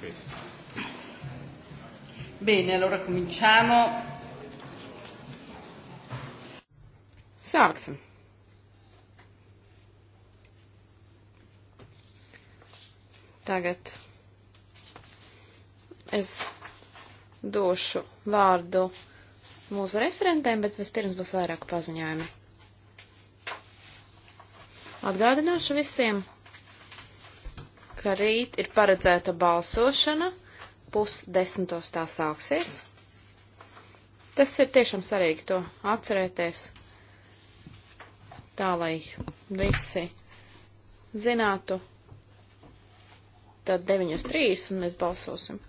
Perfetto. Bene, allora cominciamo. Sāksim. Tagad es došu vārdu mūsu referentēm, bet vispirms būs vairāk paziņojumi. Atgādināšu visiem, ka rīt ir paredzēta balsošana, pusdesmitos tā sāksies. Tas ir tiešām svarīgi to atcerēties, tā lai visi zinātu. Tad 9.30 mēs balsosim.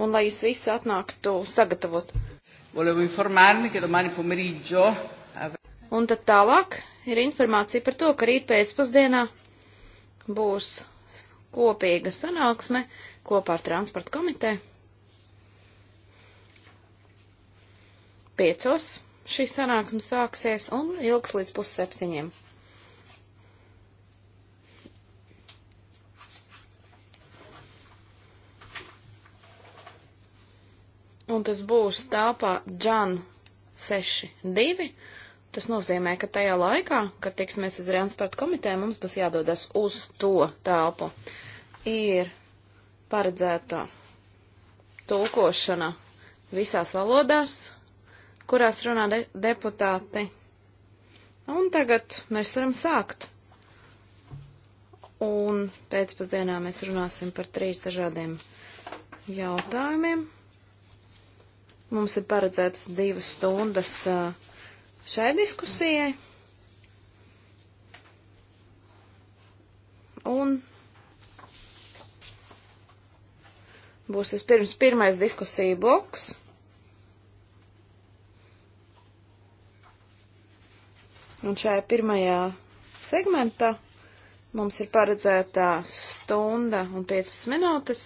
Un lai jūs visi atnāktu sagatavot. Volevo informarvi, ka domani pomeriggio Un tad tālāk ir informācija par to, ka rīt pēcpusdienā būs kopīga sanāksme kopā ar transporta komiteju. Piecos šī sanāksme sāksies un ilgs līdz pusseptiņiem. Un tas būs tāpā Džan 6, 2 Tas nozīmē, ka tajā laikā, kad tiksimies ar transporta komiteju, mums būs jādodas uz to telpu. Ir paredzēta tulkošana visās valodās, kurās runā de deputāti. Un tagad mēs varam sākt. Un pēcpusdienā mēs runāsim par trīs dažādiem jautājumiem. Mums ir paredzētas divas stundas uh, šai diskusijai. Un būs vispirms pirmais diskusija bloks. Un šajā pirmajā segmentā mums ir paredzētā stunda un 15 minūtes.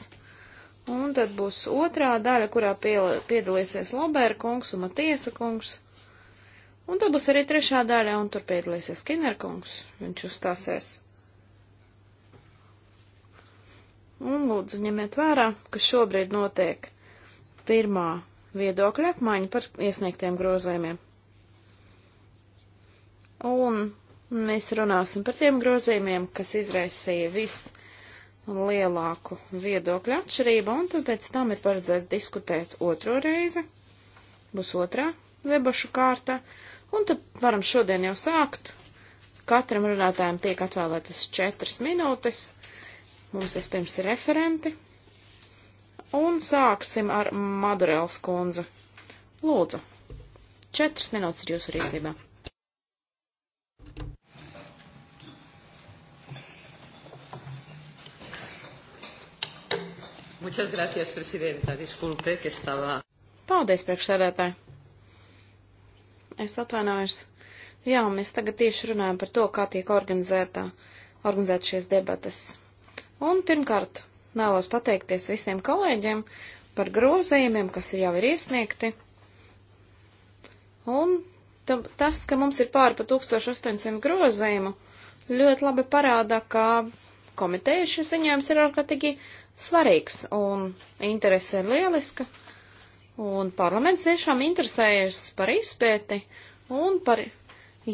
Un tad būs otrā daļa, kurā piedalīsies Lobēra kungs un Matiesa kungs. Un tad būs arī trešā daļa, un tur piedalīsies Kinerkungs, viņš uzstāsies. Un lūdzu ņemiet vērā, ka šobrīd notiek pirmā viedokļa apmaiņa par iesniegtiem grozējumiem. Un mēs runāsim par tiem grozījumiem, kas izraisīja viss lielāku viedokļu atšķirību, un tad pēc tam ir paredzēts diskutēt otro reizi, būs otrā debašu kārta, Un tad varam šodien jau sākt. Katram runātājam tiek atvēlētas četras minūtes. Mums vispirms ir referenti. Un sāksim ar Madurēls kundzi. Lūdzu, četras minūtes ir jūsu rīcībā. Muchas gracias, presidenta. Disculpe, que estaba. Paldies, priekšsēdētāji. Es atvainojos. Jā, mēs tagad tieši runājam par to, kā tiek organizēta, organizēt šies debatas. Un pirmkārt, vēlos pateikties visiem kolēģiem par grozījumiem, kas jau ir iesniegti. Un tas, ka mums ir pāri pa 1800 grozījumu, ļoti labi parāda, ka komiteja šis ziņojums ir ārkārtīgi svarīgs un interese ir lieliska. Un parlaments tiešām interesējas par izpēti un par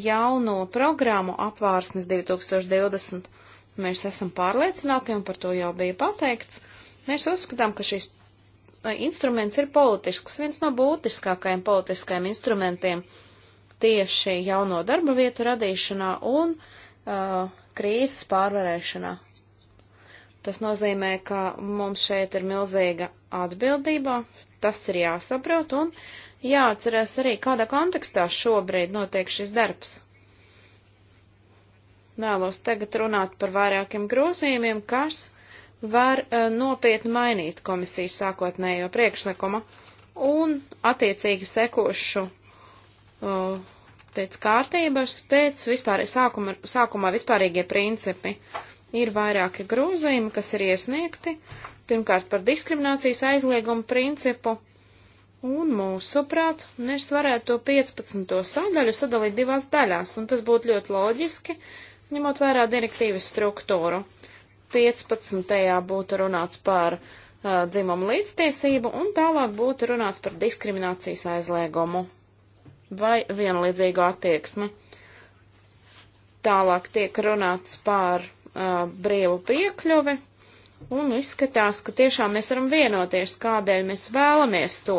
jauno programmu apvārsnes 2020. Mēs esam pārliecināti, un par to jau bija pateikts, mēs uzskatām, ka šis eh, instruments ir politisks, viens no būtiskākajiem politiskajiem instrumentiem tieši jauno darba vietu radīšanā un uh, krīzes pārvarēšanā. Tas nozīmē, ka mums šeit ir milzīga atbildība, Tas ir jāsaprot un jāatcerās arī, kādā kontekstā šobrīd notiek šis darbs. Vēlos tagad runāt par vairākiem grozījumiem, kas var uh, nopietni mainīt komisijas sākotnējo priekšlikumu un attiecīgi sekošu uh, pēc kārtības, pēc vispār, sākuma, sākumā vispārīgie principi. Ir vairāki grozījumi, kas ir iesniegti. Uh, Pirmkārt, par diskriminācijas aizliegumu principu. Un mūsuprāt, mēs varētu to 15. sadaļu sadalīt divās daļās, un tas būtu ļoti loģiski, ņemot vērā direktīvas struktūru. 15. būtu runāts par uh, dzimumu līdztiesību, un tālāk būtu runāts par diskriminācijas aizliegumu vai vienlīdzīgu attieksmi. Tālāk tiek runāts par uh, brīvu piekļuvi Un izskatās, ka tiešām mēs varam vienoties, kādēļ mēs vēlamies to.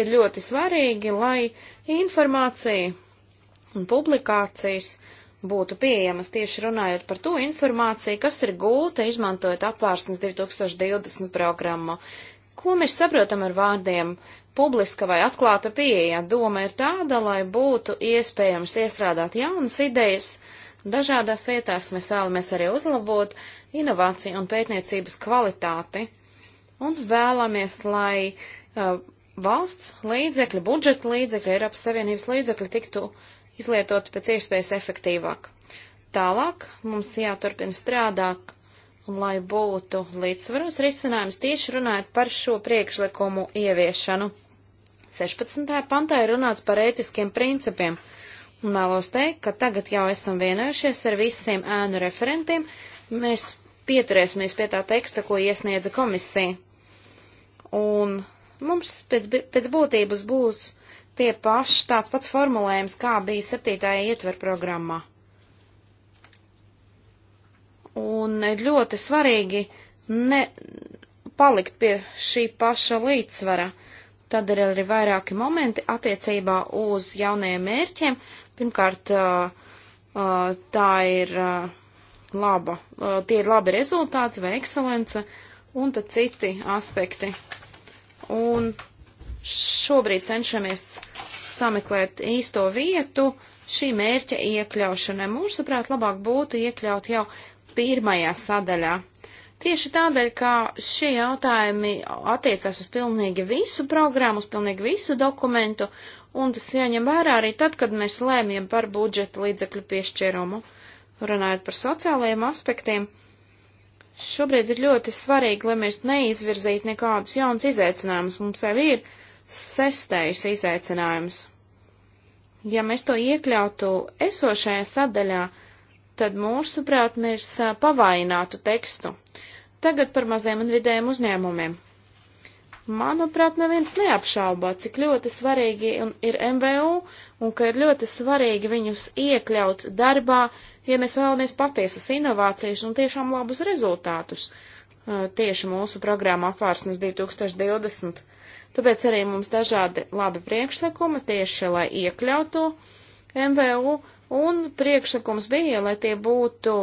Ir ļoti svarīgi, lai informācija un publikācijas būtu pieejamas tieši runājot par to informāciju, kas ir gūta izmantojot apvārsnes 2020 programmu. Ko mēs saprotam ar vārdiem publiska vai atklāta pieeja? Doma ir tāda, lai būtu iespējams iestrādāt jaunas idejas. Dažādās vietās mēs vēlamies arī uzlabot inovāciju un pētniecības kvalitāti. Un vēlamies, lai uh, valsts līdzekļi, budžeta līdzekļi, Eiropas Savienības līdzekļi tiktu izlietoti pēc iespējas efektīvāk. Tālāk mums jāturpina strādāt, lai būtu līdzsvaros risinājums tieši runājot par šo priekšlikumu ieviešanu. 16. pantā ir runāts par ētiskiem principiem, un vēlos teikt, ka tagad jau esam vienojušies ar visiem ēnu referentiem, mēs pieturēsimies pie tā teksta, ko iesniedza komisija. Un mums pēc, pēc būtības būs tie paši tāds pats formulējums, kā bija septītāja ietver programmā. Un ļoti svarīgi ne palikt pie šī paša līdzsvara. Tad ir arī vairāki momenti attiecībā uz jaunajiem mērķiem. Pirmkārt, tā ir laba, tie ir labi rezultāti vai ekscelence, un tad citi aspekti. Un šobrīd cenšamies sameklēt īsto vietu šī mērķa iekļaušanai. Mūsuprāt, labāk būtu iekļaut jau pirmajā sadaļā. Tieši tādēļ, ka šie jautājumi attiecās uz pilnīgi visu programmu, uz pilnīgi visu dokumentu, un tas jāņem vērā arī tad, kad mēs lēmjam par budžeta līdzekļu piešķirumu. Uh, Runājot par sociālajiem aspektiem, šobrīd ir ļoti svarīgi, lai mēs neizvirzītu nekādus jaunus izaicinājumus. Mums jau ir sestais izaicinājums. Ja mēs to iekļautu esošajā sadaļā, tad mūsuprāt mēs pavainātu tekstu. Tagad par maziem un vidējiem uzņēmumiem. Manuprāt, neviens neapšaubā, cik ļoti svarīgi ir MVU un ka ir ļoti svarīgi viņus iekļaut darbā, Ja mēs vēlamies patiesas inovācijas un tiešām labus rezultātus uh, tieši mūsu programmu apvārsnes 2020, tāpēc arī mums dažādi labi priekšlikumi tieši, lai iekļautu MVU, un priekšlikums bija, lai tie būtu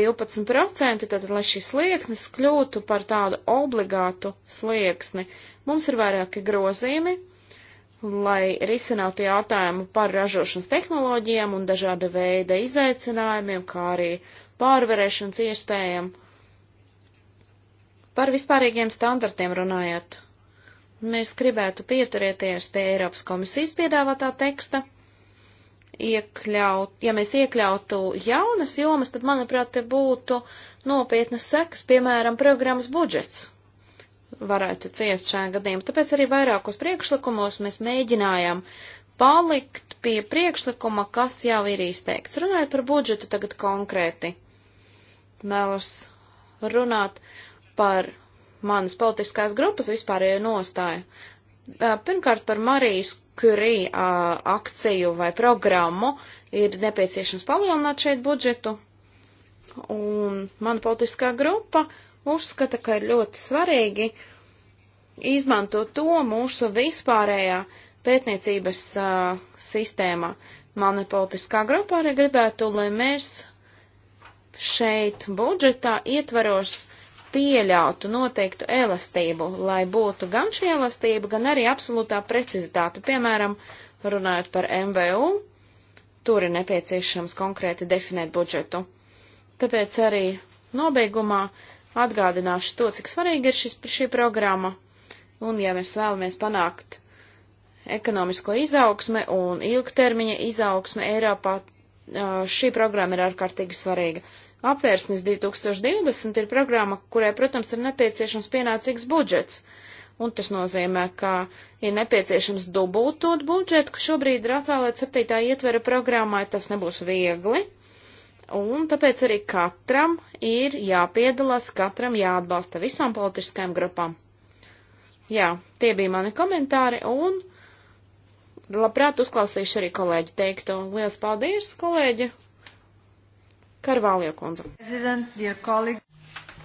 12%, tad, lai šis slieksnis kļūtu par tādu obligātu slieksni. Mums ir vairāki grozījumi, lai risinātu jautājumu par ražošanas tehnoloģijām un dažāda veida izaicinājumiem, kā arī pārvarēšanas iespējām. Par vispārīgiem standartiem runājot, mēs gribētu pieturēties pie Eiropas komisijas piedāvātā teksta. Iekļaut, ja mēs iekļautu jaunas jomas, tad, manuprāt, te būtu nopietnas sekas, piemēram, programmas budžets varētu ciest šajā gadījumā. Tāpēc arī vairākos priekšlikumos mēs mēģinājām palikt pie priekšlikuma, kas jau ir izteikts. Runājot par budžetu tagad konkrēti, vēlos runāt par manas politiskās grupas vispārējo nostāju. Pirmkārt, par Marijas Curie akciju vai programmu ir nepieciešams palielināt šeit budžetu. Un mana politiskā grupa uh, uzskata, ka ir ļoti svarīgi izmantot to mūsu vispārējā pētniecības uh, sistēmā. Mana politiskā grupa arī gribētu, lai mēs šeit budžetā ietvaros pieļautu noteiktu elastību, lai būtu gan šī elastība, gan arī absolūtā precizitāte. Piemēram, runājot par MVU, tur ir nepieciešams konkrēti definēt budžetu. Tāpēc arī nobeigumā uh, Atgādināšu to, cik svarīga ir šis, šī programma, un ja mēs vēlamies panākt ekonomisko izaugsme un ilgtermiņa izaugsme Eiropā, šī programma ir ārkārtīgi svarīga. Apvērsnes 2020 ir programma, kurai, protams, ir nepieciešams pienācīgs budžets. Un tas nozīmē, ka ir nepieciešams dubultot budžetu, kas šobrīd ir atvēlēts septītā ietvera programmai. Tas nebūs viegli, Un tāpēc arī katram ir jāpiedalās, katram jāatbalsta visām politiskajām grupām. Jā, tie bija mani komentāri, un labprāt uzklausīšu arī kolēģi teikto. Lielas paldies, kolēģi! Karvaljo kundze.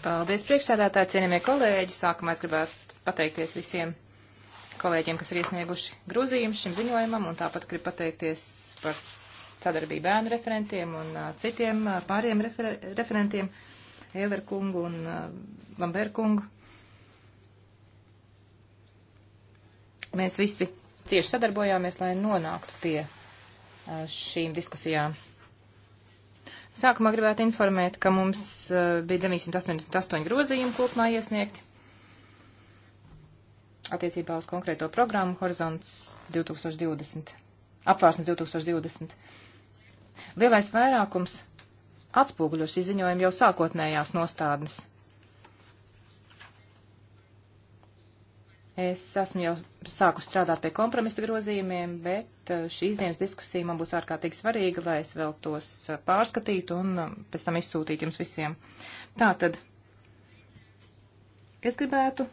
Paldies, priekšsēdētāji, cienījamie kolēģi. Sākumā es gribētu pateikties visiem kolēģiem, kas ir iesnieguši grozījumus šim ziņojumam, un tāpat gribu pateikties par sadarbību bērnu referentiem un citiem pāriem refer referentiem, Eiler kungu un Lamber kungu. Mēs visi cieši sadarbojāmies, lai nonāktu pie šīm diskusijām. Sākumā gribētu informēt, ka mums bija 988 grozījumi kopumā iesniegti attiecībā uz konkrēto programmu Horizons 2020, apvārsnes 2020. Lielais vairākums atspoguļo šī ziņojuma jau sākotnējās nostādnes. Es esmu jau sāku strādāt pie kompromisa grozījumiem, bet eh, šīs dienas diskusija man būs ārkārtīgi svarīga, lai es vēl tos eh, pārskatītu un eh, pēc tam izsūtītu jums visiem. Tātad, es gribētu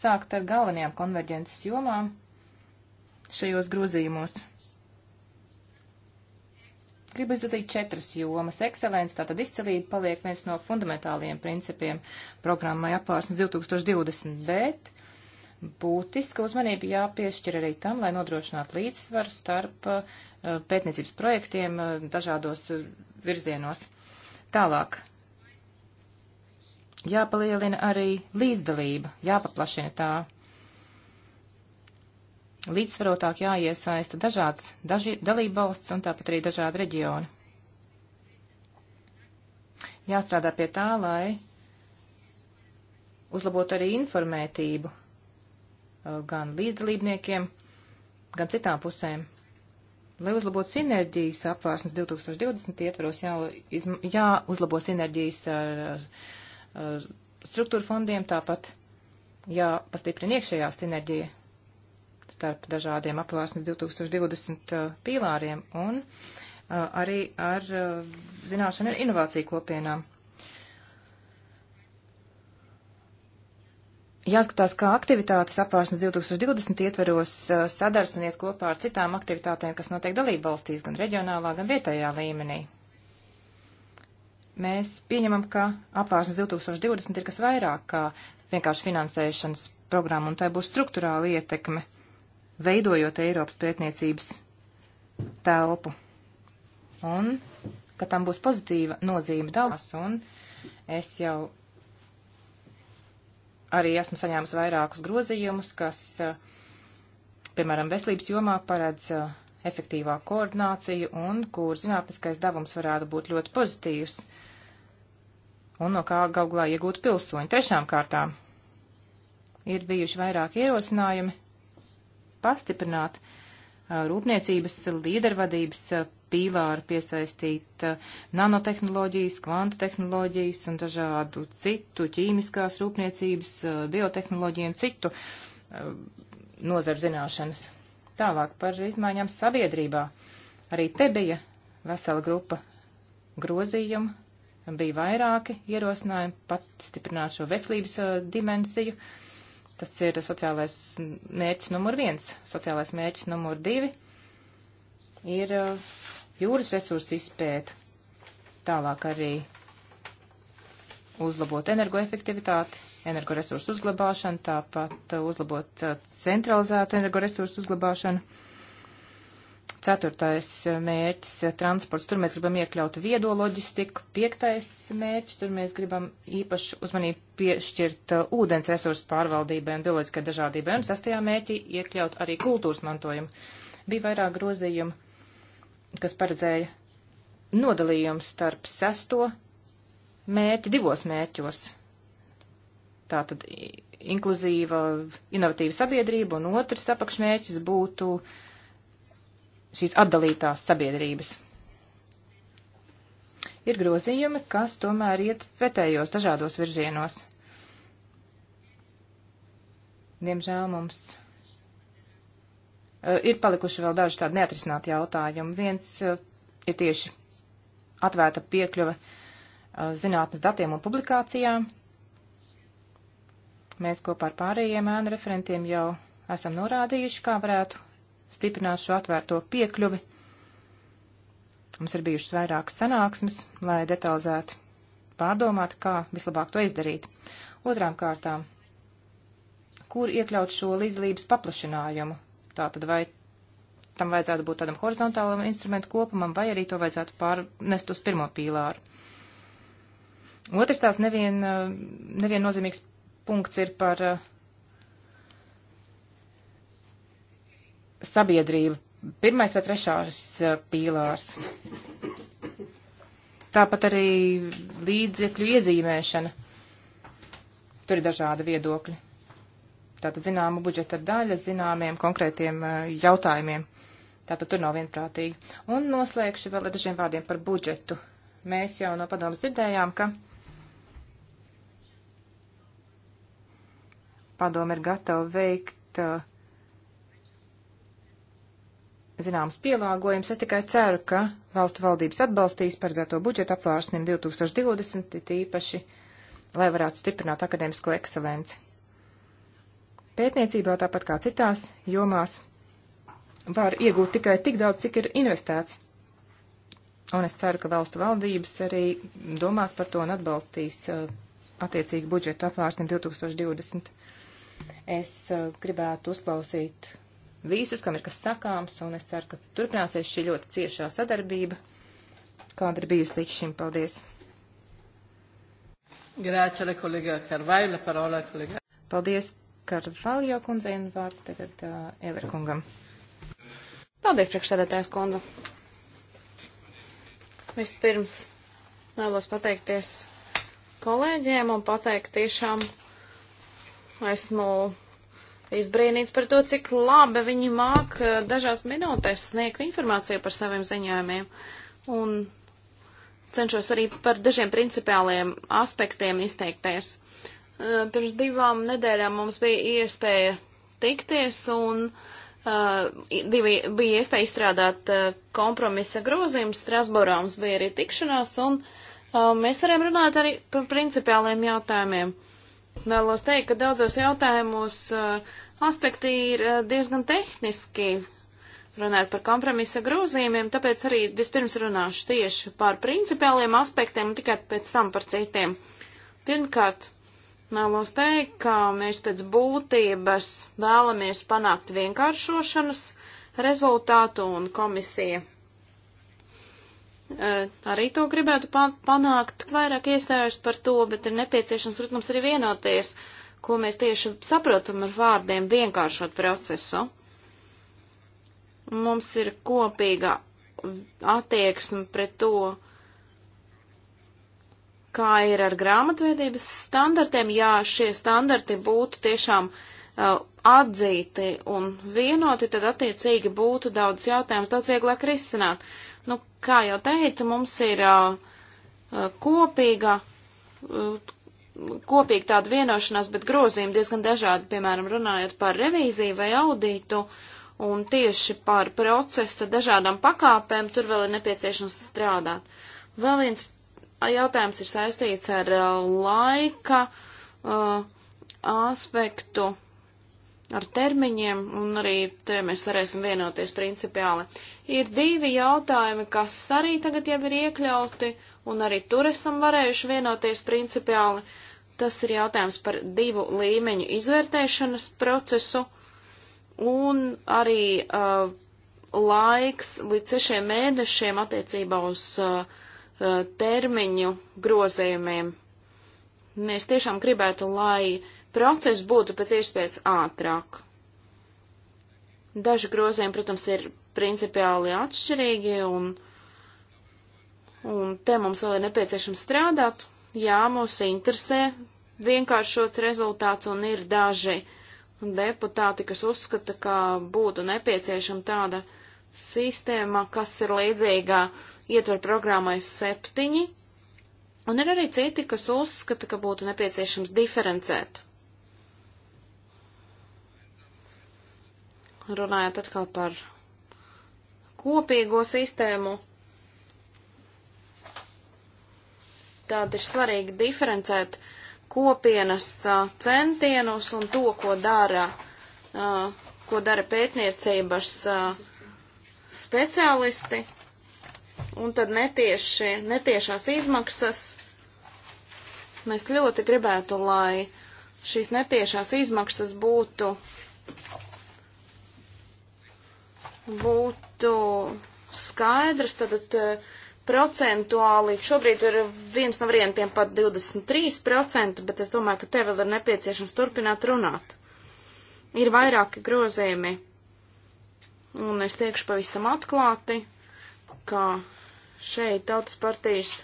sākt ar galvenajām konverģences jomām šajos grozījumos. Gribu izdarīt četras jomas. Ekscelents, tātad izcelība paliek viens no fundamentāliem principiem programmai apvārsnes 2020, bet būtiska uzmanība jāpiešķir arī tam, lai nodrošinātu līdzsvaru starp uh, pētniecības projektiem uh, dažādos uh, virzienos. Tālāk. Jāpalielina arī līdzdalība, jāpaplašina tā līdzsvarotāk jāiesaista dažādas daži, dalībvalsts un tāpat arī dažādi reģioni. Jāstrādā pie tā, lai uzlabotu arī informētību uh, gan līdzdalībniekiem, gan citām pusēm. Lai uzlabotu sinerģijas apvārsnes 2020 ietvaros, jā, jāuzlabo sinerģijas ar, ar, ar struktūra fondiem, tāpat jāpastiprina iekšējā sinerģija starp dažādiem apvārsnes 2020 uh, pīlāriem un uh, arī ar uh, zināšanu un inovāciju kopienām. Jāskatās, kā aktivitātes apvārsnes 2020 ietveros sadars un iet kopā ar citām aktivitātēm, kas notiek dalība valstīs, gan reģionālā, gan vietējā līmenī. Mēs pieņemam, ka apvārsnes 2020 ir kas vairāk kā vienkārši finansēšanas programma, un tai būs struktūrāla ietekme veidojot Eiropas pētniecības telpu. Un, ka tam būs pozitīva nozīme daudz, un es jau arī esmu saņēmis vairākus grozījumus, kas, eh, piemēram, veselības jomā paredz eh, efektīvā koordināciju un kur zinātniskais devums varētu būt ļoti pozitīvs un no kā galvā iegūt pilsoņi. Trešām kārtām ir bijuši vairāki ierosinājumi pastiprināt uh, rūpniecības līdervadības uh, pīlāru, piesaistīt uh, nanotehnoloģijas, kvantu tehnoloģijas un dažādu citu ķīmiskās rūpniecības, biotehnoloģiju un citu nozaru zināšanas. Tālāk par izmaiņām sabiedrībā. Arī te bija vesela grupa grozījumu, bija vairāki ierosinājumi pat stiprināt šo veselības dimensiju. Uh, Tas ir sociālais mērķis numur viens. Sociālais mērķis numur divi ir uh, jūras resursu izpēta. Tālāk arī uzlabot energoefektivitāti, energoresursu uzglabāšanu, tāpat uh, uzlabot uh, centralizētu energoresursu uzglabāšanu Ceturtais mērķis eh, - transports. Tur mēs gribam iekļaut viedo loģistiku. Piektais mērķis - tur mēs gribam īpašu uzmanību piešķirt uh, ūdens resursu pārvaldībai un bioloģiskai dažādībai. Un sastajā mērķī iekļaut arī kultūras mantojumu. Bija vairāk grozījumu, kas paredzēja nodalījumu starp sesto mērķi divos mērķos. Tātad inkluzīva, inovatīva sabiedrība un otrs apakšmērķis būtu uh, šīs atdalītās sabiedrības. Ir grozījumi, kas tomēr iet pretējos dažādos virzienos. Diemžēl mums uh, ir palikuši vēl daži tādi neatrisināti jautājumi. Viens uh, ir tieši atvērta piekļuve uh, zinātnes datiem un publikācijām. Mēs kopā ar pārējiem ēnu referentiem jau esam norādījuši, kā varētu stiprināt šo atvērto piekļuvi. Mums ir bijušas vairākas sanāksmes, lai detalizēti pārdomātu, kā vislabāk to izdarīt. Otrām kārtām, kur iekļaut šo līdzdalības paplašinājumu? Tātad vai tam vajadzētu būt tādam horizontālam instrumentu kopumam, vai arī to vajadzētu pārnest uz pirmo pīlāru? Otrs tās nevien, nevien nozīmīgs punkts ir par uh, sabiedrība, pirmais vai trešās eh, pīlārs. Tāpat arī līdzekļu iezīmēšana. Tur ir dažādi viedokļi. Tātad zināma budžeta daļa zināmiem konkrētiem eh, jautājumiem. Tātad tur nav vienprātīgi. Un noslēgšu vēl ar dažiem vārdiem par budžetu. Mēs jau no padomas dzirdējām, ka padoma ir gatava veikt uh, zināms pielāgojums. Es tikai ceru, ka valstu valdības atbalstīs paredzēto budžetu apvārsnim 2020, tīpaši, lai varētu stiprināt akadēmisko ekscelenci. Pētniecībā, tāpat kā citās jomās, var iegūt tikai tik daudz, cik ir investēts. Un es ceru, ka valstu valdības arī domās par to un atbalstīs uh, attiecīgi budžetu apvārsnim 2020. Es uh, gribētu uzklausīt visus, kam ir kas sakāms, un es ceru, ka turpināsies šī ļoti ciešā sadarbība, kāda ir bijusi līdz šim. Paldies! Grāča, kolega Karvai, la parola, kolega. Paldies, Karvaljo kundzei, un vārdu tagad uh, Everkungam. Paldies, priekšsēdētājs kundze. Vispirms vēlos pateikties kolēģiem un pateikt tiešām esmu izbrīnīts par to, cik labi viņi māk eh, dažās minūtēs sniegt informāciju par saviem ziņojumiem. Un cenšos arī par dažiem principiāliem aspektiem izteikties. Eh, pirms divām nedēļām mums bija iespēja tikties un uh, divi, bija iespēja izstrādāt uh, kompromisa grozījumus. Strasbūrā mums bija arī tikšanās un uh, mēs varējām runāt arī par principiāliem jautājumiem. Vēlos teikt, ka daudzos jautājumos uh, aspekti ir uh, diezgan tehniski, runājot par kompromisa grozījumiem, tāpēc arī vispirms runāšu tieši par principiāliem aspektiem un tikai pēc tam par citiem. Pirmkārt, vēlos teikt, ka mēs pēc būtības vēlamies panākt vienkāršošanas rezultātu un komisija Eh, arī to gribētu panākt, vairāk iestājos par to, bet ir nepieciešams, protams, arī vienoties, ko mēs tieši saprotam ar vārdiem vienkāršot procesu. Mums ir kopīga attieksme pret to, kā ir ar grāmatvedības standartiem, ja šie standarti būtu tiešām uh, atzīti un vienoti, tad attiecīgi būtu daudz jautājums, daudz vieglāk risināt. Uh, Nu, kā jau teicu, mums ir uh, kopīga, uh, kopīga tāda vienošanās, bet grozījumi diezgan dažādi, piemēram, runājot par revīziju vai audītu un tieši par procesa dažādām pakāpēm, tur vēl ir nepieciešams strādāt. Vēl viens jautājums ir saistīts ar uh, laika uh, aspektu ar termiņiem, un arī te mēs varēsim vienoties principiāli. Ir divi jautājumi, kas arī tagad jau ir iekļauti, un arī tur esam varējuši vienoties principiāli. Tas ir jautājums par divu līmeņu izvērtēšanas procesu, un arī uh, laiks līdz sešiem mēnešiem attiecībā uz uh, uh termiņu grozījumiem. Mēs tiešām gribētu, lai uh, process būtu pēc iespējas ātrāk. Daži grozījumi, protams, ir principiāli atšķirīgi, un, un te mums vēl ir nepieciešams strādāt. Jā, mūs interesē vienkāršot rezultāts, un ir daži deputāti, kas uzskata, ka būtu nepieciešama tāda sistēma, kas ir līdzīga ietver programmai septiņi, un ir arī citi, kas uzskata, ka būtu nepieciešams diferencēt. runājot atkal par kopīgo sistēmu, tad ir svarīgi diferencēt kopienas centienus un to, ko dara, ko dara pētniecības speciālisti, un tad netieši, netiešās izmaksas. Mēs ļoti gribētu, lai šīs netiešās izmaksas būtu būtu skaidrs, tad eh, procentuāli šobrīd ir viens no variantiem pat 23%, bet es domāju, ka te vēl ir nepieciešams turpināt runāt. Ir vairāki grozījumi, un es teikšu pavisam atklāti, ka šeit tautas partijas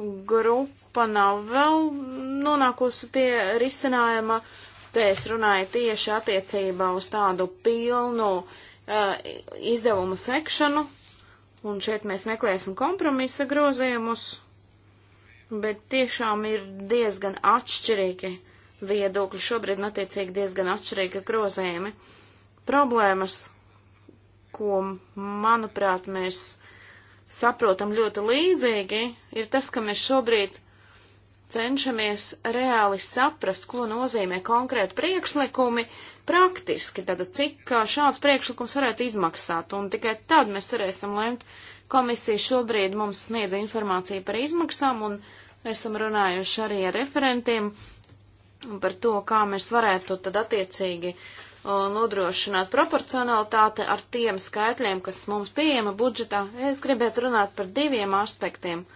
grupa nav vēl nonākusi pie risinājuma. Te es runāju tieši attiecībā uz tādu pilnu uh, Uh, izdevumu sekšanu, un šeit mēs meklēsim kompromisa grozījumus, bet tiešām ir diezgan atšķirīgi viedokļi šobrīd un attiecīgi diezgan atšķirīgi grozējumi. Problēmas, ko, manuprāt, mēs saprotam ļoti līdzīgi, ir tas, ka mēs šobrīd cenšamies reāli saprast, ko nozīmē konkrēti priekšlikumi, praktiski, tad cik šāds priekšlikums varētu izmaksāt, un tikai tad mēs varēsim lemt. Komisija šobrīd mums sniedz informāciju par izmaksām, un esam runājuši arī ar referentiem par to, kā mēs varētu tad attiecīgi nodrošināt proporcionalitāti ar tiem skaitļiem, kas mums pieejama budžetā. Es gribētu runāt par diviem aspektiem.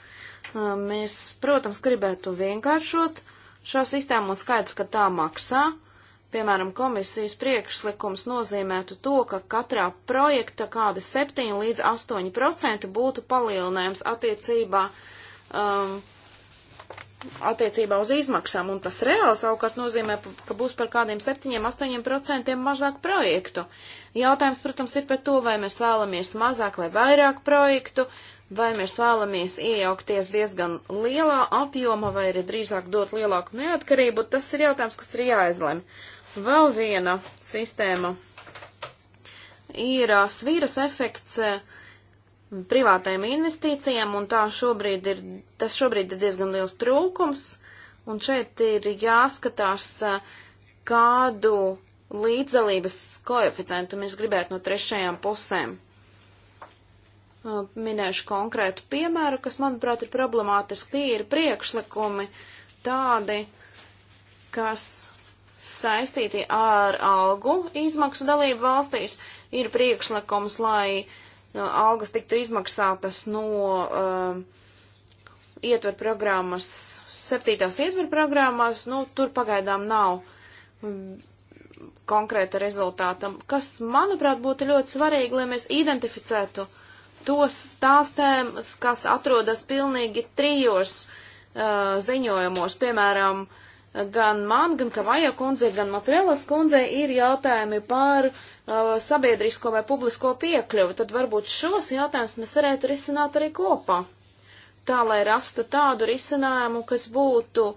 Mēs, protams, gribētu vienkāršot šo sistēmu un skaidrs, ka tā maksā, Piemēram, komisijas priekšlikums nozīmētu to, ka katrā projekta kāda 7 līdz 8 procenti būtu palielinājums attiecībā, um, attiecībā uz izmaksām, un tas reāli savukārt nozīmē, ka būs par kādiem 7-8 procentiem mazāk projektu. Jautājums, protams, ir par to, vai mēs vēlamies mazāk vai vairāk projektu, vai mēs vēlamies iejaukties diezgan lielā apjoma, vai arī drīzāk dot lielāku neatkarību, tas ir jautājums, kas ir jāizlemj. Vēl viena sistēma ir svīras efekts privātajām investīcijām, un tā šobrīd ir, tas šobrīd ir diezgan liels trūkums, un šeit ir jāskatās, kādu līdzdalības koeficientu mēs gribētu no trešajām pusēm. Minēšu konkrētu piemēru, kas, manuprāt, ir problemātiski. Tie ir priekšlikumi tādi, kas saistīti ar algu izmaksu dalību valstīs. Ir priekšlikums, lai no, nu, algas tiktu izmaksātas no uh, ietver programmas, septītās ietver programmas, nu, tur pagaidām nav mm, konkrēta rezultāta, kas, manuprāt, būtu ļoti svarīgi, lai mēs identificētu tos tās tēmas, kas atrodas pilnīgi trijos uh, ziņojumos, piemēram, uh, gan man, gan Kavaja kundzei, gan Matrelas kundzei ir jautājumi par uh, sabiedrisko vai publisko piekļuvi, tad varbūt šos jautājumus mēs varētu risināt arī kopā. Tā, lai rastu tādu risinājumu, kas būtu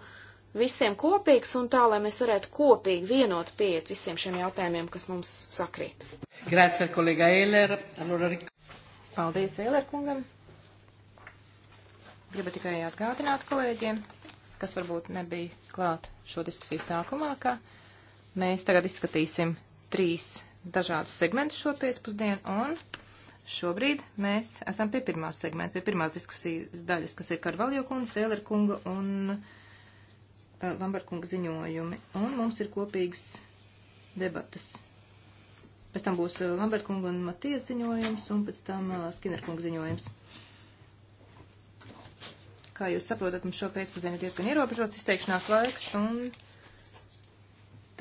visiem kopīgs un tā, lai mēs varētu kopīgi vienot pieiet visiem šiem jautājumiem, kas mums sakrīt. Grācija, kolēga Eiler. Allora... Paldies, Eiler kungam. Gribu tikai atgādināt kolēģiem, kas varbūt nebija klāt šo diskusiju sākumā, ka mēs tagad izskatīsim trīs dažādus segmentus šo pēcpusdienu, un šobrīd mēs esam pie pirmās segmenta, pie pirmās diskusijas daļas, kas ir Karvaljo kunga, Sēlera kunga un uh, eh, Lamberkunga ziņojumi, un mums ir kopīgas debatas. Pēc tam būs uh, eh, Lamberkunga un Matijas ziņojums, un pēc tam uh, eh, Skinnerkunga ziņojums. Kā jūs saprotat, mums šo pēcpusdienu ir diezgan ierobežots izteikšanās laiks, un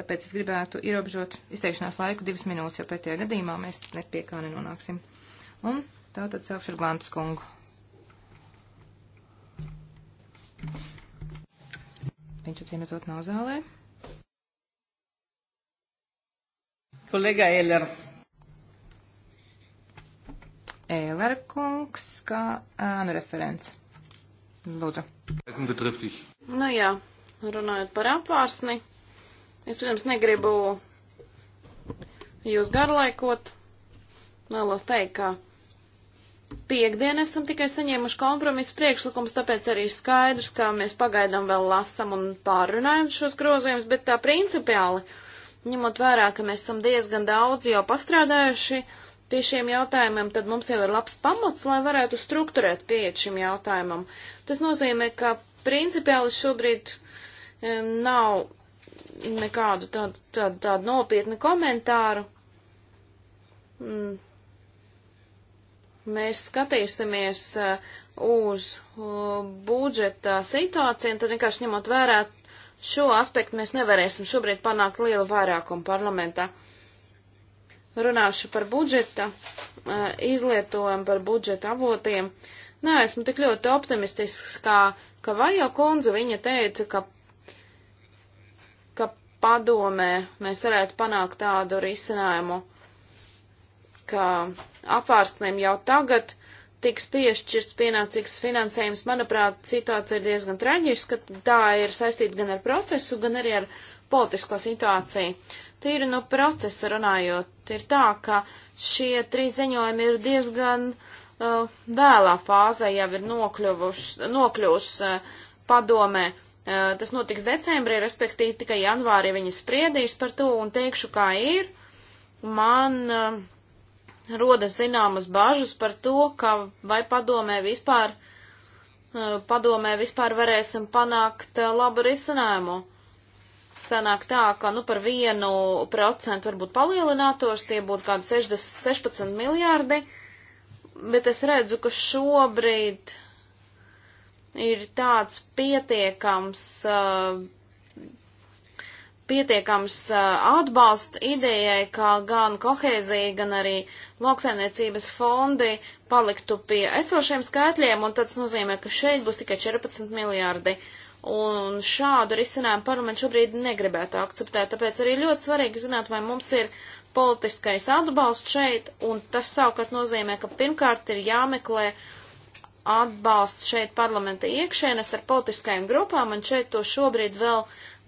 tāpēc es gribētu ierobežot izteikšanās laiku divas minūtes, jo pretējā gadījumā mēs nepie kā nenonāksim. Un tātad sākšu ar Glantas kungu. Viņš atcīmētot nav zālē. Kolega Eller. Eller kungs, kā ēnu referents. Lūdzu. Nu jā, runājot par apvārsni, es, protams, negribu jūs garlaikot. Vēlos teikt, ka piekdien esam tikai saņēmuši kompromisu priekšlikums, tāpēc arī skaidrs, ka mēs pagaidām vēl lasam un pārrunājam šos grozījumus, bet tā principiāli, ņemot vērā, ka mēs esam diezgan daudz jau pastrādājuši, pie šiem jautājumiem, tad mums jau ir labs pamats, lai varētu strukturēt pieeja šim jautājumam. Tas nozīmē, ka principiāli šobrīd e, nav nekādu tādu, tādu, tādu nopietnu komentāru. Mm. Mēs skatīsimies e, uz e, budžeta situāciju, un tad vienkārši ņemot vērā šo aspektu, mēs nevarēsim šobrīd panākt lielu vairākumu parlamentā. Uh, runāšu par budžeta eh, izlietojumu, par budžeta avotiem. Nē, esmu tik ļoti optimistisks, kā, ka Vajo kundze, viņa teica, ka, ka padomē mēs varētu panākt tādu risinājumu, ka apvārstnēm jau tagad tiks piešķirts pienācīgs finansējums. Manuprāt, situācija ir diezgan traģiska, tā ir saistīta gan ar procesu, gan arī ar politisko situāciju. Uh, Tīri no procesa runājot, ir tā, ka šie trīs ziņojumi ir diezgan uh, vēlā fāzē, jau ir nokļūs uh, padomē. Uh, tas notiks decembrī, respektīvi tikai janvārī viņi spriedīs par to un teikšu, kā ir. Man uh, rodas zināmas bažas par to, ka vai padomē vispār, uh, padomē vispār varēsim panākt uh, labu risinājumu sanāk tā, ka nu par vienu procentu varbūt palielinātos, tie būtu kādi 60, 16 miljārdi, bet es redzu, ka šobrīd ir tāds pietiekams, pietiekams atbalsts idejai, ka gan kohēzija, gan arī lauksaimniecības fondi paliktu pie esošiem skaitļiem, un tas nozīmē, ka šeit būs tikai 14 miljārdi. Uh, Un šādu risinājumu parlaments šobrīd negribētu akceptēt, tāpēc arī ļoti svarīgi zināt, vai mums ir politiskais atbalsts šeit, un tas savukārt nozīmē, ka pirmkārt ir jāmeklē atbalsts šeit parlamenta iekšēnes ar politiskajām grupām, un šeit to šobrīd vēl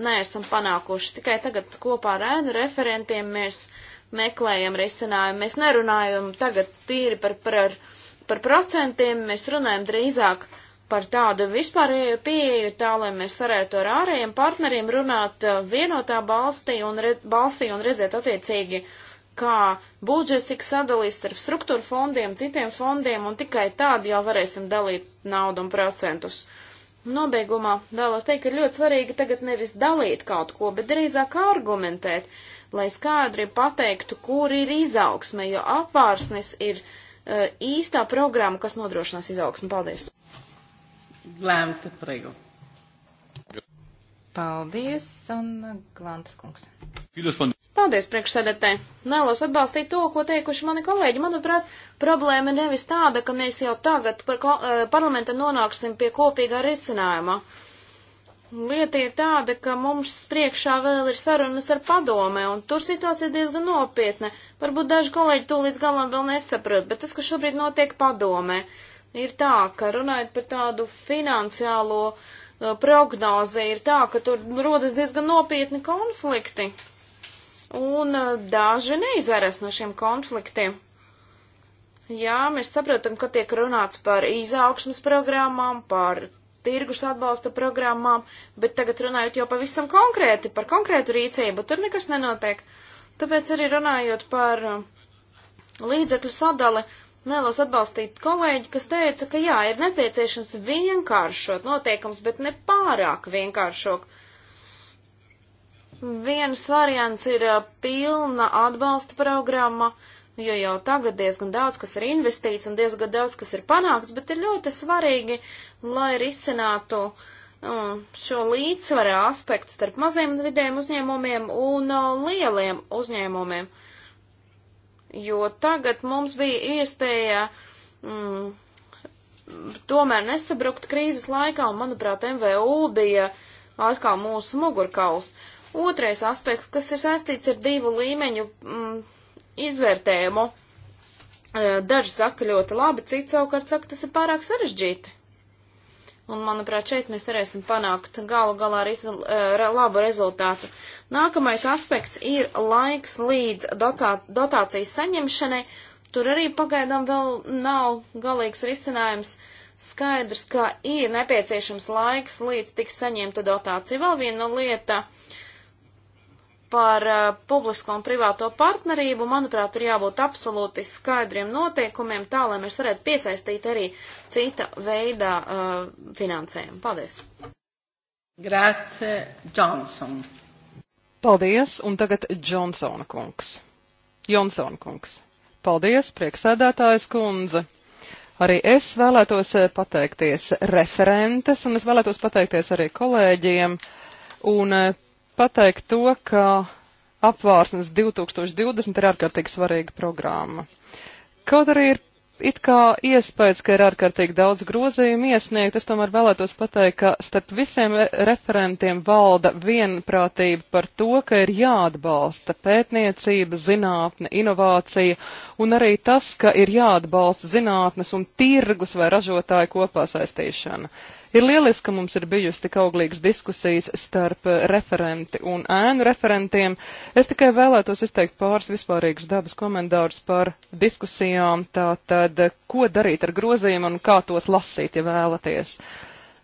neesam panākuši. Tikai tagad kopā ar ēnu referentiem mēs meklējam risinājumu. Mēs nerunājam tagad tīri par, par, par procentiem, mēs runājam drīzāk par tādu vispārēju pieeju, tā lai mēs varētu ar ārējiem partneriem runāt uh, vienotā balstī un, re, balstī un redzēt attiecīgi, kā budžets tiks sadalīts starp struktūra fondiem, citiem fondiem, un tikai tādi jau varēsim dalīt naudu un procentus. Nobeigumā vēlos teikt, ka ļoti svarīgi tagad nevis dalīt kaut ko, bet drīzāk argumentēt, lai skaidri pateiktu, kur ir izaugsme, jo apvārsnes ir uh, īstā programma, kas nodrošinās izaugsmu. Paldies! Glanta, prego. Paldies, un uh, Glantas kungs. Paldies, priekšsēdētē. Vēlos atbalstīt to, ko teikuši mani kolēģi. Manuprāt, problēma nevis tāda, ka mēs jau tagad par ko, uh, parlamenta nonāksim pie kopīgā risinājuma. Lieta ir tāda, ka mums priekšā vēl ir sarunas ar padomē, un tur situācija diezgan nopietna. Varbūt daži kolēģi to līdz galam vēl nesaprot, bet tas, kas šobrīd notiek padomē, uh, ir tā, ka runājot par tādu finansiālo uh, prognozi, ir tā, ka tur rodas diezgan nopietni konflikti. Un uh, daži neizvērēs no šiem konfliktiem. Jā, mēs saprotam, ka tiek runāts par izaugsmas programmām, par tirgus atbalsta programmām, bet tagad runājot jau pavisam konkrēti par konkrētu rīcību, tur nekas nenotiek. Tāpēc arī runājot par uh, līdzekļu sadali, uh, Vēlos atbalstīt kolēģi, kas teica, ka jā, ir nepieciešams vienkāršot noteikums, bet ne pārāk vienkāršot. Viens variants ir pilna atbalsta programma, jo jau tagad diezgan daudz, kas ir investīts un diezgan daudz, kas ir panākts, bet ir ļoti svarīgi, lai risinātu šo līdzsvarā aspektu starp maziem un vidējiem uzņēmumiem un lieliem uzņēmumiem. Uh, jo tagad mums bija iespēja mm, tomēr nesabrukt krīzes laikā, un, manuprāt, MVU bija atkal mūsu mugurkauls. Otrais aspekts, kas ir saistīts ar divu līmeņu mm, izvērtējumu, e, daži saka ļoti labi, citi savukārt saka, tas ir pārāk sarežģīti. Un, manuprāt, šeit mēs varēsim panākt galu galā arī eh, labu rezultātu. Nākamais aspekts ir laiks līdz dotā, dotācijas saņemšanai. Tur arī pagaidām vēl nav galīgs risinājums. Skaidrs, ka ir nepieciešams laiks līdz tiks saņemta dotācija. Vēl viena lieta. Uh, par uh, publisko un privāto partnerību, manuprāt, ir jābūt absolūti skaidriem noteikumiem, tā lai mēs varētu piesaistīt arī cita veida uh, finansējumu. Paldies! Grāce Johnson. Paldies, un tagad Johnsona kungs. Jonsona kungs. Paldies, prieksēdētājs kundze. Arī es vēlētos eh, pateikties referentes, un es vēlētos pateikties arī kolēģiem. Un pateikt to, ka apvārsnes 2020 ir ārkārtīgi svarīga programma. Kaut arī ir it kā iespējas, ka ir ārkārtīgi daudz grozījumu iesniegt, es tomēr vēlētos pateikt, ka starp visiem referentiem valda vienprātība par to, ka ir jāatbalsta pētniecība, zinātne, inovācija un arī tas, ka ir jāatbalsta zinātnes un tirgus vai ražotāju kopā saistīšana. Uh, Ir lieliski, ka mums ir bijusi tik auglīgas diskusijas starp eh, referenti un ēnu referentiem. Es tikai vēlētos izteikt pāris vispārīgus dabas komentārus par diskusijām, tātad, ko darīt ar grozījumiem un kā tos lasīt, ja vēlaties.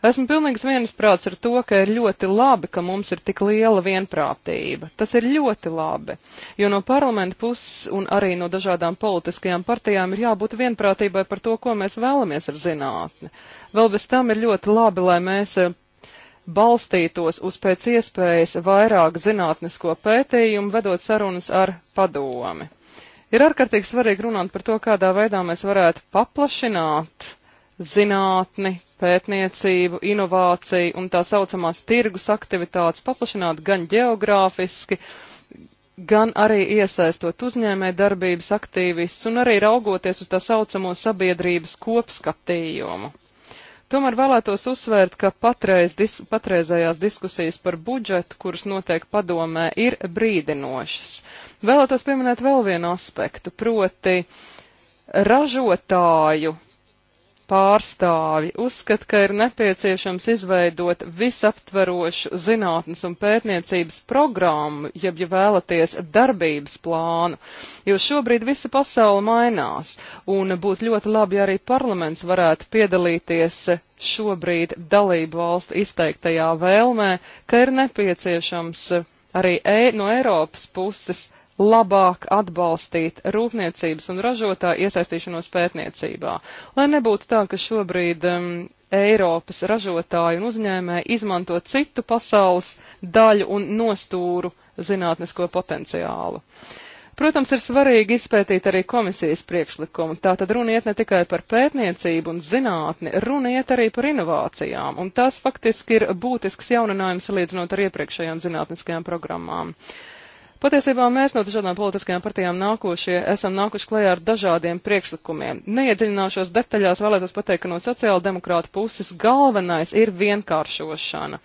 Esmu pilnīgs viensprāts ar to, ka ir ļoti labi, ka mums ir tik liela vienprātība. Tas ir ļoti labi, jo no parlamenta puses un arī no dažādām politiskajām partijām ir jābūt vienprātībai par to, ko mēs vēlamies ar zinātni. Vēl bez tam ir ļoti labi, lai mēs eh, balstītos uz pēc iespējas vairāk zinātnisko pētījumu, vedot sarunas ar padomi. Ir ārkārtīgi svarīgi runāt par to, kādā veidā mēs varētu paplašināt zinātni, pētniecību, inovāciju un tā saucamās tirgus aktivitātes, paplašināt gan geogrāfiski, gan arī iesaistot uzņēmē darbības aktīvistus un arī raugoties uz tā saucamo sabiedrības kopskatījumu. Tomēr vēlētos uzsvērt, ka patreiz, dis, patreizējās diskusijas par budžetu, kuras notiek padomē, ir brīdinošas. Vēlētos pieminēt vēl vienu aspektu, proti ražotāju pārstāvji uzskata, ka ir nepieciešams izveidot visaptverošu zinātnes un pētniecības programmu, jeb, ja vēlaties, darbības plānu, jo šobrīd visa pasaule mainās, un būtu ļoti labi, ja arī parlaments varētu piedalīties šobrīd dalību valstu izteiktajā vēlmē, ka ir nepieciešams arī e no Eiropas puses labāk atbalstīt rūpniecības un ražotā iesaistīšanos pētniecībā. Lai nebūtu tā, ka šobrīd um, Eiropas ražotāji un uzņēmēji izmanto citu pasaules daļu un nostūru zinātnisko potenciālu. Protams, ir svarīgi izpētīt arī komisijas priekšlikumu. Tā tad runa iet ne tikai par pētniecību un zinātni, runa iet arī par inovācijām, un tas faktiski ir būtisks jauninājums salīdzinot ar iepriekšējām zinātniskajām programmām. Uh, Patiesībā mēs no dažādām politiskajām partijām nākošie esam nākuši klajā ar dažādiem priekšlikumiem. Neiedziļināšos detaļās vēlētos pateikt, ka no sociāldemokrāta puses galvenais ir vienkāršošana.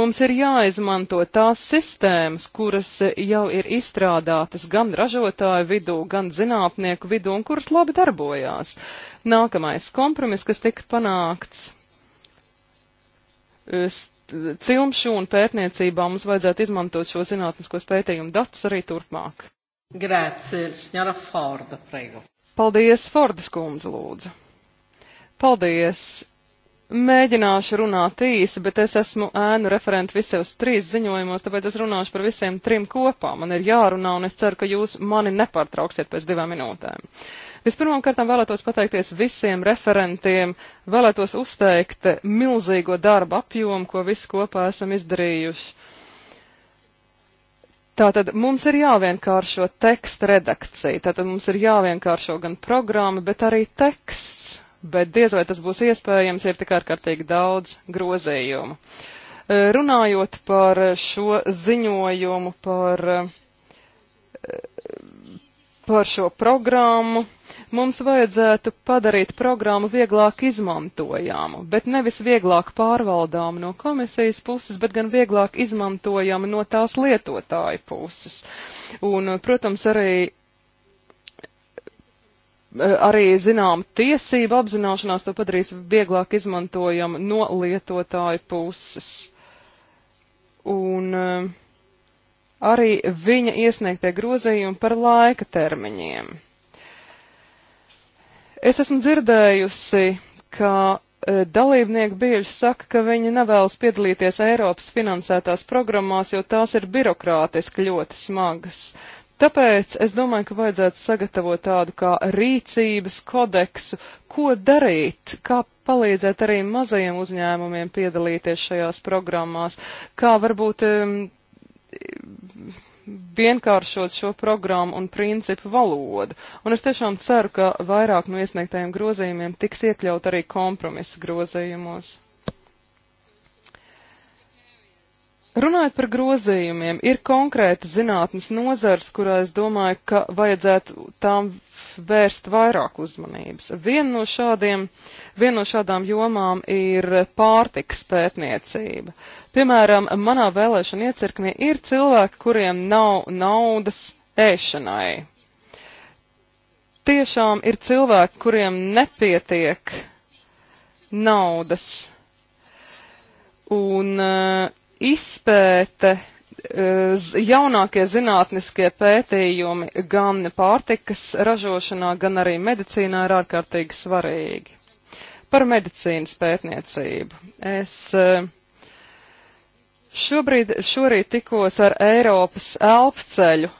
Mums ir jāizmanto tās sistēmas, kuras jau ir izstrādātas gan ražotāju vidū, gan zinātnieku vidū un kuras labi darbojās. Nākamais kompromiss, kas tika panākts cilmšūnu pētniecībā mums vajadzētu izmantot šo zinātniskos pētījumu datus arī turpmāk. Grāci, Šņara Forda, prego. Paldies, Fordas kundze, lūdzu. Paldies. Mēģināšu runāt īsi, bet es esmu ēnu referenti visos trīs ziņojumos, tāpēc es runāšu par visiem trim kopā. Man ir jārunā, un es ceru, ka jūs mani nepārtrauksiet pēc divām minūtēm. Uh, Vispirmām kārtām vēlētos pateikties visiem referentiem, vēlētos uzteikt milzīgo darbu apjomu, ko visi kopā esam izdarījuši. Tātad mums ir jāvienkāršo teksta redakcija, tātad mums ir jāvienkāršo gan programma, bet arī teksts, bet diez vai tas būs iespējams, ir tik ārkārtīgi daudz grozījumu. Eh, runājot par šo ziņojumu, par, eh, par šo programmu, Mums vajadzētu padarīt programmu vieglāk izmantojamu, bet nevis vieglāk pārvaldāmu no komisijas puses, bet gan vieglāk izmantojamu no tās lietotāja puses. Un, protams, arī arī, zinām, tiesību apzināšanās to padarīs vieglāk izmantojam no lietotāju puses. Un eh, arī viņa iesniegtie grozījumi par laika termiņiem. Es esmu dzirdējusi, ka e, dalībnieki bieži saka, ka viņi nevēlas piedalīties Eiropas finansētās programmās, jo tās ir birokrātiski ļoti smagas. Tāpēc es domāju, ka vajadzētu sagatavot tādu kā rīcības kodeksu, ko darīt, kā palīdzēt arī mazajiem uzņēmumiem piedalīties šajās programmās, kā varbūt um, vienkāršot šo programmu un principu valodu. Un es tiešām ceru, ka vairāk no iesniegtajiem grozījumiem tiks iekļaut arī kompromisa grozījumos. Runājot par grozījumiem, ir konkrēta zinātnes nozars, kurā es domāju, ka vajadzētu tām vērst vairāk uzmanības. Viena no, šādiem, vien no šādām jomām ir pārtiks pētniecība. Uh, Piemēram, manā vēlēšana iecirknī ir cilvēki, kuriem nav naudas ēšanai. Tiešām ir cilvēki, kuriem nepietiek naudas. Un uh, izpēte eh, jaunākie zinātniskie pētījumi gan pārtikas ražošanā, gan arī medicīnā ir ārkārtīgi svarīgi. Par medicīnas pētniecību. Es eh, Šobrīd, šorīt tikos ar Eiropas elpceļu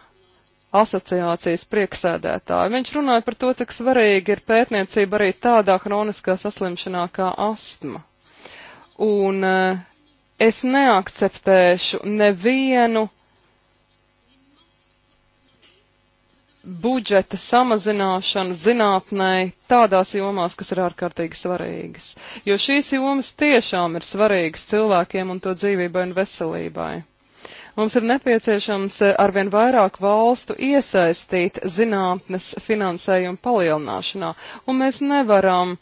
asociācijas prieksēdētāju. Viņš runāja par to, cik svarīgi ir pētniecība arī tādā kroniskā saslimšanā kā astma. Un eh, es neakceptēšu nevienu budžeta samazināšanu zinātnē tādās jomās, kas ir ārkārtīgi svarīgas. Jo šīs jomas tiešām ir svarīgas cilvēkiem un to dzīvībai un veselībai. Mums ir nepieciešams eh, arvien vairāk valstu iesaistīt zinātnes finansējumu palielināšanā, un mēs nevaram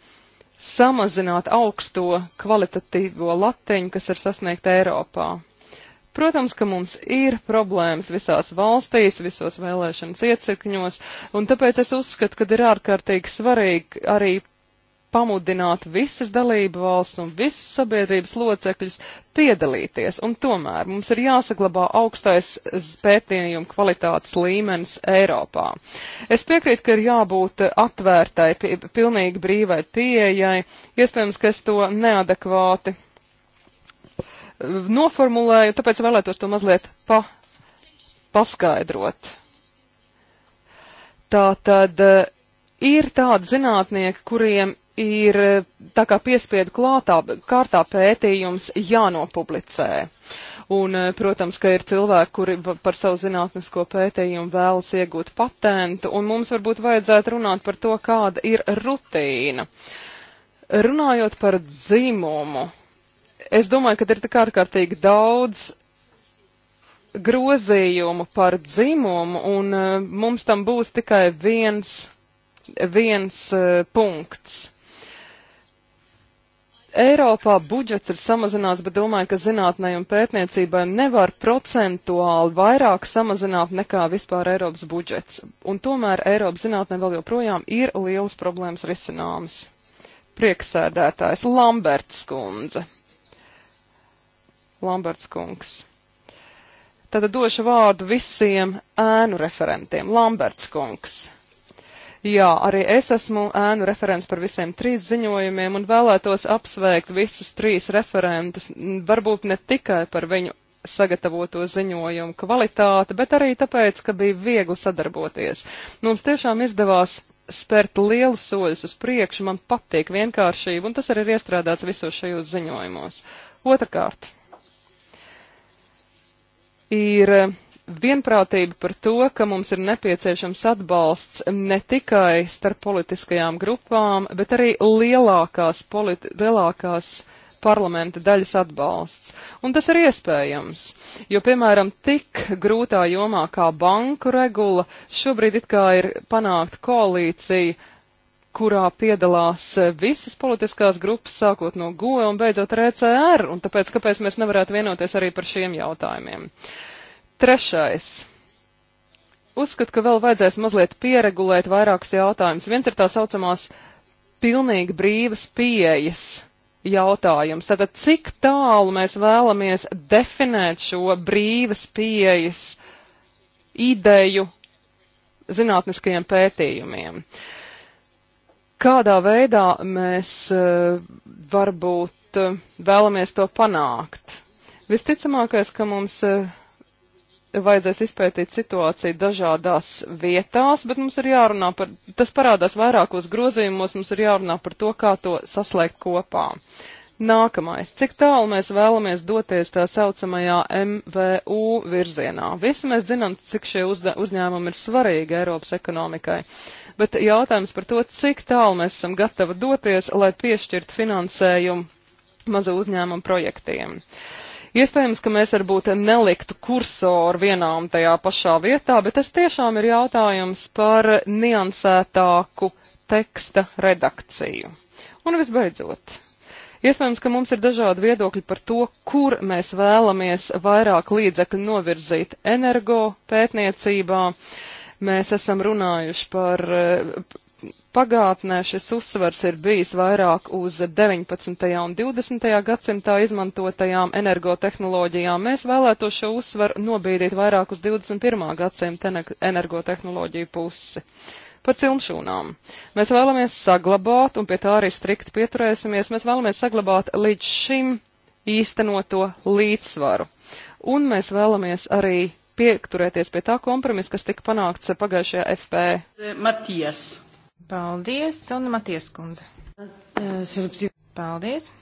samazināt augsto kvalitatīvo latiņu, kas ir sasniegta Eiropā. Protams, ka mums ir problēmas visās valstīs, visos vēlēšanas iecirkņos, un tāpēc es uzskatu, ka ir ārkārtīgi svarīgi arī pamudināt visas dalību valsts un visus sabiedrības locekļus piedalīties, un tomēr mums ir jāsaglabā augstais pētījuma kvalitātes līmenis Eiropā. Es piekrītu, ka ir jābūt atvērtai, pilnīgi brīvai pieejai, iespējams, ka es to neadekvāti noformulēju, tāpēc vēlētos to mazliet pa, paskaidrot. Tā tad eh, ir tādi zinātnieki, kuriem ir eh, tā kā piespiedu klātā, kārtā pētījums jānopublicē. Un, eh, protams, ka ir cilvēki, kuri par savu zinātnisko pētījumu vēlas iegūt patentu, un mums varbūt vajadzētu runāt par to, kāda ir rutīna. Runājot par dzimumu, Es domāju, ka ir tik ārkārtīgi daudz grozījumu par dzimumu, un e, mums tam būs tikai viens, viens e, punkts. Eiropā budžets ir samazināts, bet domāju, ka zinātnē un pētniecībai nevar procentuāli vairāk samazināt nekā vispār Eiropas budžets. Un tomēr Eiropas zinātnē vēl joprojām ir lielas problēmas risināmas. Prieksēdētājs Lamberts kundze. Lamberts kungs. Tad došu vārdu visiem ēnu referentiem. Lamberts kungs. Jā, arī es esmu ēnu referents par visiem trīs ziņojumiem un vēlētos apsveikt visus trīs referentus, varbūt ne tikai par viņu sagatavoto ziņojumu kvalitāti, bet arī tāpēc, ka bija viegli sadarboties. Mums tiešām izdevās spērt lielu soļus uz priekšu, man patīk vienkāršība, un tas arī ir iestrādāts visos šajos ziņojumos. Otrakārt ir vienprātība par to, ka mums ir nepieciešams atbalsts ne tikai starp politiskajām grupām, bet arī lielākās, politi lielākās parlamenta daļas atbalsts. Un tas ir iespējams, jo, piemēram, tik grūtā jomā kā banku regula šobrīd it kā ir panākt koalīcija kurā piedalās eh, visas politiskās grupas, sākot no GOE un beidzot ar ECR, un tāpēc kāpēc mēs nevarētu vienoties arī par šiem jautājumiem. Trešais. Uzskatu, ka vēl vajadzēs mazliet pieregulēt vairākus jautājumus. Viens ir tā saucamās pilnīgi brīvas pieejas jautājums. Tātad, cik tālu mēs vēlamies definēt šo brīvas pieejas ideju zinātniskajiem pētījumiem? Uh, kādā veidā mēs eh, varbūt eh, vēlamies to panākt. Visticamākais, ka mums eh, vajadzēs izpētīt situāciju dažādās vietās, bet mums ir jārunā par, tas parādās vairākos grozījumos, mums ir jārunā par to, kā to saslēgt kopā. Nākamais. Cik tālu mēs vēlamies doties tā saucamajā MVU virzienā? Visi mēs zinām, cik šie uzņēmumi ir svarīgi Eiropas ekonomikai. Uh, bet jautājums par to, cik tālu mēs esam gatavi doties, lai piešķirt finansējumu mazu uzņēmumu projektiem. Iespējams, ka mēs varbūt neliktu kursoru vienā un tajā pašā vietā, bet tas tiešām ir jautājums par niansētāku teksta redakciju. Un visbeidzot, Iespējams, ka mums ir dažādi viedokļi par to, kur mēs vēlamies vairāk līdzekļu novirzīt energo pētniecībā. Uh, Mēs esam runājuši par eh, pagātnē šis uzsvars ir bijis vairāk uz 19. un 20. gadsimtā izmantotajām energotehnoloģijām. Mēs vēlētos šo uzsvaru nobīdīt vairāk uz 21. gadsimta energotehnoloģiju pusi. Par cilmšūnām. Mēs vēlamies saglabāt, un pie tā arī strikti pieturēsimies, mēs vēlamies saglabāt līdz šim īstenoto līdzsvaru. Un mēs vēlamies arī pieturēties pie tā kompromisa, kas tika panākts pagājušajā FP. Matijas. Paldies, un Matijas kundze. Paldies.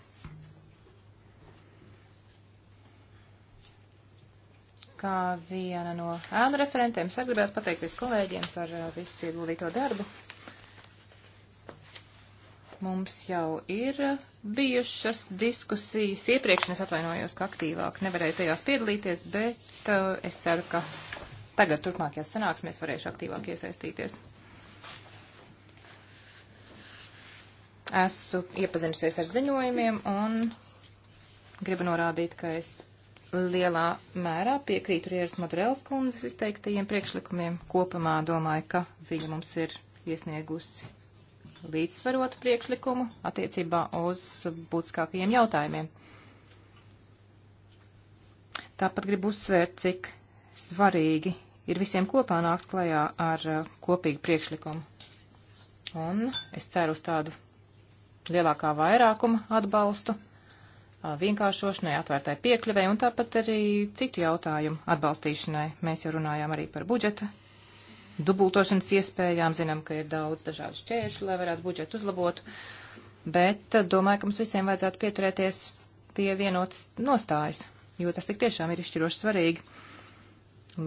kā viena no ēnu referentiem, es gribētu pateikties kolēģiem par uh, visu ieguldīto darbu mums jau ir bijušas diskusijas iepriekš, un es atvainojos, ka aktīvāk nevarēju tajās piedalīties, bet uh, es ceru, ka tagad turpmākajās sanāksmēs varēšu aktīvāk iesaistīties. Esmu iepazinusies ar ziņojumiem un gribu norādīt, ka es lielā mērā piekrītu Rieras Madurēlas kundzes izteiktajiem priekšlikumiem. Kopumā domāju, ka viņa mums ir iesniegusi līdzsvarotu priekšlikumu attiecībā uz būtiskākajiem jautājumiem. Tāpat gribu uzsvērt, cik svarīgi ir visiem kopā nākt klajā ar uh, kopīgu priekšlikumu. Un es ceru uz tādu lielākā vairākuma atbalstu uh, vienkāršošanai, atvērtai piekļuvai un tāpat arī citu jautājumu atbalstīšanai. Mēs jau runājām arī par budžeta dubultošanas iespējām. Zinām, ka ir daudz dažādu šķēršu, lai varētu budžetu uzlabot, bet eh, domāju, ka mums visiem vajadzētu pieturēties pie vienotas nostājas, jo tas tik tiešām ir izšķiroši svarīgi,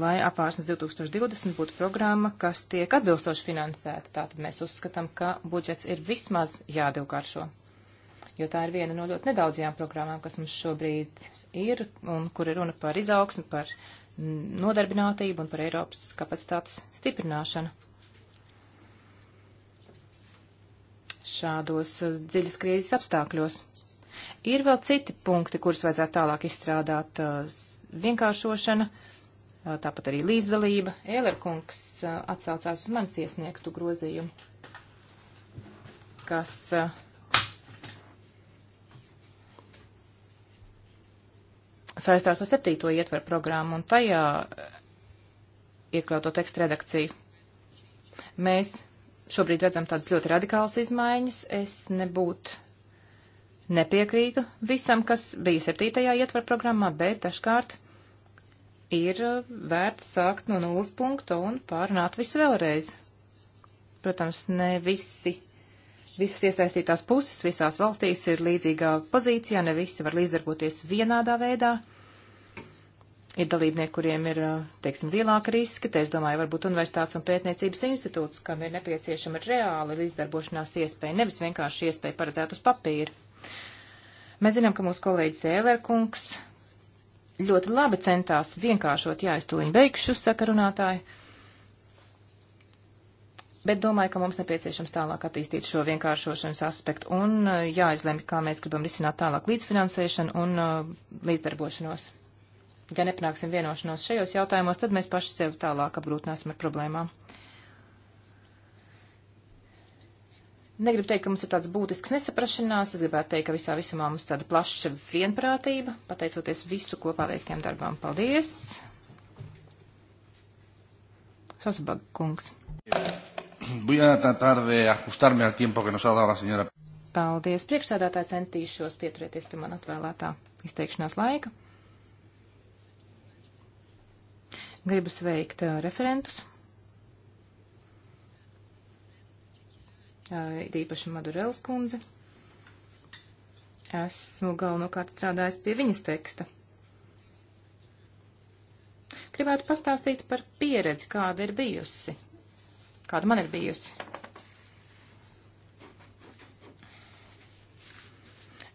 lai apvārsnes 2020 būtu programma, kas tiek atbilstoši finansēta. Tātad mēs uzskatām, ka budžets ir vismaz jādivkāršo, jo tā ir viena no ļoti nedaudzajām programmām, kas mums šobrīd ir un kur ir runa par izaugsmi, par nodarbinātību un par Eiropas kapacitātes stiprināšanu. Šādos eh, dziļas krīzes apstākļos. Ir vēl citi punkti, kurus vajadzētu tālāk izstrādāt eh, - vienkāršošana, eh, tāpat arī līdzdalība. Ēlerkungs atsaucās uz manis iesniegtu grozījumu, kas saistās ar septīto ietveru programmu un tajā iekļauto tekstu redakciju. Mēs šobrīd redzam tādas ļoti radikālas izmaiņas. Es nebūtu nepiekrītu visam, kas bija septītajā ietveru programmā, bet dažkārt ir uh, vērts sākt no nulles punkta un pārnāt visu vēlreiz. Protams, ne visi visas iesaistītās puses visās valstīs ir līdzīgā pozīcijā, ne visi var līdzdarboties vienādā veidā. Ir dalībnieki, kuriem ir, uh, teiksim, lielāka riska, te es domāju, varbūt universitātes un pētniecības institūts, kam ir nepieciešama reāla līdzdarbošanās iespēja, nevis vienkārši iespēja paredzēt uz papīra. Mēs zinām, ka mūsu kolēģis Ēlerkungs ļoti labi centās vienkāršot, jā, es tūliņ beigšu, saka runātāji. Bet domāju, ka mums nepieciešams tālāk attīstīt šo vienkāršošanas aspektu un uh, jāizlemj, kā mēs gribam risināt tālāk līdzfinansēšanu un uh, līdzdarbošanos. Ja nepanāksim vienošanos šajos jautājumos, tad mēs paši sev tālāk apgrūtināsim ar problēmām. Negribu teikt, ka mums ir tāds būtisks nesaprašanās, es gribētu teikt, ka visā visumā mums tāda plaša vienprātība, pateicoties visu kopā veiktiem darbām. Paldies! Sosabag kungs. Yeah. Voy a tratar de ajustarme al tiempo que nos ha dado la señora. Paldies. Priekšsēdētāji centīšos pieturēties pie man atvēlētā izteikšanās laika. Gribu sveikt uh, referentus. Uh, īpaši Madurels kundze. Esmu galvenokārt strādājis pie viņas teksta. Gribētu pastāstīt par pieredzi, kāda ir bijusi kāda man ir bijusi.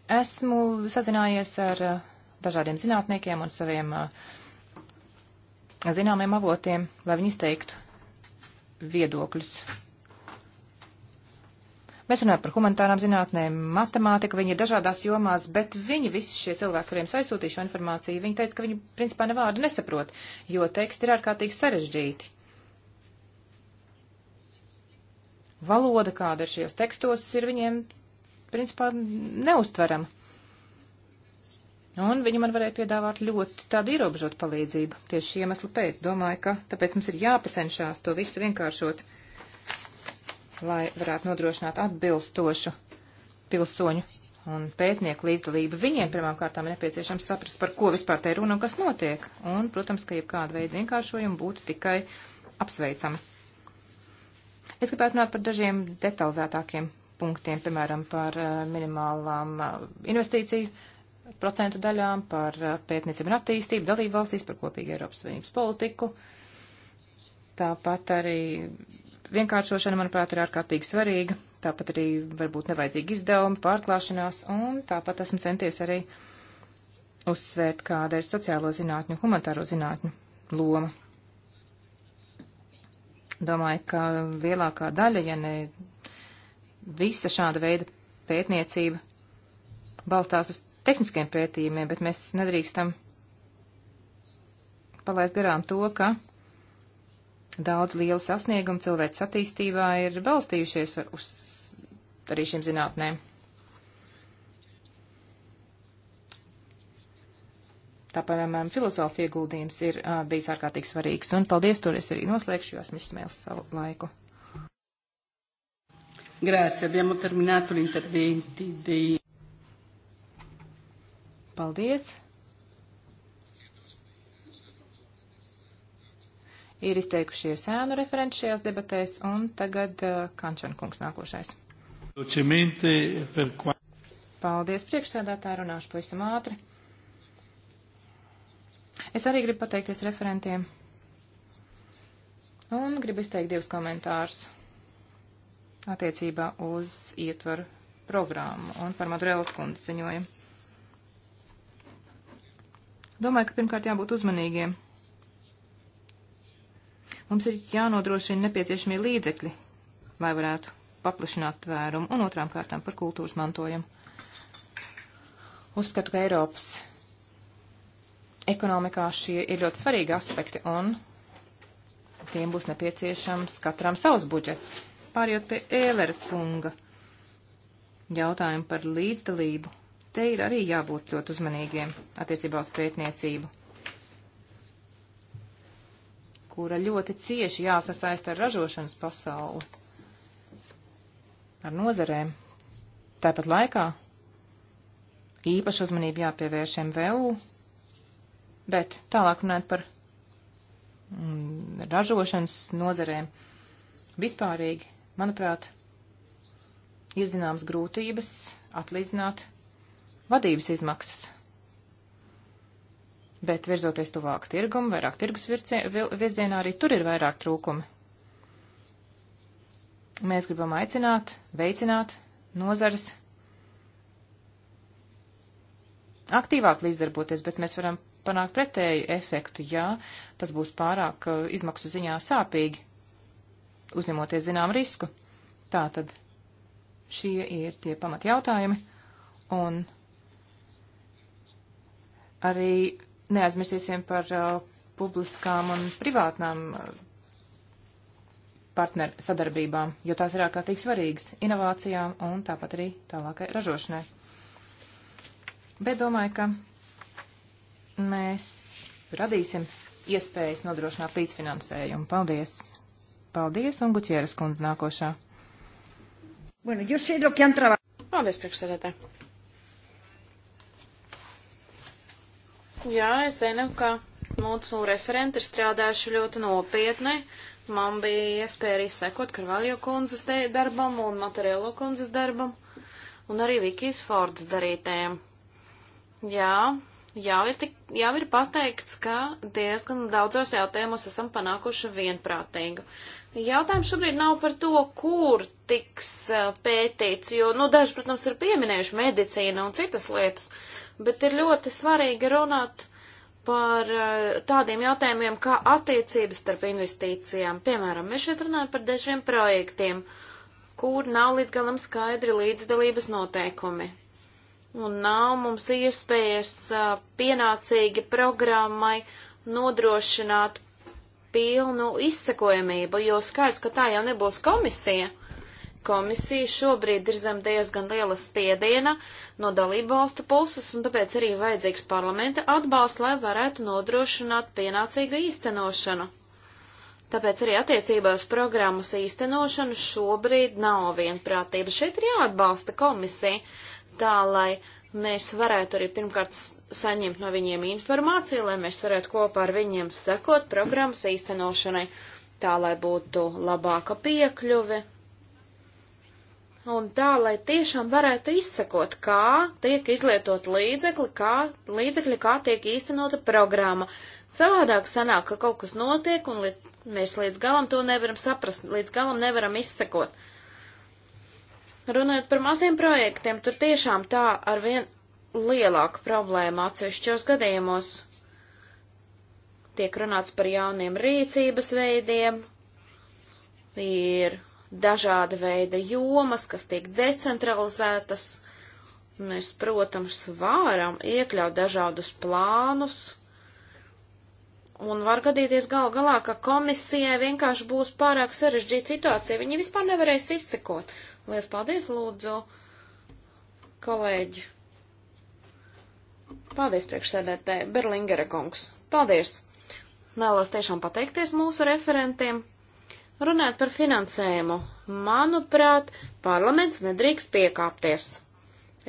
Esmu sazinājies ar uh, dažādiem zinātniekiem un saviem uh, zināmiem avotiem, lai viņi izteiktu viedokļus. Mēs runājam par humanitārām zinātnēm, matemātika, viņi ir dažādās jomās, bet viņi, visi šie cilvēki, kuriem saistīju šo informāciju, viņi teica, ka viņi principā ne vārdu nesaprot, jo teksti ir ārkārtīgi sarežģīti. valoda, kāda ir šajos tekstos, ir viņiem, principā, neustverama. Un viņi man varēja piedāvāt ļoti tādu ierobežotu palīdzību. Tieši šī iemesla pēc domāju, ka tāpēc mums ir jāpacenšās to visu vienkāršot, lai varētu nodrošināt atbilstošu pilsoņu un pētnieku līdzdalību. Viņiem pirmām kārtām ir nepieciešams saprast, par ko vispār te ir runa un kas notiek. Un, protams, ka jebkāda veida vienkāršojumi būtu tikai apsveicami. Es gribētu runāt par dažiem detalizētākiem punktiem, piemēram, par eh, minimālām eh, investīciju procentu daļām, par eh, pētniecību un attīstību dalību valstīs, par kopīgu Eiropas Savienības politiku. Tāpat arī vienkāršošana, manuprāt, ir ārkārtīgi svarīga. Tāpat arī varbūt nevajadzīgi izdevumi, pārklāšanās, un tāpat esmu centies arī uzsvērt, kāda ir sociālo zinātņu, humanitāro zinātņu loma Domāju, ka lielākā daļa, ja ne visa šāda veida pētniecība balstās uz tehniskiem pētījumiem, bet mēs nedrīkstam palaist garām to, ka daudz lielu sasniegumu cilvēks attīstībā ir balstījušies uz arī šīm zinātnēm. tā piemēram, filozofa ieguldījums ir uh, bijis ārkārtīgi svarīgs. Un paldies, tur es arī noslēgšu, jo esmu izsmēlis savu laiku. Grazie, abbiamo terminato l'interventi dei. Paldies. Ir izteikušies ēnu referenci šajās debatēs, un tagad uh, Kančankungs nākošais. Paldies, priekšsēdētāji, runāšu pavisam ātri. Es arī gribu pateikties referentiem un gribu izteikt divus komentārus attiecībā uz ietvaru programmu un par Madrēlas kundas ziņojumu. Domāju, ka pirmkārt jābūt uzmanīgiem. Mums ir jānodrošina nepieciešamie līdzekļi, lai varētu paplašināt tvērumu un otrām kārtām par kultūras mantojumu. Uzskatu, ka Eiropas ekonomikā šie ir ļoti svarīgi aspekti, un tiem būs nepieciešams katram savs budžets. Pārējot pie Ēlera kunga jautājumu par līdzdalību, te ir arī jābūt ļoti uzmanīgiem attiecībā uz pētniecību, kura ļoti cieši jāsasaista ar ražošanas pasauli, ar nozerēm. Tāpat laikā īpaši uzmanību jāpievērš MVU Bet tālāk runājot par mm, ražošanas nozarēm vispārīgi, manuprāt, ir zināmas grūtības atlīdzināt vadības izmaksas. Bet virzoties tuvāk tirgumu, vairāk tirgus virzienā arī tur ir vairāk trūkumi. Mēs gribam aicināt, veicināt nozares aktīvāk līdzdarboties, bet mēs varam panākt pretēju efektu, ja tas būs pārāk uh, izmaksu ziņā sāpīgi, uzņemoties zinām risku. Tātad šie ir tie pamat jautājumi, un arī neaizmirsīsim par uh, publiskām un privātnām uh, partneru sadarbībām, jo tās ir ārkārtīgi svarīgas inovācijām un tāpat arī tālākai ražošanai. Bet domāju, ka mēs radīsim iespējas nodrošināt līdzfinansējumu. Paldies! Paldies, un Guķieres kundze nākošā. Bueno, yo sé lo que han trabajado. Paldies, priekšsēdētā. Jā, es zinu, ka mūsu referenti ir strādājuši ļoti nopietni. Man bija iespēja arī sekot Karvaljo kundzes darbam un Materiello kundzes darbam un arī Vikijas Fordas darītējiem. Jā, jau ir, tik, jau ir pateikts, ka diezgan daudzos jautājumos esam panākuši vienprātīgu. Jautājums šobrīd nav par to, kur tiks eh, pētīts, jo, nu, daži, protams, ir pieminējuši medicīnu un citas lietas, bet ir ļoti svarīgi runāt par eh, tādiem jautājumiem, kā attiecības starp investīcijām. Piemēram, mēs šeit runājam par dažiem projektiem, kur nav līdz galam skaidri līdzdalības noteikumi un nav mums iespējas pienācīgi programmai nodrošināt pilnu izsekojamību, jo skaidrs, ka tā jau nebūs komisija. Komisija šobrīd ir zem diezgan liela spiediena no dalību valstu puses, un tāpēc arī vajadzīgs parlamenta atbalsts, lai varētu nodrošināt pienācīgu īstenošanu. Tāpēc arī attiecībā uz programmas īstenošanu šobrīd nav vienprātība. Šeit ir jāatbalsta komisija, tā lai mēs varētu arī pirmkārt saņemt no viņiem informāciju, lai mēs varētu kopā ar viņiem sekot programmas īstenošanai, tā lai būtu labāka piekļuve. Un tā, lai tiešām varētu izsekot, kā tiek izlietot līdzekļi, kā, līdzekļi, kā tiek īstenota programma. Savādāk sanāk, ka kaut kas notiek, un li mēs līdz galam to nevaram saprast, līdz galam nevaram izsekot. Runājot par maziem projektiem, tur tiešām tā ar vien lielāku problēmu atsevišķos gadījumos. Tiek runāts par jauniem rīcības veidiem, ir dažāda veida jomas, kas tiek decentralizētas. Mēs, protams, varam iekļaut dažādus plānus, un var gadīties gal galā, ka komisijai vienkārši būs pārāk sarežģīta situācija, viņi vispār nevarēs izsekot. Lielas paldies, lūdzu, kolēģi. Paldies, priekšsēdētāji, Berlingera kungs. Paldies! Vēlos tiešām pateikties mūsu referentiem. Runāt par finansējumu. Manuprāt, parlaments nedrīkst piekāpties.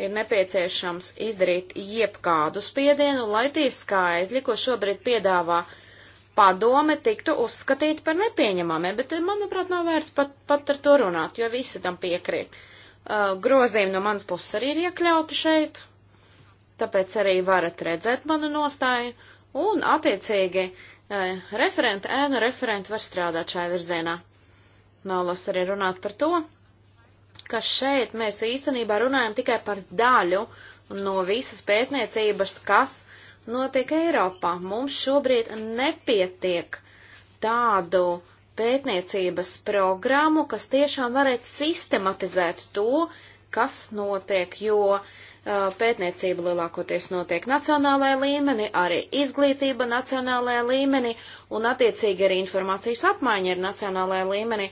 Ir nepieciešams izdarīt jebkādu spiedienu, lai tie skaitļi, ko šobrīd piedāvā padome tiktu uzskatīti par nepieņemamiem, bet, eh, manuprāt, nav vērts pat, pat ar to runāt, jo visi tam piekrīt. Uh, grozījumi no manas puses arī ir iekļauti šeit, tāpēc arī varat redzēt manu nostāju, un, attiecīgi, uh, eh, referenta, ēnu referenta var strādāt šajā virzienā. Vēlos arī runāt par to, ka šeit mēs īstenībā runājam tikai par daļu no visas pētniecības, kas notiek Eiropā. Mums šobrīd nepietiek tādu pētniecības programmu, kas tiešām varētu sistematizēt to, kas notiek, jo uh, pētniecība lielākoties notiek nacionālajā līmenī, arī izglītība nacionālajā līmenī un attiecīgi arī informācijas apmaiņa ir nacionālajā līmenī.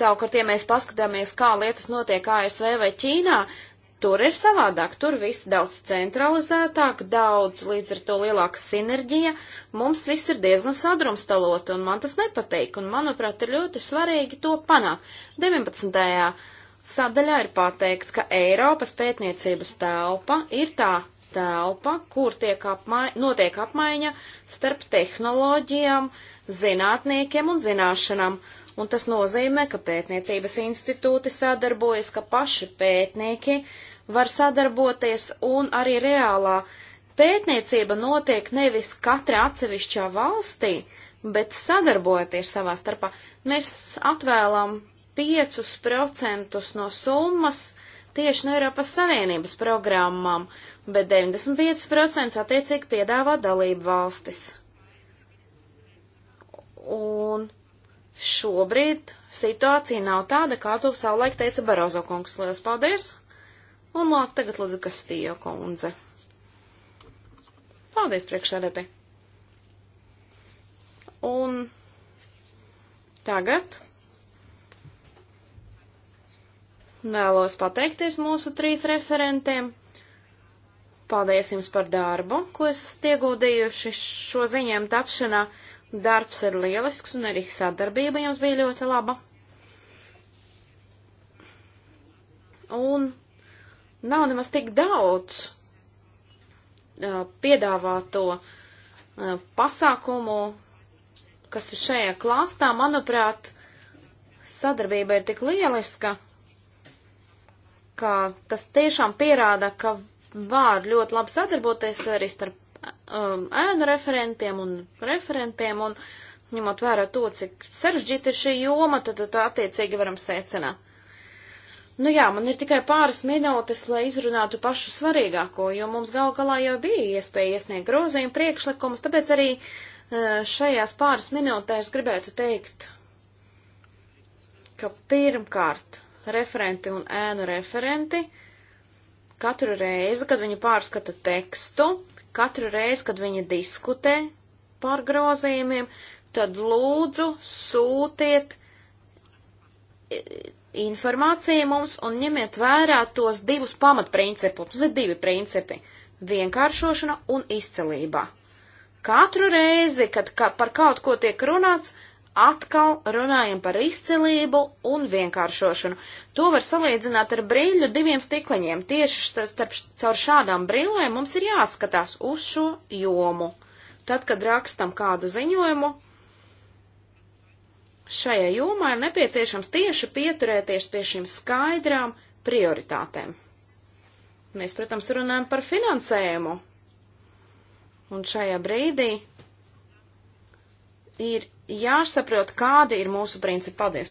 Savukārt, ja mēs paskatāmies, kā lietas notiek ASV vai Ķīnā, Tur ir savādāk, tur viss daudz centralizētāk, daudz līdz ar to lielāka sinerģija. Mums viss ir diezgan sadrumstalot, un man tas nepatīk, un manuprāt, ir ļoti svarīgi to panākt. 19. sadaļā ir pateikts, ka Eiropas pētniecības telpa ir tā telpa, kur tiek apmai notiek apmaiņa starp tehnoloģijām, zinātniekiem un zināšanām un tas nozīmē, ka pētniecības institūti sadarbojas, ka paši pētnieki var sadarboties un arī reālā pētniecība notiek nevis katra atsevišķā valstī, bet sadarbojoties savā starpā. Mēs atvēlam 5% no summas tieši no Eiropas Savienības programmām, bet 95% attiecīgi piedāvā dalību valstis. Un šobrīd situācija nav tāda, kā tu savulaik teica Barozo kungs. Lielas paldies! Un lāk tagad lūdzu Kastījo kundze. Paldies priekšsēdētē. Un tagad vēlos pateikties mūsu trīs referentiem. Paldies jums par darbu, ko esat ieguldījuši šo ziņojumu tapšanā. Darbs ir lielisks un arī sadarbība jums bija ļoti laba. Un nav nemaz tik daudz uh, piedāvāto uh, pasākumu, kas ir šajā klāstā. Manuprāt, sadarbība ir tik lieliska, ka tas tiešām pierāda, ka var ļoti labi sadarboties arī starp um, ēnu referentiem un referentiem, un ņemot vērā to, cik sarežģīta ir šī joma, tad, tad attiecīgi varam secināt. Nu jā, man ir tikai pāris minūtes, lai izrunātu pašu svarīgāko, jo mums gal galā jau bija iespēja iesniegt grozījumu priekšlikumus, tāpēc arī eh, šajās pāris minūtēs gribētu teikt, ka pirmkārt referenti un ēnu referenti katru reizi, kad viņi pārskata tekstu, katru reizi, kad viņi diskutē par grozījumiem, tad lūdzu sūtiet eh, informāciju mums un ņemiet vērā tos divus pamatprincipus. Tas ir divi principi - vienkāršošana un izcelība. Katru reizi, kad ka, par kaut ko tiek runāts, atkal runājam par izcelību un vienkāršošanu. To var salīdzināt ar brīļu diviem stikliņiem. Tieši starp, caur šādām brīlēm mums ir jāskatās uz šo jomu. Tad, kad rakstam kādu ziņojumu, Šajā jomā ir nepieciešams tieši pieturēties pie šīm skaidrām prioritātēm. Mēs, protams, runājam par finansējumu. Un šajā brīdī ir jāsaprot, kādi ir mūsu principi. Paldies!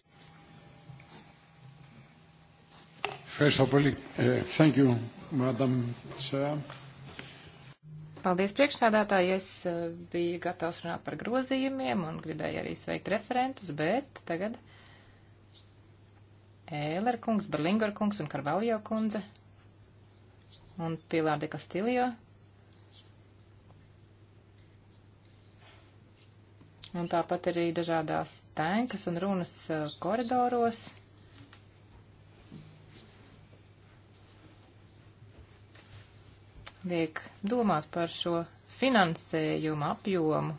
First of all, uh, thank you, Madam Chair. Paldies priekšsādātāji, es eh, biju gatavs runāt par grozījumiem un gribēju arī sveikt referentus, bet tagad Ēler kungs, Berlingar kungs un Karvaljo kundze un Pilār de Kastiljo. Un tāpat arī dažādās tenkas un runas eh, koridoros. liek domāt par šo finansējumu apjomu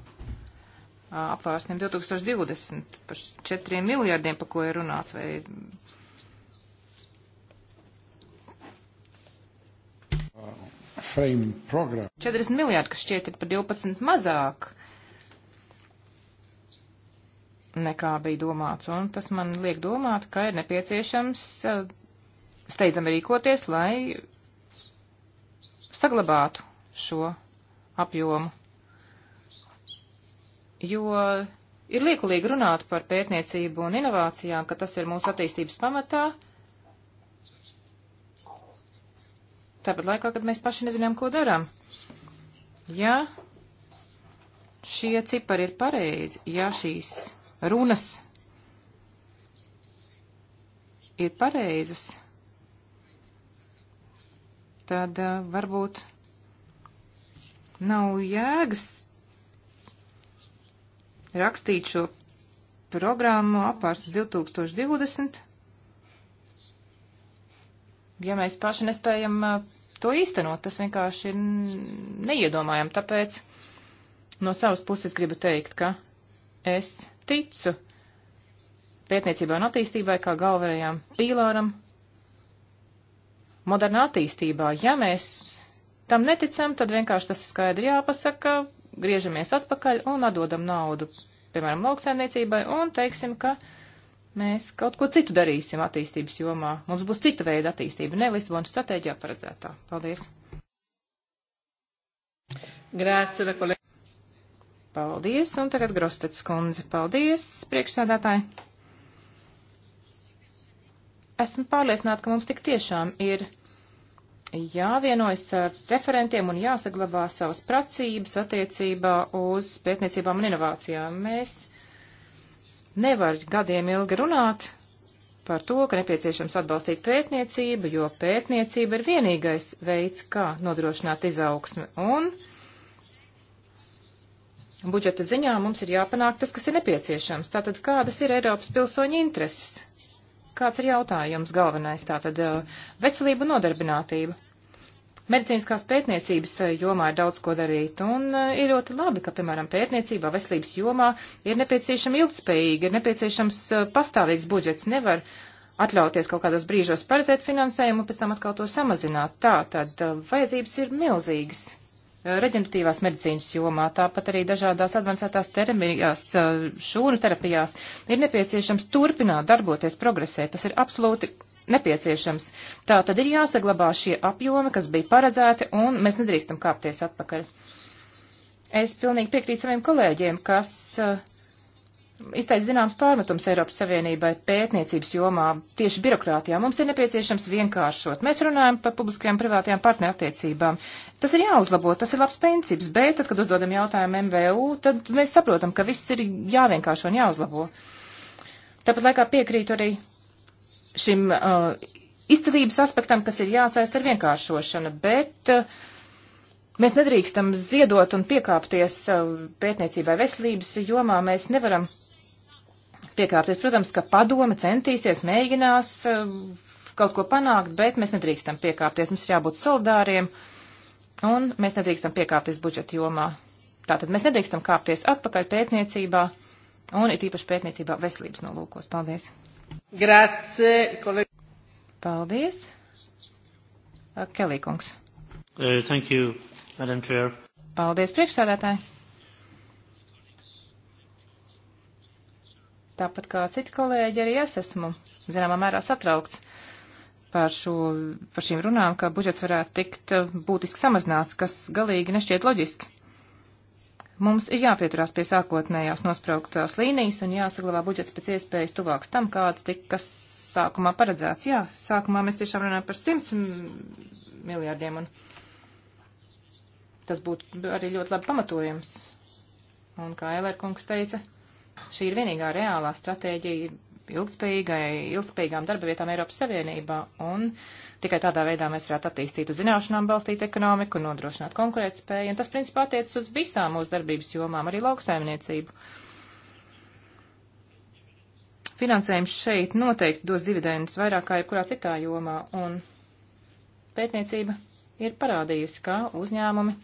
apvārsniem 2020, par 4 miljārdiem, pa ko ir runāts, vai. Frame program. 40 miljārdi, kas šķiet ir par 12 mazāk nekā bija domāts, un tas man liek domāt, ka ir nepieciešams steidzami rīkoties, lai saglabātu šo apjomu. Jo ir liekulīgi runāt par pētniecību un inovācijām, ka tas ir mūsu attīstības pamatā. Tāpat laikā, kad mēs paši nezinām, ko darām. Ja šie cipari ir pareizi, ja šīs runas ir pareizas, tad eh, varbūt nav jēgas rakstīt šo programmu apārstas 2020, ja mēs paši nespējam eh, to īstenot. Tas vienkārši ir neiedomājam. Tāpēc no savas puses gribu teikt, ka es ticu pētniecībā un attīstībai kā galvenajām pīlāram modernā attīstībā. Ja mēs tam neticam, tad vienkārši tas skaidri jāpasaka, griežamies atpakaļ un atdodam naudu, piemēram, lauksaimniecībai, un teiksim, ka mēs kaut ko citu darīsim attīstības jomā. Mums būs cita veida attīstība, ne Lisbonas stratēģijā paredzētā. Paldies! Grāci, kolēģi! Paldies, un tagad Grostets kundze. Paldies, priekšsādātāji! Esmu pārliecināta, ka mums tik tiešām ir jāvienojas ar referentiem un jāsaglabā savas pracības attiecībā uz pētniecībām un inovācijām. Mēs nevar gadiem ilgi runāt par to, ka nepieciešams atbalstīt pētniecību, jo pētniecība ir vienīgais veids, kā nodrošināt izaugsmi. Un budžeta ziņā mums ir jāpanāk tas, kas ir nepieciešams. Tātad kādas ir Eiropas pilsoņu intereses? Kāds ir jautājums galvenais? Tātad eh, veselība un nodarbinātība. Medicīniskās pētniecības eh, jomā ir daudz ko darīt, un eh, ir ļoti labi, ka, piemēram, pētniecībā veselības jomā ir nepieciešama ilgspējīga, ir nepieciešams pastāvīgs budžets. Nevar atļauties kaut kādos brīžos paredzēt finansējumu un pēc tam atkal to samazināt. Tā tad vajadzības ir milzīgas reģeneratīvās medicīnas jomā, tāpat arī dažādās advancētās terapijās, šūnu terapijās, ir nepieciešams turpināt darboties, progresēt. Tas ir absolūti nepieciešams. Tā tad ir jāsaglabā šie apjomi, kas bija paredzēti, un mēs nedrīkstam kāpties atpakaļ. Es pilnīgi piekrītu saviem kolēģiem, kas uh, izteicis zināms pārmetums Eiropas Savienībai pētniecības jomā tieši birokrātijā. Mums ir nepieciešams vienkāršot. Mēs runājam par publiskajām privātajām partnerattiecībām. Tas ir jāuzlabo, tas ir labs princips, bet tad, kad uzdodam jautājumu MVU, tad mēs saprotam, ka viss ir jāvienkāršo un jāuzlabo. Tāpat laikā piekrītu arī šim uh, izcilības aspektam, kas ir jāsaist ar vienkāršošanu, bet uh, mēs nedrīkstam ziedot un piekāpties uh, pētniecībai veselības jomā. Mēs nevaram uh, piekāpties. Protams, ka padome centīsies, mēģinās eh, kaut ko panākt, bet mēs nedrīkstam piekāpties. Mums ir jābūt solidāriem un mēs nedrīkstam piekāpties budžeta jomā. Tātad mēs nedrīkstam kāpties atpakaļ pētniecībā un it īpaši pētniecībā veselības nolūkos. Paldies! Grazie, kolēģi! Paldies! Eh, Kelīkungs. Uh, eh, thank you, Madam Chair. Paldies, priekšsādātāji! tāpat kā citi kolēģi, arī es esmu zināmā mērā satraukts par, šo, par šīm runām, ka budžets varētu tikt eh, būtiski samazināts, kas galīgi nešķiet loģiski. Mums ir jāpieturās pie sākotnējās nosprauktās līnijas un jāsaglabā budžets pēc iespējas tuvāks tam, kāds tika sākumā paredzēts. Jā, sākumā mēs tiešām runājam par 100 miljārdiem un tas būtu arī ļoti labi pamatojums. Un kā Elērkungs teica, Šī ir vienīgā reālā stratēģija ilgspējīgai, ilgspējīgām darba vietām Eiropas Savienībā, un tikai tādā veidā mēs varētu attīstīt uz zināšanām balstītu ekonomiku, nodrošināt konkurētspēju, un tas principā attiecas uz visām mūsu darbības jomām, arī lauksaimniecību. Finansējums šeit noteikti dos dividendus vairāk kā jebkurā citā jomā, un pētniecība ir parādījusi, ka uzņēmumi,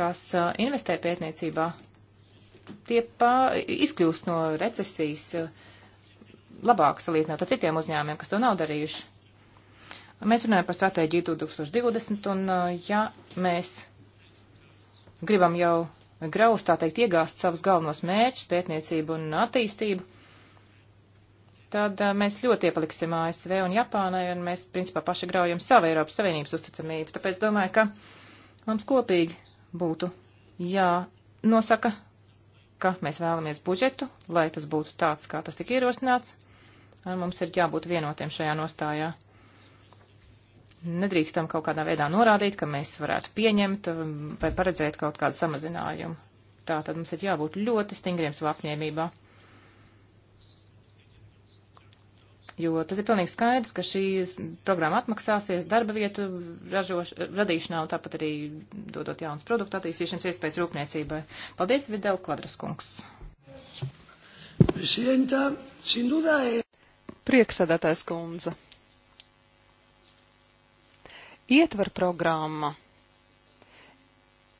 kas uh, investē pētniecībā, tie pā, izkļūst no recesijas eh, labāk salīdzinot ar citiem uzņēmumiem, kas to nav darījuši. Mēs runājam par stratēģiju 2020, un eh, ja mēs gribam jau grauz, tā teikt, iegāst savus galvenos mērķus, pētniecību un attīstību, tad eh, mēs ļoti iepaliksim ASV un Japānai, un mēs, principā, paši graujam savu Eiropas Savienības uzticamību. Tāpēc domāju, ka mums kopīgi būtu jānosaka ka mēs vēlamies budžetu, lai tas būtu tāds, kā tas tika ierosināts, un mums ir jābūt vienotiem šajā nostājā. Nedrīkstam kaut kādā veidā norādīt, ka mēs varētu pieņemt um, vai paredzēt kaut kādu samazinājumu. Tā tad mums ir jābūt ļoti stingriem savā apņēmībā. jo tas ir pilnīgi skaidrs, ka šī programma atmaksāsies darba vietu ražoš, radīšanā un tāpat arī dodot jaunas produktu attīstīšanas iespējas rūpniecībai. Paldies, Videl Kvadraskungs. E- Prieksēdētājs kundze. Ietver programma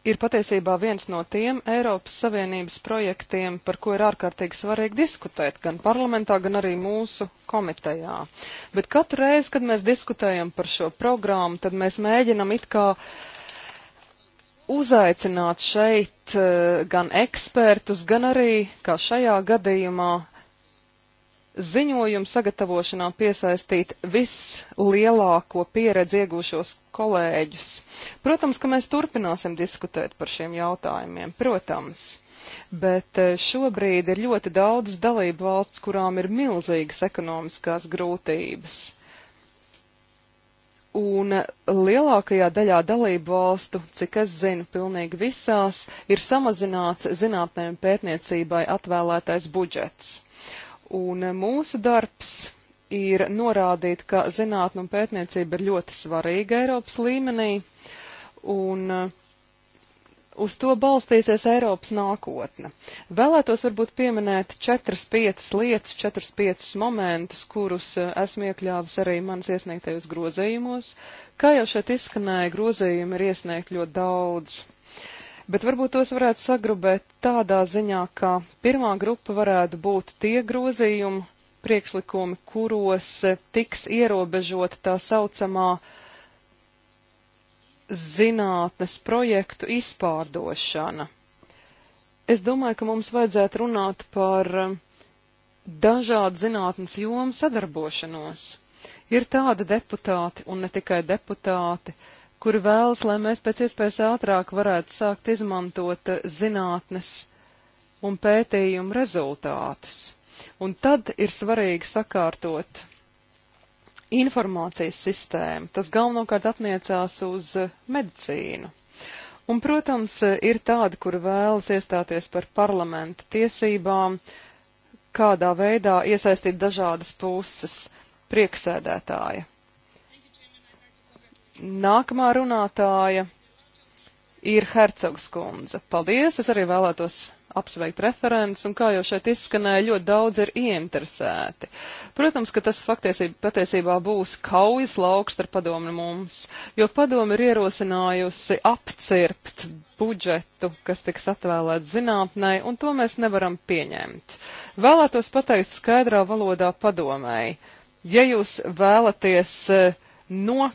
ir patiesībā viens no tiem Eiropas Savienības projektiem, par ko ir ārkārtīgi svarīgi diskutēt, gan parlamentā, gan arī mūsu komitejā. Bet katru reizi, kad mēs diskutējam par šo programmu, tad mēs mēģinam it kā uzaicināt šeit eh, gan ekspertus, gan arī, kā šajā gadījumā, ziņojumu sagatavošanā piesaistīt vislielāko pieredzi iegūšos kolēģus. Protams, ka mēs turpināsim diskutēt par šiem jautājumiem, protams, bet eh, šobrīd ir ļoti daudz dalību valsts, kurām ir milzīgas ekonomiskās grūtības. Un eh, lielākajā daļā dalību valstu, cik es zinu, pilnīgi visās, ir samazināts zinātnēm pētniecībai atvēlētais budžets. Un eh, mūsu darbs ir norādīt, ka zinātnē un pētniecība ir ļoti svarīga Eiropas līmenī, un eh, uz to balstīsies Eiropas nākotne. Vēlētos varbūt pieminēt četras, piecas lietas, četras, piecas momentus, kurus eh, esmu iekļāvis arī manas iesniegtajos grozījumos. Kā jau šeit izskanēja, grozījumi ir iesniegt ļoti daudz bet varbūt tos varētu sagrubēt tādā ziņā, ka pirmā grupa varētu būt tie grozījumi priekšlikumi, kuros eh, tiks ierobežota tā saucamā zinātnes projektu izpārdošana. Es domāju, ka mums vajadzētu runāt par eh, dažādu zinātnes jomu sadarbošanos. Ir tādi deputāti, un ne tikai deputāti, uh, kuri vēlas, lai mēs pēc iespējas ātrāk varētu sākt izmantot eh, zinātnes un pētījumu rezultātus. Un tad ir svarīgi sakārtot informācijas sistēmu. Tas galvenokārt attiecās uz eh, medicīnu. Un, protams, eh, ir tādi, kuri vēlas iestāties par parlamenta tiesībām, kādā veidā iesaistīt dažādas puses priekšsēdētāja Nākamā runātāja ir Hercogs kundze. Paldies, es arī vēlētos apsveikt referents, un kā jau šeit izskanēja, ļoti daudz ir ieinteresēti. Protams, ka tas faktiesībā patiesībā būs kaujas lauks ar padomu mums, jo padomu ir ierosinājusi apcirpt budžetu, kas tiks atvēlēts zinātnē, un to mēs nevaram pieņemt. Vēlētos pateikt skaidrā valodā padomēji, ja jūs vēlaties uh, no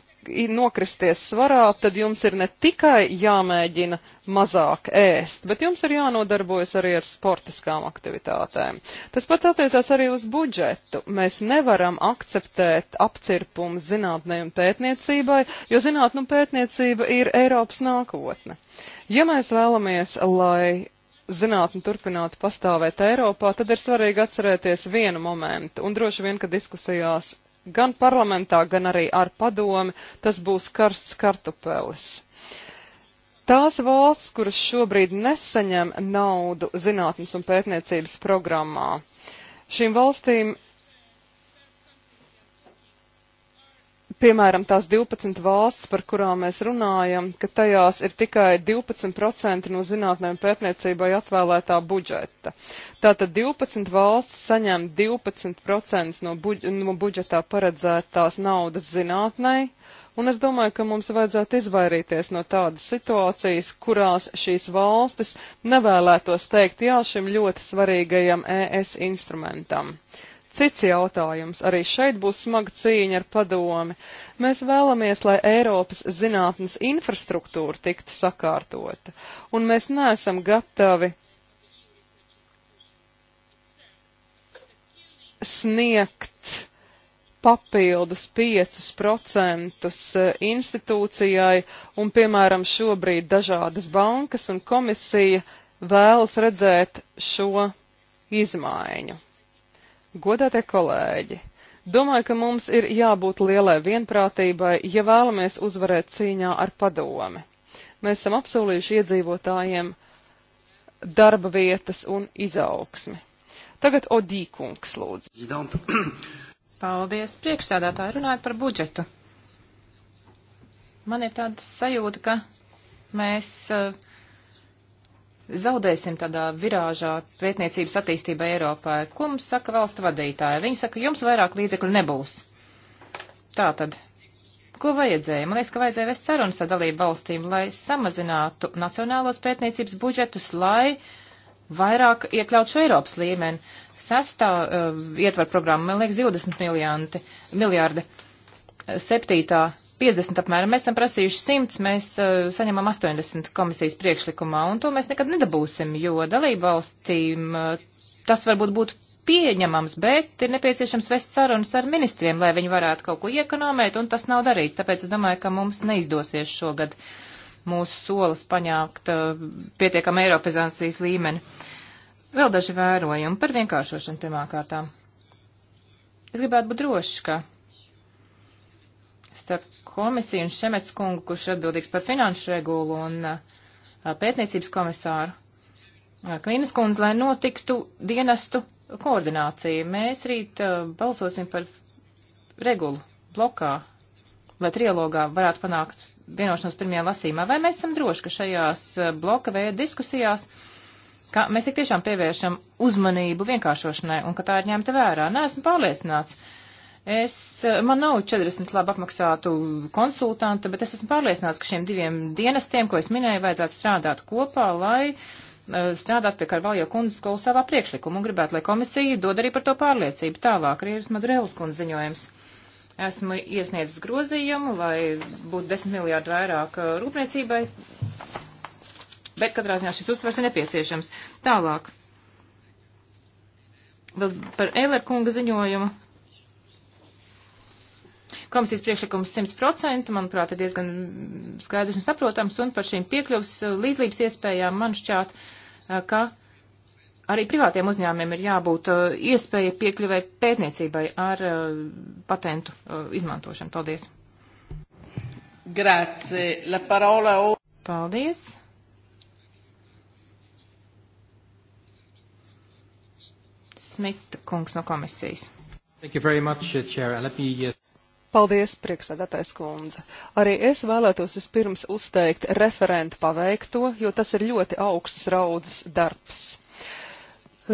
nokristies svarā, tad jums ir ne tikai jāmēģina mazāk ēst, bet jums ir jānodarbojas arī ar sportiskām aktivitātēm. Tas pats attiecās arī uz budžetu. Mēs nevaram akceptēt apcirpumu zinātnē un pētniecībai, jo zinātnē un pētniecība ir Eiropas nākotne. Ja mēs vēlamies, lai zinātni turpinātu pastāvēt Eiropā, tad ir svarīgi atcerēties vienu momentu, un droši vien, ka diskusijās gan parlamentā, gan arī ar padomi, tas būs karsts kartupelis. Tās valsts, kuras šobrīd nesaņem naudu zinātnes un pētniecības programmā, šīm valstīm piemēram, tās 12 valsts, par kurām mēs runājam, ka tajās ir tikai 12% no zinātnēm pētniecībai atvēlētā budžeta. Tātad 12 valsts saņem 12% no, buģ no budžetā paredzētās naudas zinātnei, un es domāju, ka mums vajadzētu izvairīties no tādas situācijas, kurās šīs valstis nevēlētos teikt jā šim ļoti svarīgajam ES instrumentam. Uh, Cits jautājums. Arī šeit būs smaga cīņa ar padomi. Mēs vēlamies, lai Eiropas zinātnes infrastruktūra tiktu sakārtota, un mēs neesam gatavi sniegt papildus 5% eh, institūcijai, un, piemēram, šobrīd dažādas bankas un komisija vēlas redzēt šo izmaiņu. Godātie kolēģi! Domāju, ka mums ir jābūt lielai vienprātībai, ja vēlamies uzvarēt cīņā ar padomi. Mēs esam apsolījuši iedzīvotājiem darba vietas un izaugsmi. Tagad Odīkungs lūdzu. Paldies, priekšsēdētāji, runājot par budžetu. Man ir tāda sajūta, ka mēs uh, zaudēsim tādā virāžā pētniecības attīstībai Eiropā. Ko mums saka valstu vadītāji? Viņi saka, jums vairāk līdzekļu nebūs. Tā tad. Ko vajadzēja? Man liekas, ka vajadzēja vest sarunas ar dalību valstīm, lai samazinātu nacionālos pētniecības budžetus, lai vairāk iekļaut šo Eiropas līmeni. Sestā uh, ietvar programma, man liekas, 20 miljanti, miljārdi. Uh, 7. 50 apmēram. Mēs esam prasījuši 100, mēs uh, saņemam 80 komisijas priekšlikumā, un to mēs nekad nedabūsim, jo dalībvalstīm uh, tas varbūt būtu pieņemams, bet ir nepieciešams vest sarunas ar ministriem, lai viņi varētu kaut ko iekonomēt, un tas nav darīts. Tāpēc es domāju, ka mums neizdosies šogad mūsu solis paņākt uh, pietiekam Eiropizācijas līmeni. Vēl daži vērojumi par vienkāršošanu pirmā kārtā. Es gribētu būt drošs, ka komisiju un Šemets kungu, kurš ir atbildīgs par finanšu regulu un uh, pētniecības komisāru uh, Klīnas kundzi, lai notiktu dienestu koordinācija. Mēs rīt uh, balsosim par regulu blokā, lai trilogā varētu panākt vienošanos pirmajā lasīmā. Vai mēs esam droši, ka šajās bloka veida diskusijās ka mēs tik tiešām pievēršam uzmanību vienkāršošanai un ka tā ir ņemta vērā? Nē, esmu pārliecināts. Uh, Es, eh, man nav 40 labi apmaksātu konsultantu, bet es esmu pārliecināts, ka šiem diviem dienestiem, ko es minēju, vajadzētu strādāt kopā, lai eh, strādāt pie Karvaljo kundzes skolu savā priekšlikumu un gribētu, lai komisija dod arī par to pārliecību. Tālāk arī ir Madrēlas kundzes ziņojums. Esmu iesniedzis grozījumu, lai būtu 10 miljārdu vairāk eh, rūpniecībai, bet katrā ziņā šis uzsvars ir nepieciešams. Tālāk. Vēl par Eiler kunga ziņojumu Komisijas priekšlikums 100%, manuprāt, ir diezgan skaidrs un saprotams, un par šīm piekļuvas uh, līdzības iespējām man šķiet, uh, ka arī privātiem uzņēmiem ir jābūt uh, iespēja piekļuvai pētniecībai ar patentu izmantošanu. Paldies! Grazie! La parola! Paldies! Smita kungs no komisijas. Thank you very much, Chair. Let me Paldies, priekšsēdētājs kundze. Arī es vēlētos vispirms uzteikt referentu paveikto, jo tas ir ļoti augsts raudzes darbs.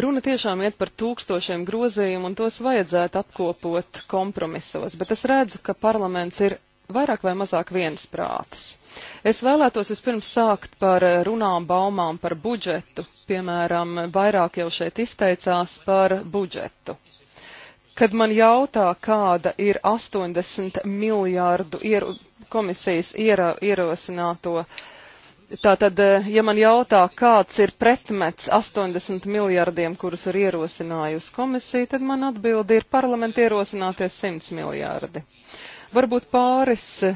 Runa tiešām iet par tūkstošiem grozījumu, un tos vajadzētu apkopot kompromisos, bet es redzu, ka parlaments ir vairāk vai mazāk viensprātis. Es vēlētos vispirms sākt par runām baumām par budžetu, piemēram, vairāk jau šeit izteicās par budžetu. Kad man jautā, kāda ir 80 miljārdu ieru, komisijas iera, ierosināto, tātad, e, ja man jautā, kāds ir pretmets 80 miljārdiem, kurus ir ierosinājusi komisija, tad man atbildi ir parlamenti ierosināties 100 miljārdi. Varbūt pāris e,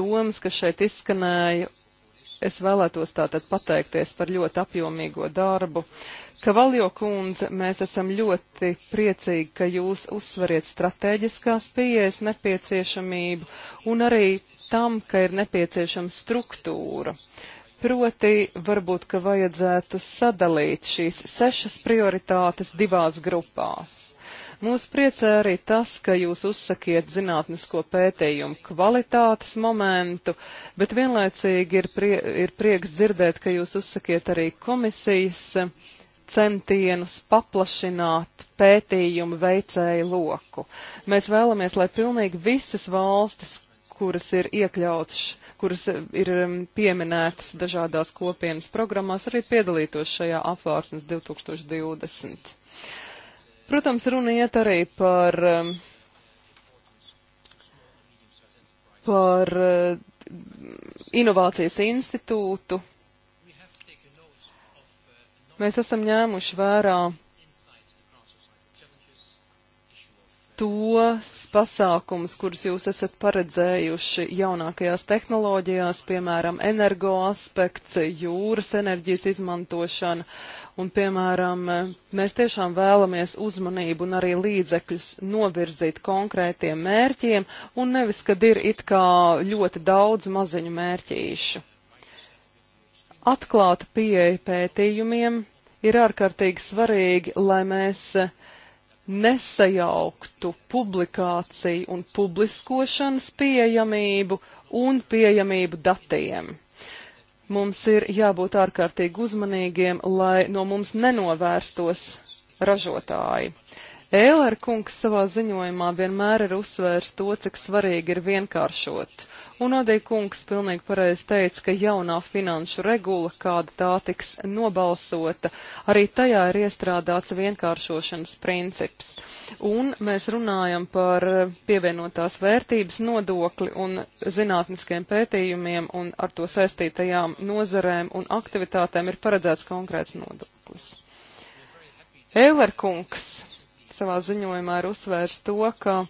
domas, kas šeit izskanēja, es vēlētos tātad pateikties par ļoti apjomīgo darbu. Uh, Kavaljo kundze, mēs esam ļoti priecīgi, ka jūs uzsvariet strateģiskās pieejas nepieciešamību un arī tam, ka ir nepieciešama struktūra. Proti, varbūt, ka vajadzētu sadalīt šīs sešas prioritātes divās grupās. Mūs priecē arī tas, ka jūs uzsakiet zinātnisko pētījumu kvalitātes momentu, bet vienlaicīgi ir, prie, ir prieks dzirdēt, ka jūs uzsakiet arī komisijas centienus paplašināt pētījumu veicēju loku. Mēs vēlamies, lai pilnīgi visas valstis, kuras ir iekļautas, kuras ir um, pieminētas dažādās kopienas programmās, arī piedalītos šajā apvārsnes 2020. Protams, runa iet arī par, um, par uh, Inovācijas institūtu, Mēs esam ņēmuši vērā tos pasākums, kurus jūs esat paredzējuši jaunākajās tehnoloģijās, piemēram, energo aspekts, jūras enerģijas izmantošana, un, piemēram, mēs tiešām vēlamies uzmanību un arī līdzekļus novirzīt konkrētiem mērķiem, un nevis, kad ir it kā ļoti daudz maziņu mērķīšu. Atklāta pieeja pētījumiem ir ārkārtīgi svarīgi, lai mēs eh, nesajauktu publikāciju un publiskošanas pieejamību un pieejamību datiem. Mums ir jābūt ārkārtīgi uzmanīgiem, lai no mums nenovērstos ražotāji. Ēlera kungs savā ziņojumā vienmēr ir uzsvērs to, cik svarīgi ir vienkāršot Un Adī kungs pilnīgi pareizi teica, ka jaunā finanšu regula, kāda tā tiks nobalsota, arī tajā ir iestrādāts vienkāršošanas princips. Un mēs runājam par pievienotās vērtības nodokli un zinātniskiem pētījumiem un ar to saistītajām nozarēm un aktivitātēm ir paredzēts konkrēts nodoklis. Eilerkungs savā ziņojumā ir uzsvērs to, ka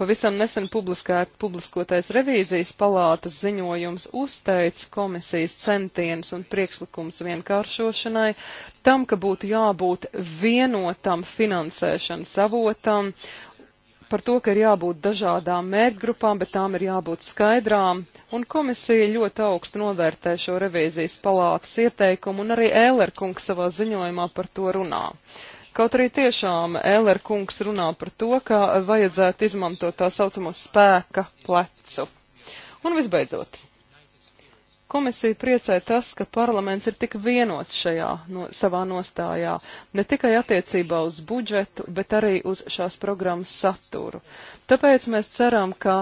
Pavisam nesen publiskēt, publiskotais revīzijas palātas ziņojums uzteica komisijas centienus un priekšlikums vienkāršošanai tam, ka būtu jābūt vienotam finansēšanas avotam par to, ka ir jābūt dažādām mērķgrupām, bet tām ir jābūt skaidrām, un komisija ļoti augstu novērtē šo revīzijas palātas ieteikumu, un arī Ēlerkungs savā ziņojumā par to runā. Uh, Kaut arī tiešām Eller kungs runā par to, ka vajadzētu izmantot tā saucamo spēka plecu. Un visbeidzot, komisija priecē tas, ka parlaments ir tik vienots šajā no, savā nostājā, ne tikai attiecībā uz budžetu, bet arī uz šās programmas saturu. Tāpēc mēs ceram, ka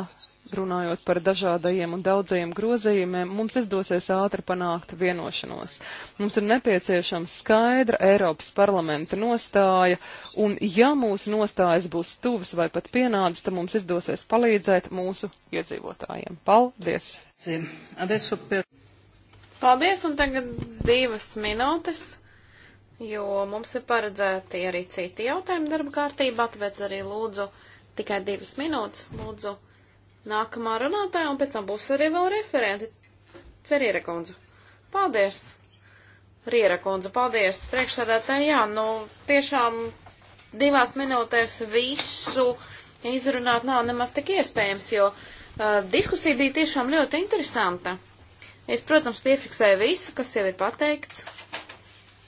runājot par dažādajiem un daudzajiem grozījumiem, mums izdosies ātri panākt vienošanos. Mums ir nepieciešama skaidra Eiropas parlamenta nostāja, un ja mūsu nostājas būs tuvas vai pat pienādas, tad mums izdosies palīdzēt mūsu iedzīvotājiem. Paldies! Paldies, un tagad divas minūtes, jo mums ir paredzēti arī citi jautājumi darba kārtībā, tāpēc arī lūdzu tikai divas minūtes, lūdzu nākamā runātāja, un pēc tam būs arī vēl referenti. Ferīra kundze. Paldies! Riera kundze, paldies! Priekšsēdētāji, jā, nu, tiešām divās minūtēs visu izrunāt nav nemaz tik iespējams, jo uh, diskusija bija tiešām ļoti interesanta. Es, protams, piefiksēju visu, kas jau ir pateikts.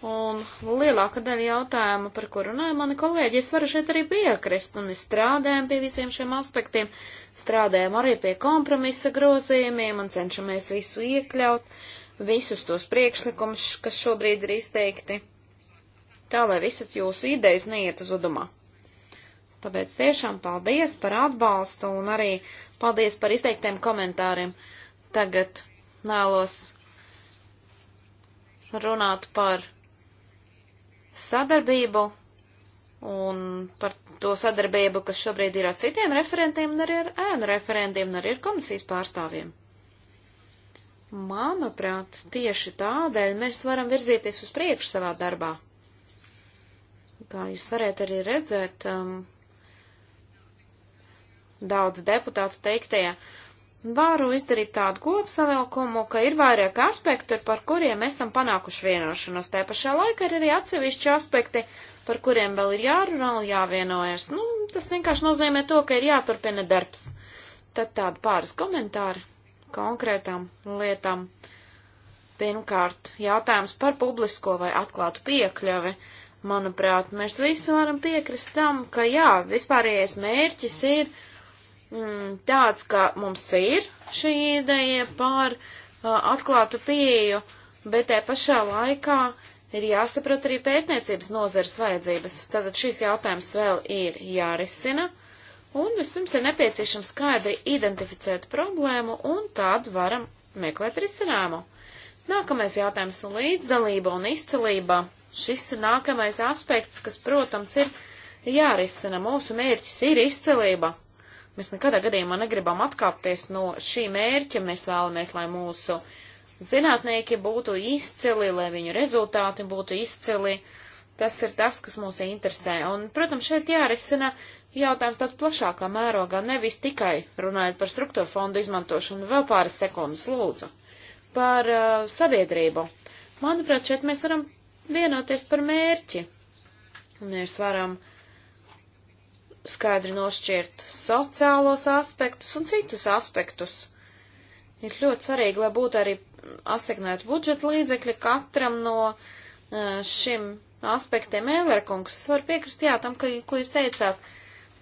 Un lielāka daļa jautājumu, par ko runāja mani kolēģi, es varu šeit arī piekrist, un mēs strādājam pie visiem šiem aspektiem, strādājam arī pie kompromisa grozījumiem un cenšamies visu iekļaut, visus tos priekšlikumus, kas šobrīd ir izteikti, tā lai visas jūsu idejas neiet uz udumā. Tāpēc tiešām paldies par atbalstu un arī paldies par izteiktiem komentāriem. Tagad nālos runāt par sadarbību un par to sadarbību, kas šobrīd ir ar citiem referentiem un arī ar ēnu referentiem un arī ar komisijas pārstāvjiem. Manuprāt, tieši tādēļ mēs varam virzīties uz priekšu savā darbā. Kā jūs varētu arī redzēt, um, daudz deputātu teiktajā, varu izdarīt tādu kopsavilkumu, ka ir vairāk aspektu, par kuriem esam panākuši vienošanos. Tajā pašā laikā ir arī atsevišķi aspekti, par kuriem vēl ir jārunā un jāvienojas. Nu, tas vienkārši nozīmē to, ka ir jāturpina darbs. Tad tādi pāris komentāri konkrētām lietām. Pirmkārt, jautājums par publisko vai atklātu piekļuvi. Manuprāt, mēs visi varam piekrist tam, ka jā, vispārējais mērķis ir Mm, tāds, ka mums ir šī ideja par uh, atklātu pieeju, bet te pašā laikā ir jāsaprot arī pētniecības nozares vajadzības. Tātad šis jautājums vēl ir jārisina, un vispirms ir nepieciešams skaidri identificēt problēmu, un tad varam meklēt risinājumu. Nākamais jautājums - līdzdalība un izcelība. Šis ir nākamais aspekts, kas, protams, ir jārisina. Mūsu mērķis ir izcelība. Mēs nekādā gadījumā negribam atkāpties no šī mērķa. Mēs vēlamies, lai mūsu zinātnieki būtu izcili, lai viņu rezultāti būtu izcili. Tas ir tas, kas mūs interesē. Un, protams, šeit jārisina jautājums tāds plašākā mērogā, nevis tikai runājot par struktūra fondu izmantošanu. Vēl pāris sekundes lūdzu. Par uh, sabiedrību. Manuprāt, šeit mēs varam vienoties par mērķi. Mēs varam uh, skaidri nošķirt sociālos aspektus un citus aspektus. Ir ļoti svarīgi, lai būtu arī asignēti budžeta līdzekļi katram no e, šim aspektiem. Ēlerkungs, es varu piekrist, jā, tam, ka, ko jūs teicāt,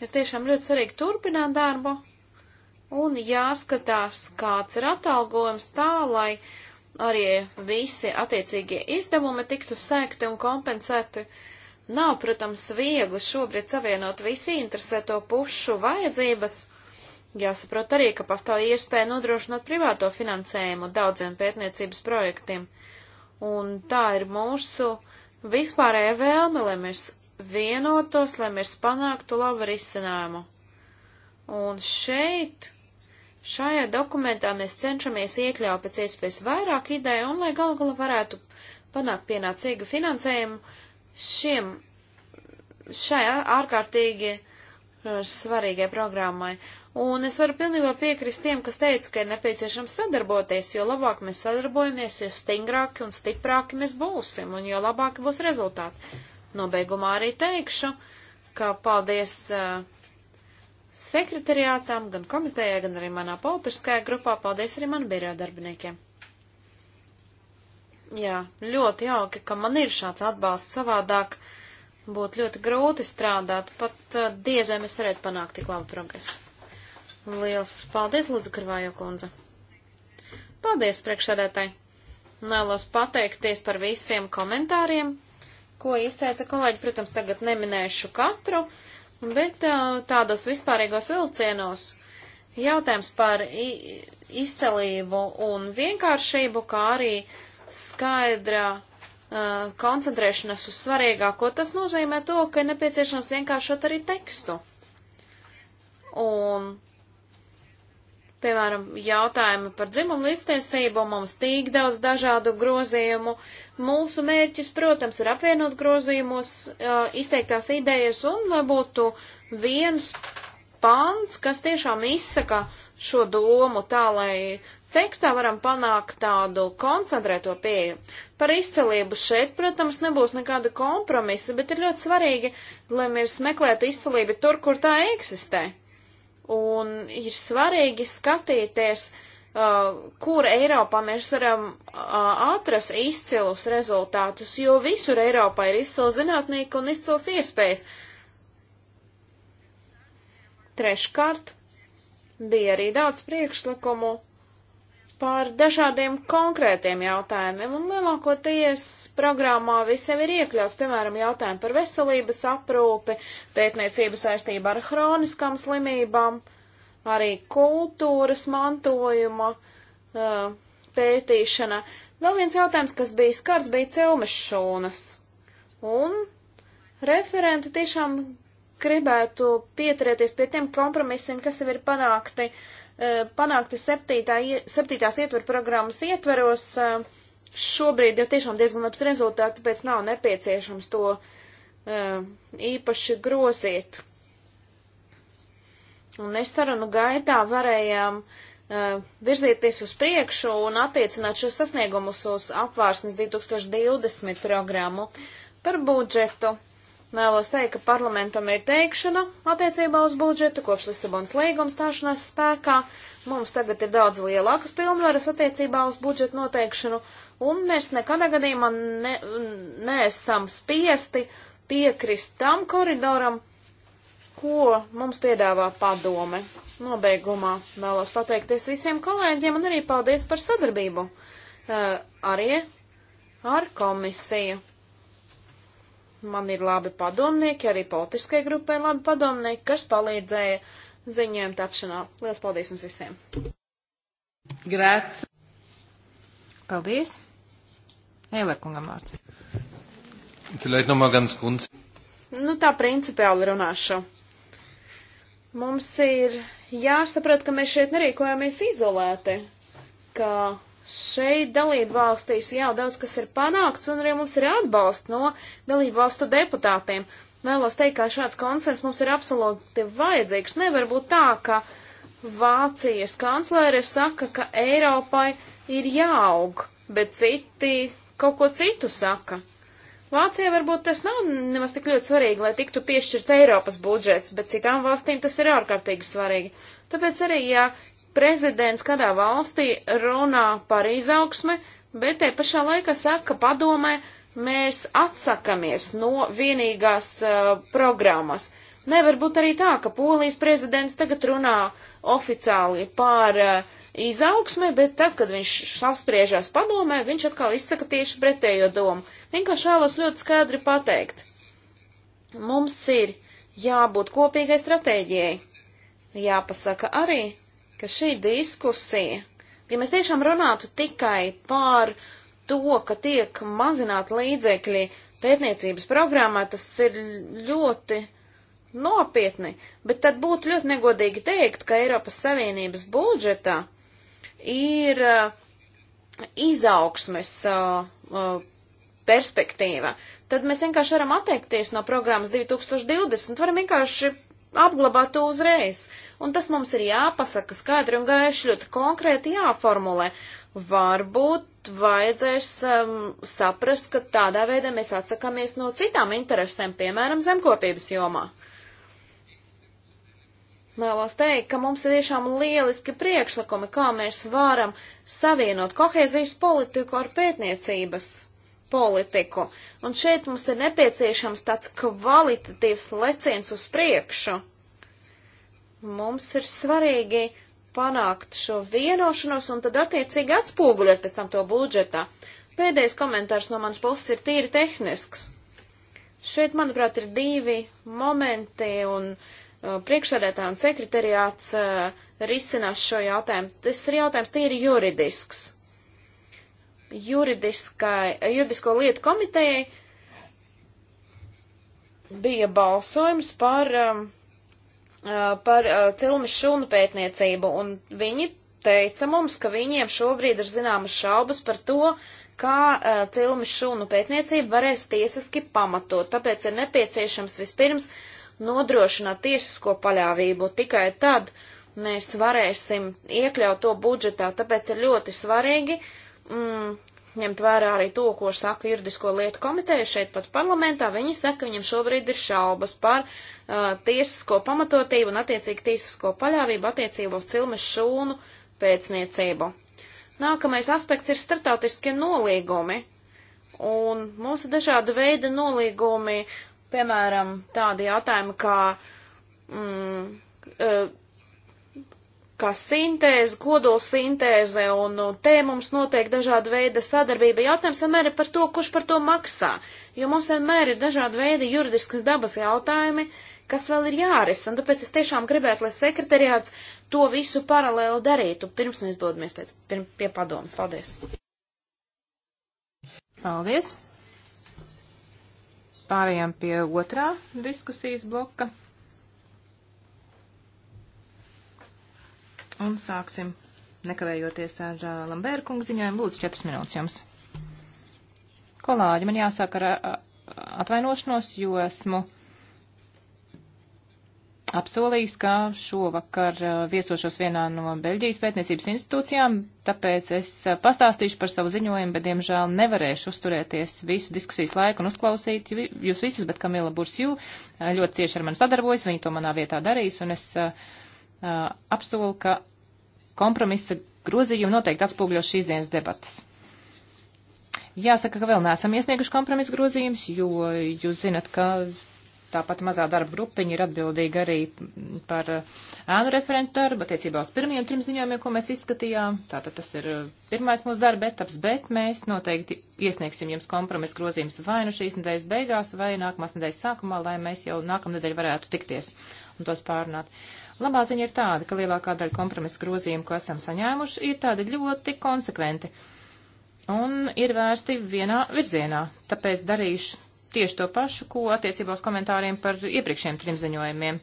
ir tiešām ļoti svarīgi turpināt darbu un jāskatās, kāds ir atalgojums tā, lai arī visi attiecīgie izdevumi tiktu sēkti un kompensēti. Uh, Nav, protams, viegli šobrīd savienot visu interesēto pušu vajadzības. Jāsaprot arī, ka pastāv iespēja nodrošināt privāto finansējumu daudziem pētniecības projektiem. Un tā ir mūsu vispārējā vēlme, lai mēs vienotos, lai mēs panāktu labu risinājumu. Un šeit Šajā dokumentā mēs cenšamies iekļaut pēc iespējas vairāk ideju un, lai galu galā varētu panākt pienācīgu finansējumu, šiem, šai ārkārtīgi svarīgai programmai. Un es varu pilnībā piekrist tiem, kas teica, ka ir nepieciešams sadarboties, jo labāk mēs sadarbojamies, jo stingrāki un stiprāki mēs būsim, un jo labāki būs rezultāti. Nobeigumā arī teikšu, ka paldies uh, sekretariātām, gan komitejai, gan arī manā politiskajā grupā. Paldies arī man biroja darbiniekiem. Jā, ļoti jauki, ka man ir šāds atbalsts savādāk. Būtu ļoti grūti strādāt, pat uh, diezēm es varētu panākt tik labu progresu. Liels paldies, Lūdzu, Karvājo kundze. Paldies, priekšsēdētāji. Nēlos pateikties par visiem komentāriem, ko izteica kolēģi. Protams, tagad neminēšu katru, bet uh, tādos vispārīgos vilcienos jautājums par izcelību un vienkāršību, kā arī uh, skaidrā uh, koncentrēšanās uz svarīgāko, tas nozīmē to, ka ir nepieciešams vienkāršot arī tekstu. Un, piemēram, jautājumi par dzimumu līdztiesību, mums tik daudz dažādu grozījumu. Mūsu mērķis, protams, ir apvienot grozījumus, uh, izteiktās idejas un, lai būtu viens pants, kas tiešām izsaka šo domu tā, lai tekstā varam panākt tādu koncentrēto pieeju. Par izcelību šeit, protams, nebūs nekāda kompromisa, bet ir ļoti svarīgi, lai mēs meklētu izcelību tur, kur tā eksistē. Un ir svarīgi skatīties, uh, kur Eiropā mēs varam uh, atrast izcilus rezultātus, jo visur Eiropā ir izcils zinātnieki un izcils iespējas. Treškārt, Bija arī daudz priekšlikumu par dažādiem konkrētiem jautājumiem, un lielākoties programmā visiem ir iekļauts, piemēram, jautājumi par veselības aprūpi, pētniecību saistībā ar hroniskām slimībām, arī kultūras mantojuma pētīšana. Vēl viens jautājums, kas bija skars, bija celmes šūnas. Un referenti tiešām gribētu pieturēties pie tiem kompromisiem, kas jau ir panākti, eh, panākti septītā, septītās ietveru programmas ietveros. Eh, šobrīd jau tiešām diezgan labs rezultāts, tāpēc nav nepieciešams to eh, īpaši grozīt. Un mēs sarunu gaitā varējām virzīties uz priekšu un attiecināt šos sasniegumus uz apvārsnes 2020 programmu par budžetu. Vēlos teikt, ka parlamentam ir teikšana attiecībā uz budžetu kopš Lisabonas līguma stāšanās spēkā. Mums tagad ir daudz lielākas pilnvaras attiecībā uz budžetu noteikšanu, un mēs nekādā gadījumā ne, neesam spiesti piekrist tam koridoram, ko mums piedāvā padome. Nobeigumā vēlos pateikties visiem kolēģiem un arī paldies par sadarbību uh, arī ar komisiju. Man ir labi padomnieki, arī politiskai grupai labi padomnieki, kas palīdzēja ziņojumu tapšanā. Lielas paldies jums visiem! Grāt! Paldies! Eilerkungam vārds. Vielleicht nochmal ganz grund. Nu tā principiāli runāšu. Mums ir jāsaprot, ka mēs šeit nerīkojamies izolēti, ka Šeit dalību valstīs jau daudz kas ir panākts, un arī mums ir atbalsts no dalību valstu deputātiem. Vēlos teikt, ka šāds konsens mums ir absolūti vajadzīgs. Nevar būt tā, ka Vācijas kanclere saka, ka Eiropai ir jāaug, bet citi kaut ko citu saka. Vācijai varbūt tas nav nemaz tik ļoti svarīgi, lai tiktu piešķirts Eiropas budžets, bet citām valstīm tas ir ārkārtīgi svarīgi. Tāpēc arī, ja prezidents kādā valstī runā par izaugsmi, bet te pašā laikā saka, ka padomē mēs atsakamies no vienīgās uh, programmas. Nevar būt arī tā, ka polijas prezidents tagad runā oficiāli par uh, izaugsmi, bet tad, kad viņš saspriežās padomē, viņš atkal izsaka tieši pretējo domu. Vienkārši vēlos ļoti skaidri pateikt. Mums ir jābūt kopīgai stratēģijai. Jāpasaka arī, ka šī diskusija, ja mēs tiešām runātu tikai par to, ka tiek mazināt līdzekļi pētniecības programmā, tas ir ļoti nopietni, bet tad būtu ļoti negodīgi teikt, ka Eiropas Savienības budžetā ir uh, izaugsmes uh, uh, perspektīva. Tad mēs vienkārši varam atteikties no programmas 2020, varam vienkārši apglabāt to uzreiz. Uh, un tas mums ir jāpasaka skaidri un gaiši ļoti konkrēti jāformulē. Varbūt vajadzēs um, saprast, ka tādā veidā mēs atsakāmies no citām interesēm, piemēram, zemkopības jomā. Mēlos teikt, ka mums ir tiešām lieliski priekšlikumi, kā mēs varam savienot kohēzijas politiku ar pētniecības politiku. Un šeit mums ir nepieciešams tāds kvalitatīvs leciens uz priekšu. Mums ir svarīgi panākt šo vienošanos un tad attiecīgi atspoguļot pēc tam to budžetā. Pēdējais komentārs no manas puses ir tīri tehnisks. Šeit, manuprāt, ir divi momenti un uh, priekšsēdētā un sekretariāts uh, risinās šo jautājumu. Tas ir jautājums tīri juridisks. Juridiskai, juridisko lietu komitejai bija balsojums par um, par cilmes šūnu pētniecību, un viņi teica mums, ka viņiem šobrīd ir zināmas šaubas par to, kā cilmes šūnu pētniecību varēs tiesiski pamatot. Tāpēc ir nepieciešams vispirms nodrošināt tiesisko paļāvību. Tikai tad mēs varēsim iekļaut to budžetā. Tāpēc ir ļoti svarīgi mm, ņemt vērā arī to, ko saka juridisko lietu komiteja šeit pat parlamentā, viņi saka, ka viņam šobrīd ir šaubas par uh, tiesisko pamatotību un attiecīgi tiesisko paļāvību attiecībā uz cilmes šūnu pēcniecību. Nākamais aspekts ir startautiskie nolīgumi. Un mums ir dažāda veida nolīgumi, piemēram, tādi jautājumi kā mm, uh, kā sintēze, kodols sintēze, un te mums notiek dažāda veida sadarbība. Jautājums vienmēr ir par to, kurš par to maksā, jo mums vienmēr ir dažāda veida juridiskas dabas jautājumi, kas vēl ir jārisina, tāpēc es tiešām gribētu, lai sekretariāts to visu paralēli darītu, pirms mēs dodamies pēc, pirm, pie padomas. Paldies! Paldies! Pārējām pie otrā diskusijas bloka. un sāksim nekavējoties ar uh, Lambēra kungu ziņojumu. Lūdzu, 4 minūtes jums. Kolāģi, man jāsāk ar uh, atvainošanos, jo esmu apsolījis, ka šovakar uh, viesošos vienā no Beļģijas pētniecības institūcijām, tāpēc es uh, pastāstīšu par savu ziņojumu, bet, diemžēl, nevarēšu uzturēties visu diskusijas laiku un uzklausīt vi jūs visus, bet Kamila Bursju uh, ļoti cieši ar mani sadarbojas, viņa to manā vietā darīs, un es uh, uh apsolu, ka kompromisa grozījumi noteikti atspūgļo šīs dienas debatas. Jāsaka, ka vēl neesam iesnieguši kompromisa grozījumus, jo jūs zinat, ka tāpat mazā darba grupiņa ir atbildīga arī par eh, ēnu referentu darbu attiecībā uz pirmiem trim ziņojumiem, ko mēs izskatījām. Tātad tas ir eh, pirmais mūsu darba etaps, bet mēs noteikti iesniegsim jums kompromisu grozījumus vai nu šīs nedēļas beigās, vai nākamās nedēļas sākumā, lai mēs jau nākamnedēļ varētu tikties un tos pārunāt. Uh, Labā ziņa ir tāda, ka lielākā daļa kompromisa grozījumu, ko esam saņēmuši, ir tādi ļoti konsekventi un ir vērsti vienā virzienā. Tāpēc darīšu tieši to pašu, ko attiecībā uz komentāriem par iepriekšējiem trim ziņojumiem.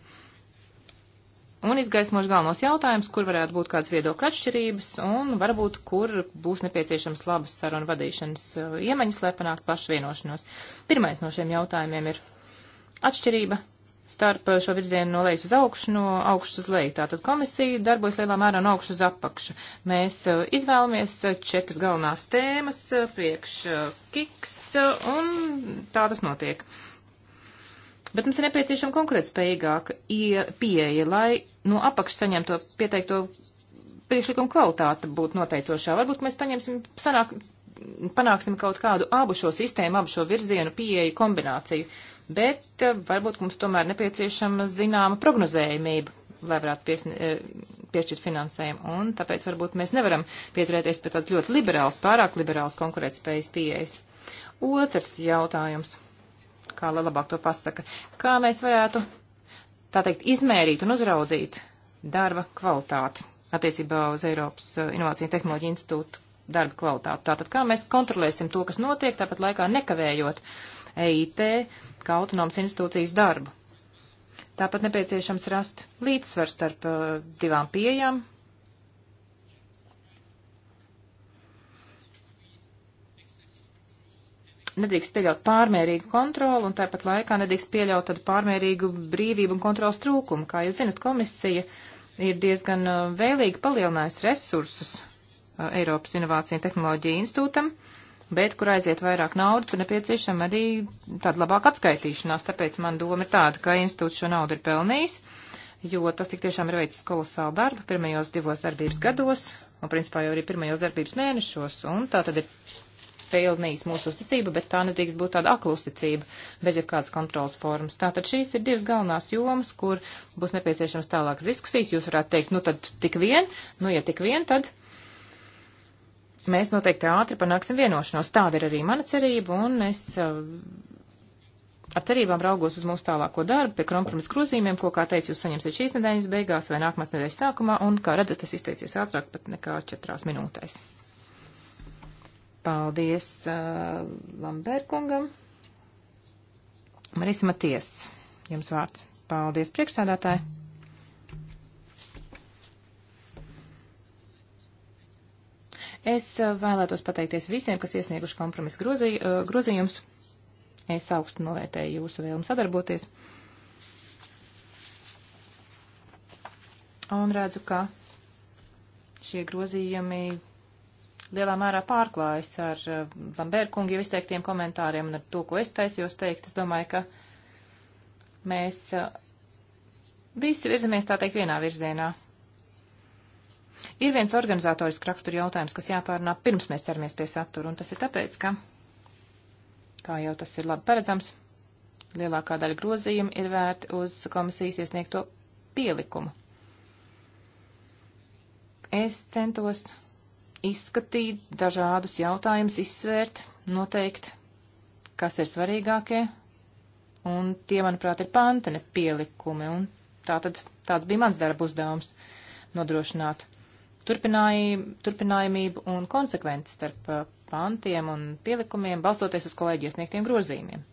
Un izgaismošu galvenos jautājumus, kur varētu būt kādas viedokļa atšķirības un varbūt, kur būs nepieciešams labas sarunu vadīšanas uh, iemaņas, lai panāktu pašu vienošanos. Pirmais no šiem jautājumiem ir atšķirība starp eh, šo virzienu no lejas uz augšu, no augšas uz leju. Tātad komisija darbojas lielā mērā no augšas uz apakšu. Mēs uh, izvēlamies eh, četras galvenās tēmas priekš uh, kiks, un tā tas notiek. Bet mums ir nepieciešama konkrētspējīgāka pieeja, lai no apakšas saņemto pieteikto priekšlikumu kvalitāte būtu noteicošā. Varbūt mēs paņemsim, sanāk, panāksim kaut kādu abu šo sistēmu, abu šo virzienu pieeju kombināciju. Uh, bet eh, varbūt mums tomēr nepieciešama zināma prognozējumība, lai varētu piesni, eh, piešķirt finansējumu, un tāpēc varbūt mēs nevaram pieturēties pie tādas ļoti liberālas, pārāk liberālas konkurētspējas pieejas. Otrs jautājums, kā lai labāk to pasaka, kā mēs varētu, tā teikt, izmērīt un uzraudzīt darba kvalitāti attiecībā uz Eiropas eh, Inovāciju un Tehnoloģiju institūtu darba kvalitāti. Tātad, kā mēs kontrolēsim to, kas notiek, tāpat laikā nekavējot uh, EIT kā autonomas institūcijas darbu. Tāpat nepieciešams rast līdzsvaru starp uh, divām pieejām. Nedrīkst pieļaut pārmērīgu kontroli un tāpat laikā nedrīkst pieļaut tādu pārmērīgu brīvību un kontrols trūkumu. Kā jūs zinat, komisija ir diezgan uh, vēlīgi palielinājusi resursus uh, Eiropas Inovāciju un Tehnoloģiju institūtam. Uh, bet kur aiziet vairāk naudas, tur nepieciešama arī tāda labāka atskaitīšanās. Tāpēc man doma ir tāda, ka institūts šo naudu ir pelnījis, jo tas tik tiešām ir veicis kolosālu darbu pirmajos divos darbības gados, un principā jau arī pirmajos darbības mēnešos, un tā tad ir pelnījis mūsu uzticību, bet tā nedrīkst būt tāda akla uzticība bez jebkādas kontrolas formas. Tātad šīs ir divas galvenās jomas, kur būs nepieciešams tālākas diskusijas. Jūs varētu teikt, nu tad tik vien, nu ja tik vien, tad mēs noteikti ātri panāksim vienošanos. Tāda ir arī mana cerība, un es uh, ar cerībām raugos uz mūsu tālāko darbu pie kompromisa grozījumiem, ko, kā teicu, jūs saņemsiet šīs nedēļas beigās vai nākamās nedēļas sākumā, un, kā redzat, es izteicies ātrāk pat nekā četrās minūtēs. Paldies uh, Lamberkungam. Marisa Maties, jums vārds. Paldies priekšsādātāji. Es eh, vēlētos pateikties visiem, kas iesnieguši kompromisu grozī, eh, grozījumus. Es augstu novērtēju jūsu vēlmu sadarboties. Un redzu, ka šie grozījumi lielā mērā pārklājas ar Lambēra eh, kungu jau izteiktiem komentāriem un ar to, ko es taisījos teikt. Es domāju, ka mēs visi virzamies tā teikt vienā virzienā. Ir viens organizatorisks rakstura jautājums, kas jāpārunā pirms mēs ķeramies pie satura, un tas ir tāpēc, ka, kā jau tas ir labi paredzams, lielākā daļa grozījumu ir vērti uz komisijas iesniegto pielikumu. Es centos izskatīt dažādus jautājumus, izsvērt, noteikt, kas ir svarīgākie, un tie, manuprāt, ir pantene pielikumi, un tā tad tāds bija mans darba uzdevums nodrošināt turpinājumību un konsekvenci starp uh, pantiem un pielikumiem, balstoties uz kolēģi iesniegtiem grozījumiem.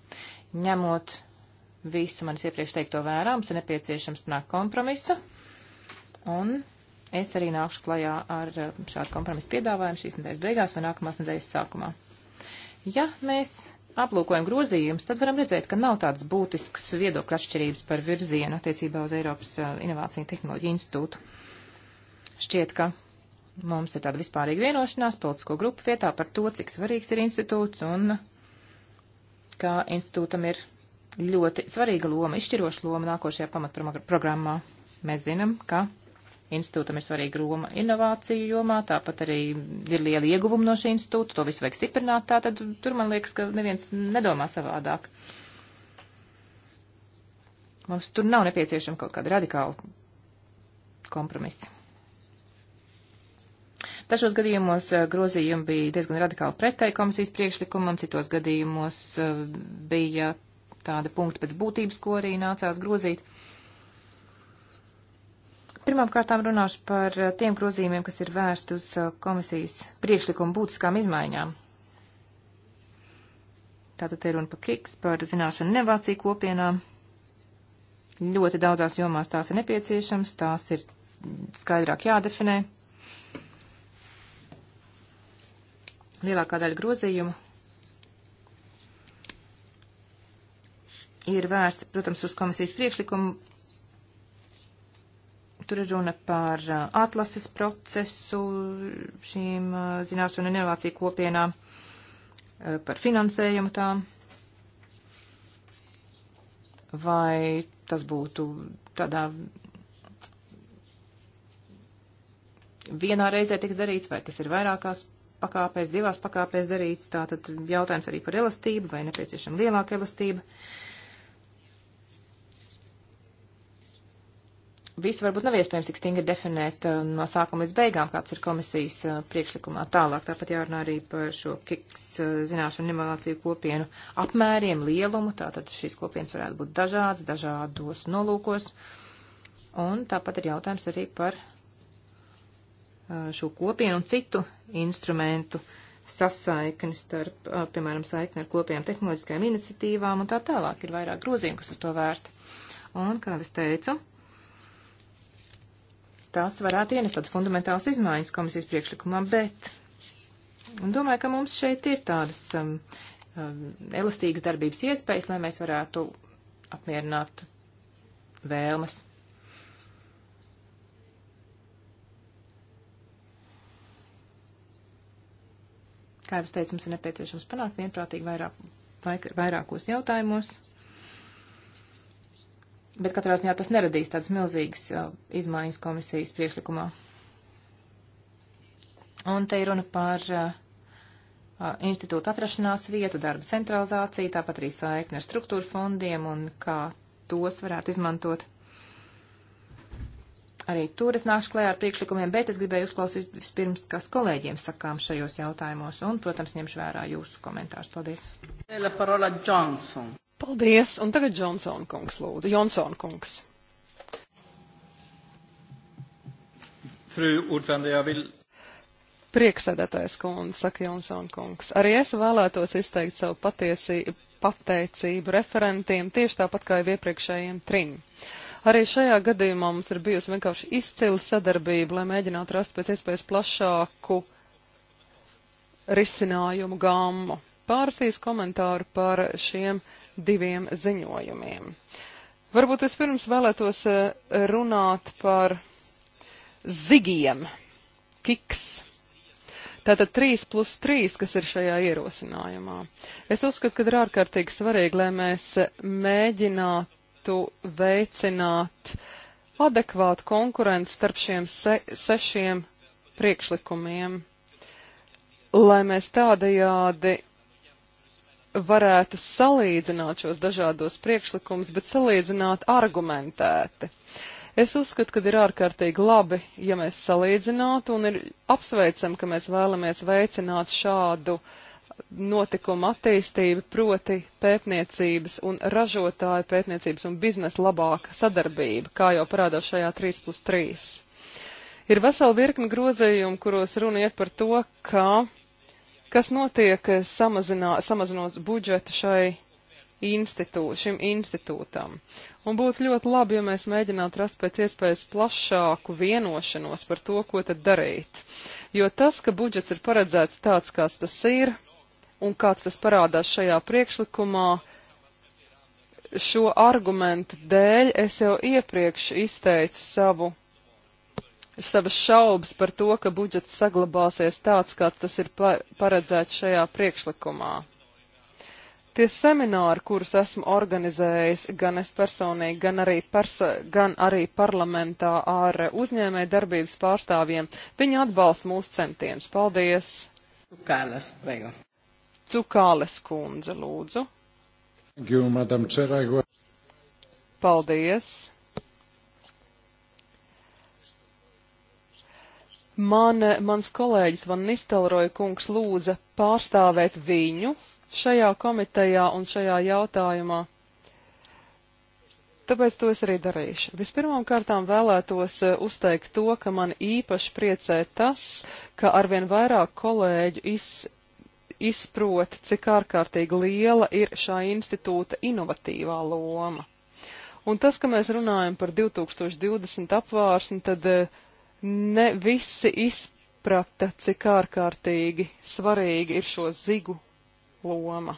Ņemot visu manis iepriekš teikto vērā, mums ir nepieciešams panākt kompromisu, un es arī nākšu klajā ar uh, šādu kompromisu piedāvājumu šīs nedēļas beigās vai nākamās nedēļas sākumā. Ja mēs aplūkojam grozījumus, tad varam redzēt, ka nav tādas būtiskas viedokļa atšķirības par virzienu attiecībā uz Eiropas uh, Inovāciju tehnoloģiju institūtu. Šķiet, ka Mums ir tāda vispārīga vienošanās politisko grupu vietā par to, cik svarīgs ir institūts un kā institūtam ir ļoti svarīga loma, izšķiroša loma nākošajā pamatprogrammā. Mēs zinām, ka institūtam ir svarīga loma inovāciju jomā, tāpat arī ir liela ieguvuma no šī institūta, to visu vajag stiprināt, tā tad tur man liekas, ka neviens nedomā savādāk. Mums tur nav nepieciešama kaut kāda radikāla kompromisa. Dažos gadījumos eh, grozījumi bija diezgan radikāli pretēji komisijas priekšlikumam, citos gadījumos eh, bija tāda punkta pēc būtības, ko arī nācās grozīt. Pirmām kārtām runāšu par eh, tiem grozījumiem, kas ir vērsti uz komisijas priekšlikumu būtiskām izmaiņām. Tātad te runa par kiks, par zināšanu nevācīju kopienām. Ļoti daudzās jomās tās ir nepieciešams, tās ir skaidrāk jādefinē. lielākā daļa grozījumu ir vērsta, protams, uz komisijas priekšlikumu. Tur ir runa par uh, atlases procesu, šīm uh, zināšanu un inovāciju kopienām, uh, par finansējumu tām. Vai tas būtu tādā vienā reizē tiks darīts, vai tas ir vairākās pakāpēs, divās pakāpēs darīts. Tātad jautājums arī par elastību, vai nepieciešama lielāka elastība. Visu varbūt nav iespējams tik stingri definēt uh, no sākuma līdz beigām, kāds ir komisijas uh, priekšlikumā tālāk. Tāpat jārunā arī par šo kiks uh, zināšanu un inovāciju kopienu apmēriem, lielumu. Tātad šīs kopienas varētu būt dažādas, dažādos nolūkos. Un tāpat ir jautājums arī par šo kopienu un citu instrumentu sasaikni starp, piemēram, saikni ar kopējām tehnoloģiskajām iniciatīvām un tā tālāk. Ir vairāk grozījumu, kas uz to vērsta. Un, kā es teicu, tās varētu ienest tādas fundamentālas izmaiņas komisijas priekšlikumā, bet domāju, ka mums šeit ir tādas um, elastīgas darbības iespējas, lai mēs varētu apmierināt vēlmes. Kā jau es teicu, mums ir nepieciešams panākt vienprātīgi vairāk, vairāk, vairākos jautājumos. Bet katrā ziņā tas neradīs tādas milzīgas uh, izmaiņas komisijas priekšlikumā. Un te ir runa par uh, uh institūta atrašanās vietu, darba centralizāciju, tāpat arī saikni ar struktūra fondiem un kā tos varētu izmantot. Arī tur es nākšu klējā ar priekšlikumiem, bet es gribēju uzklausīt vispirms, kas kolēģiem sakām šajos jautājumos, un, protams, ņemšu vērā jūsu komentārus. Paldies. Paldies, un tagad Johnson kungs lūdzu. Johnson kungs. Fru ordförande, jag vill Prieksēdētājs kundze, saka Jonsson kungs. Arī es vēlētos izteikt savu patiesību, pateicību referentiem, tieši tāpat kā jau iepriekšējiem trim. Uh, Arī šajā gadījumā mums ir bijusi vienkārši izcila sadarbība, lai mēģinātu rast pēc iespējas plašāku risinājumu gammu. Pārsīs komentāru par šiem diviem ziņojumiem. Varbūt vispirms vēlētos eh, runāt par zigiem. Kiks. Tātad 3 plus 3, kas ir šajā ierosinājumā. Es uzskatu, ka ir ārkārtīgi svarīgi, lai mēs eh, mēģinātu varētu veicināt adekvātu konkurenci starp šiem se sešiem priekšlikumiem, lai mēs tādajādi varētu salīdzināt šos dažādos priekšlikumus, bet salīdzināt argumentēti. Es uzskatu, ka ir ārkārtīgi labi, ja mēs salīdzinātu, un ir apsveicam, ka mēs vēlamies veicināt šādu uh, notikuma attīstība, proti pētniecības un ražotāju pētniecības un biznesa labāka sadarbība, kā jau parādās šajā 3 plus 3. Ir vesela virkni grozījumu, kuros runa iet par to, ka, kas notiek eh, samazinā, samazinot budžetu šai institū, šim institūtam. Un būtu ļoti labi, ja mēs mēģinātu rast pēc iespējas plašāku vienošanos par to, ko tad darīt. Jo tas, ka budžets ir paredzēts tāds, kāds tas ir, un kāds tas parādās šajā priekšlikumā, šo argumentu dēļ es jau iepriekš izteicu savu, savas šaubas par to, ka budžets saglabāsies tāds, kā tas ir paredzēts šajā priekšlikumā. Tie semināri, kurus esmu organizējis gan es personīgi, gan arī, perso gan arī parlamentā ar uzņēmē darbības pārstāvjiem, viņi atbalsta mūsu centienus. Paldies! Kālas, vajag. Cukāles kundze, lūdzu. Paldies! Man, mans kolēģis Van Nistelroja kungs lūdza pārstāvēt viņu šajā komitejā un šajā jautājumā. Tāpēc to es arī darīšu. Vispirmām kārtām vēlētos eh, uzteikt to, ka man īpaši priecē tas, ka arvien vairāk kolēģu iz, izprot, cik ārkārtīgi liela ir šā institūta inovatīvā loma. Un tas, ka mēs runājam par 2020 apvārsni, tad eh, ne visi izprata, cik ārkārtīgi svarīgi ir šo zigu loma.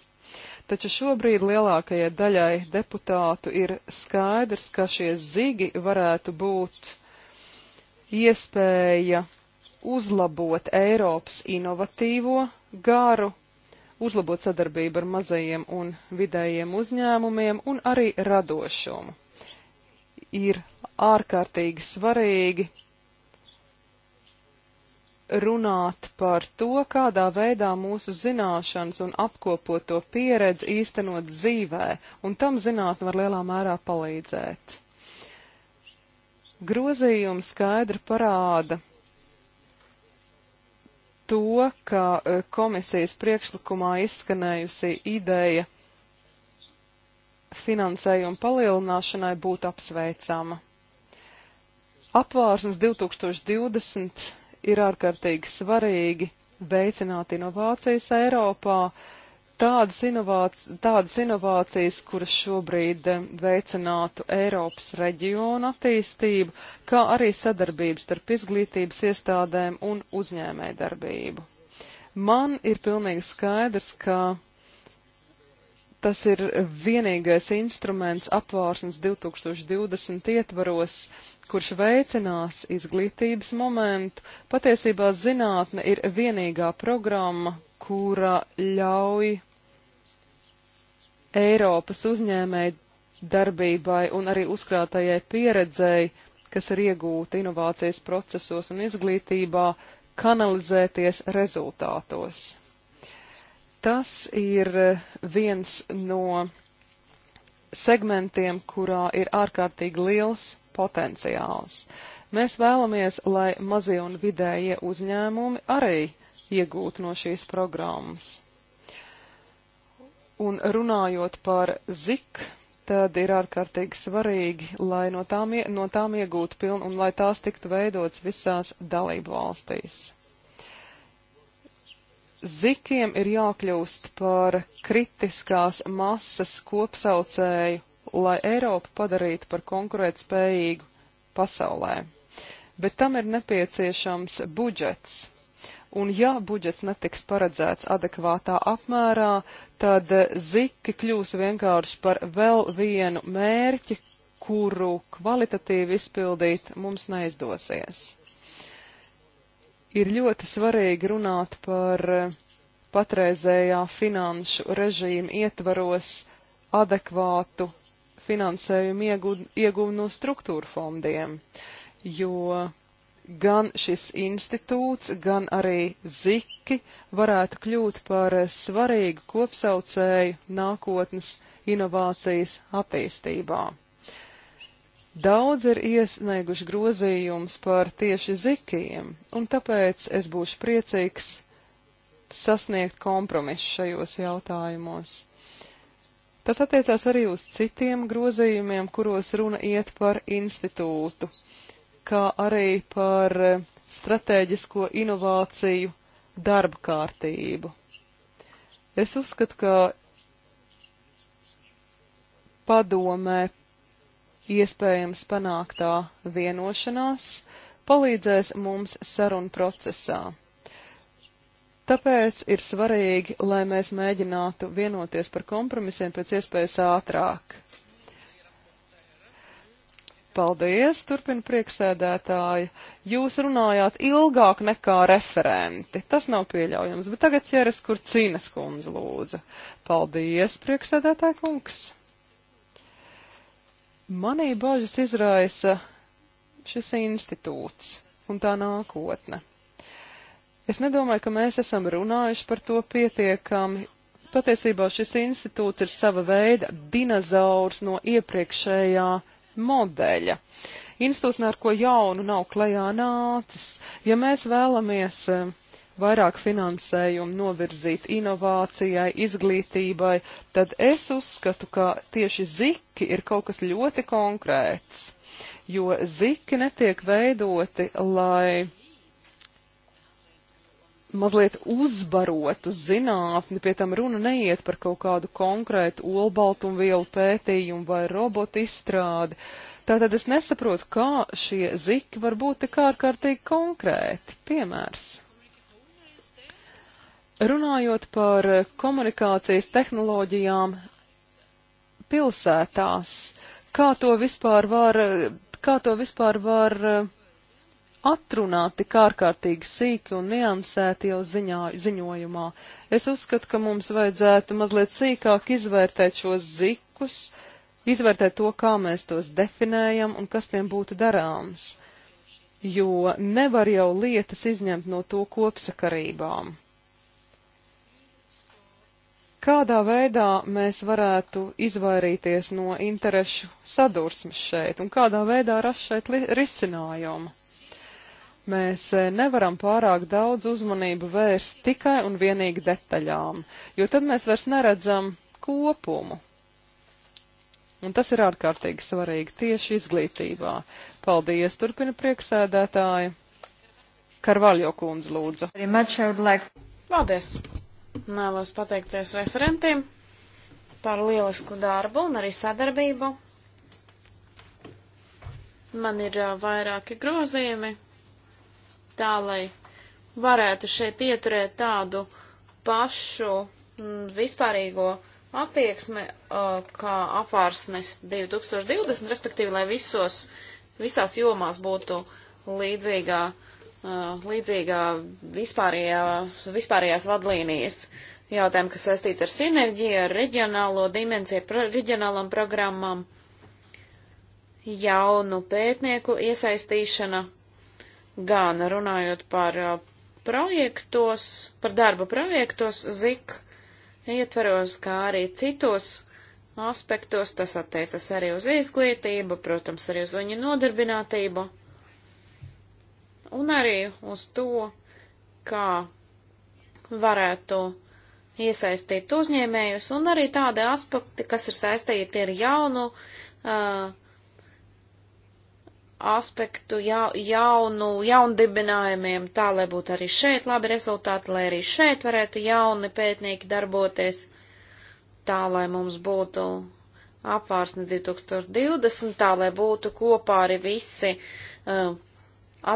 Taču šobrīd lielākajai daļai deputātu ir skaidrs, ka šie zigi varētu būt iespēja uzlabot Eiropas inovatīvo garu, uzlabot sadarbību ar mazajiem un vidējiem uzņēmumiem un arī radošumu. Ir ārkārtīgi svarīgi runāt par to, kādā veidā mūsu zināšanas un apkopoto pieredzi īstenot dzīvē, un tam zinātne var lielā mērā palīdzēt. Grozījums skaidri parāda, to, ka e, komisijas priekšlikumā izskanējusi ideja finansējuma palielināšanai būtu apsveicama. Apvārsnes 2020 ir ārkārtīgi svarīgi veicināt inovācijas Eiropā, uh, tādas, inovāc tādas inovācijas, kuras šobrīd eh, veicinātu Eiropas reģionu attīstību, kā arī sadarbības starp izglītības iestādēm un uzņēmē darbību. Man ir pilnīgi skaidrs, ka tas ir vienīgais instruments apvārsnes 2020 ietvaros, kurš veicinās izglītības momentu. Patiesībā zinātne ir vienīgā programma, kura ļauj Eiropas uzņēmēji darbībai un arī uzkrātajai pieredzēji, kas ir iegūta inovācijas procesos un izglītībā, kanalizēties rezultātos. Tas ir viens no segmentiem, kurā ir ārkārtīgi liels potenciāls. Mēs vēlamies, lai mazie un vidējie uzņēmumi arī iegūtu no šīs programmas. Un runājot par zik, tad ir ārkārtīgi svarīgi, lai no tām, no tām iegūtu pilnu un lai tās tiktu veidots visās dalību valstīs. Zikiem ir jākļūst par kritiskās masas kopsaucēju, lai Eiropu padarītu par konkurētspējīgu pasaulē. Bet tam ir nepieciešams budžets un ja budžets netiks paredzēts adekvātā apmērā, tad ziki kļūs vienkārši par vēl vienu mērķi, kuru kvalitatīvi izpildīt mums neizdosies. Ir ļoti svarīgi runāt par patreizējā finanšu režīma ietvaros adekvātu finansējumu iegūmu no struktūra fondiem, jo gan šis institūts, gan arī ziki varētu kļūt par svarīgu kopsaucēju nākotnes inovācijas attīstībā. Daudz ir iesnieguši grozījums par tieši zikiem, un tāpēc es būšu priecīgs sasniegt kompromisu šajos jautājumos. Tas attiecās arī uz citiem grozījumiem, kuros runa iet par institūtu kā arī par e, stratēģisko inovāciju darba kārtību. Es uzskatu, ka padomē iespējams panāktā vienošanās palīdzēs mums sarunu procesā. Tāpēc ir svarīgi, lai mēs mēģinātu vienoties par kompromisiem pēc iespējas ātrāk. Paldies, turpina prieksēdētāji. Jūs runājāt ilgāk nekā referenti. Tas nav pieļaujams, bet tagad ķeras, kur cīnas kundze lūdza. Paldies, prieksēdētāji kungs. Manī bažas izraisa šis institūts un tā nākotne. Es nedomāju, ka mēs esam runājuši par to pietiekami. Patiesībā šis institūts ir sava veida dinozaurs no iepriekšējā modeļa. Institūts neko jaunu nav klajā nācis. Ja mēs vēlamies eh, vairāk finansējumu novirzīt inovācijai, izglītībai, tad es uzskatu, ka tieši ziki ir kaut kas ļoti konkrēts, jo ziki netiek veidoti, lai mazliet uzbarotu zinātni, pie tam runa neiet par kaut kādu konkrētu olbaltumvielu pētījumu vai robotu izstrādi. Tātad es nesaprotu, kā šie ziki var būt tik ārkārtīgi konkrēti. Piemērs. Runājot par komunikācijas tehnoloģijām pilsētās, kā to vispār var, kā to vispār var uh, atrunāti kārkārtīgi sīki un niansēti jau ziņā, ziņojumā. Es uzskatu, ka mums vajadzētu mazliet sīkāk izvērtēt šos zikus, izvērtēt to, kā mēs tos definējam un kas tiem būtu darāms. Jo nevar jau lietas izņemt no to kopsakarībām kādā veidā mēs varētu izvairīties no interešu sadursmes šeit un kādā veidā rast šeit risinājumu. Mēs e, nevaram pārāk daudz uzmanību vērst tikai un vienīgi detaļām, jo tad mēs vairs neredzam kopumu. Un tas ir ārkārtīgi svarīgi tieši izglītībā. Paldies, turpina prieksēdētāji. Karvaļo kundze lūdzu. Paldies. Nālos pateikties referentiem par lielisku darbu un arī sadarbību. Man ir vairāki grozījumi, tā lai varētu šeit ieturēt tādu pašu m, mm, vispārīgo attieksmi, uh, kā apvārsnes 2020, respektīvi, lai visos, visās jomās būtu līdzīgā, uh, līdzīgā vispārējā, vispārējās vadlīnijas jautājumi, kas saistīti ar sinerģiju, ar reģionālo dimensiju, pro, reģionālam programmam, jaunu pētnieku iesaistīšana gan runājot par uh, projektos, par darba projektos, zik ietveros, kā arī citos aspektos, tas attiecas arī uz izglītību, protams, arī uz viņu nodarbinātību un arī uz to, kā varētu iesaistīt uzņēmējus, un arī tādi aspekti, kas ir saistīti ar jaunu uh, aspektu, ja, jaunu, jaundibinājumiem, tā lai būtu arī šeit labi rezultāti, lai arī šeit varētu jauni pētnieki darboties, tā lai mums būtu apvārsne 2020, tā lai būtu kopā arī visi uh,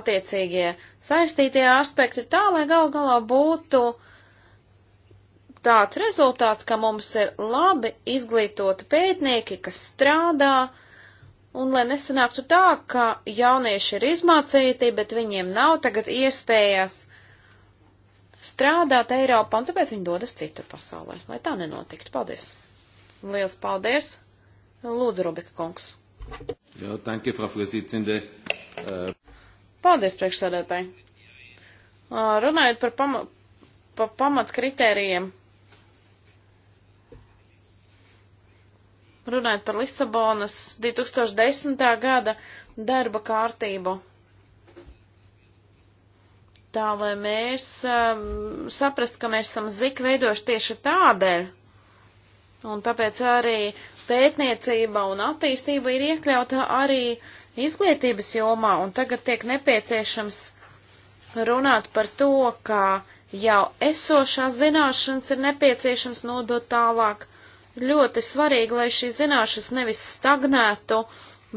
attiecīgie saistītie aspekti, tā lai gal galā būtu tāds rezultāts, ka mums ir labi izglītoti pētnieki, kas strādā, uh, Un lai nesanāktu tā, ka jaunieši ir izmācīti, bet viņiem nav tagad iespējas strādāt Eiropā, un tāpēc viņi dodas citur pasaulē, lai tā nenotiktu. Paldies! Liels paldies! Lūdzu, Rubika kungs! Jā, tanki, Frau Frisicinde. Uh... Paldies, priekšsēdētāji! Uh, runājot par, pama pa pamatkritērijiem, runājot par Lisabonas 2010. gada darba kārtību. Tā lai mēs um, saprastu, ka mēs esam zik veidoši tieši tādēļ. Un tāpēc arī pētniecība un attīstība ir iekļauta arī izglītības jomā. Un tagad tiek nepieciešams runāt par to, ka jau esošās zināšanas ir nepieciešams nodot tālāk Ļoti svarīgi, lai šīs zināšanas nevis stagnētu,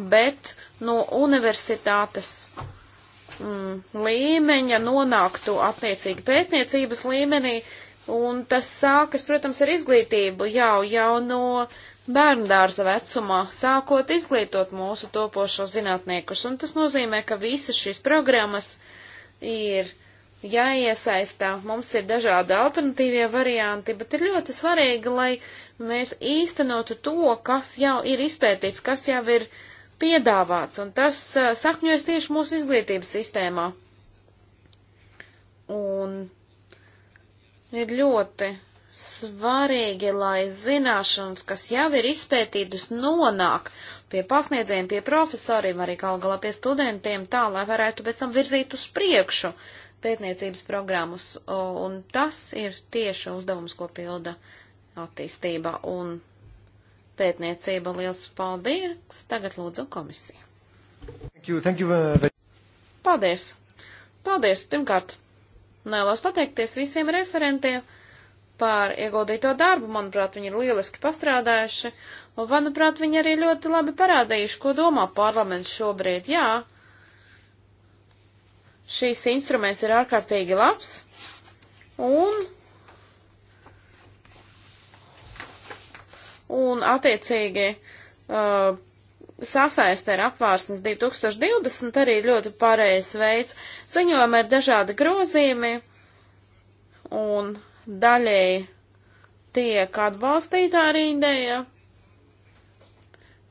bet no universitātes mm, līmeņa nonāktu attiecīgi pētniecības līmenī, un tas sākas, protams, ar izglītību jau, jau no bērndārza vecumā, sākot izglītot mūsu topošo zinātniekus, un tas nozīmē, ka visas šīs programmas ir jāiesaistā. Mums ir dažādi alternatīvie varianti, bet ir ļoti svarīgi, lai mēs īstenotu to, kas jau ir izpētīts, kas jau ir piedāvāts, un tas uh, sakņojas tieši mūsu izglītības sistēmā. Un ir ļoti svarīgi, lai zināšanas, kas jau ir izpētītas, nonāk pie pasniedzējiem, pie profesoriem, arī gal galā pie studentiem, tā, lai varētu pēc tam virzīt uz priekšu. Uh, pētniecības programmas, un tas ir tieši uzdevums, ko pilda attīstība un pētniecība. Liels paldies! Tagad lūdzu komisiju. Thank you, thank you very... Paldies! Paldies! Pirmkārt, vēlos pateikties visiem referentiem par ieguldīto darbu. Manuprāt, viņi ir lieliski pastrādājuši, un, manuprāt, viņi arī ļoti labi parādījuši, ko domā parlaments šobrīd. Jā, Šīs instruments ir ārkārtīgi labs un, un attiecīgi uh, sasaiste ar apvārsnes 2020 arī ļoti pareizs veids. Ziņojumā ir dažādi grozījumi un daļēji tiek atbalstītā arī ideja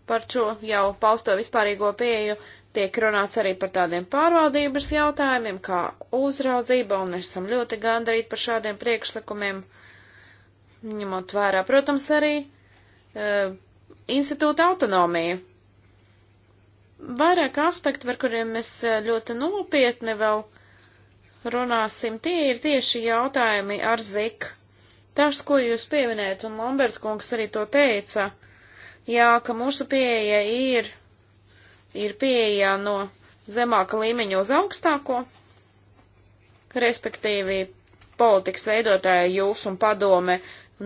par šo jau pausto vispārīgo pieju, Tiek runāts arī par tādiem pārvaldības jautājumiem, kā uzraudzība, un mēs esam ļoti gandarīti par šādiem priekšlikumiem, ņemot vērā, protams, arī uh, institūta autonomiju. Vairāk aspektu, par kuriem mēs e, ļoti nopietni vēl runāsim, tie ir tieši jautājumi ar zik. Tas, ko jūs pieminējat, un Lambert kungs arī to teica, jā, ka mūsu pieeja ir ir pieejā no zemāka līmeņa uz augstāko, respektīvi politikas veidotāja jūs un padome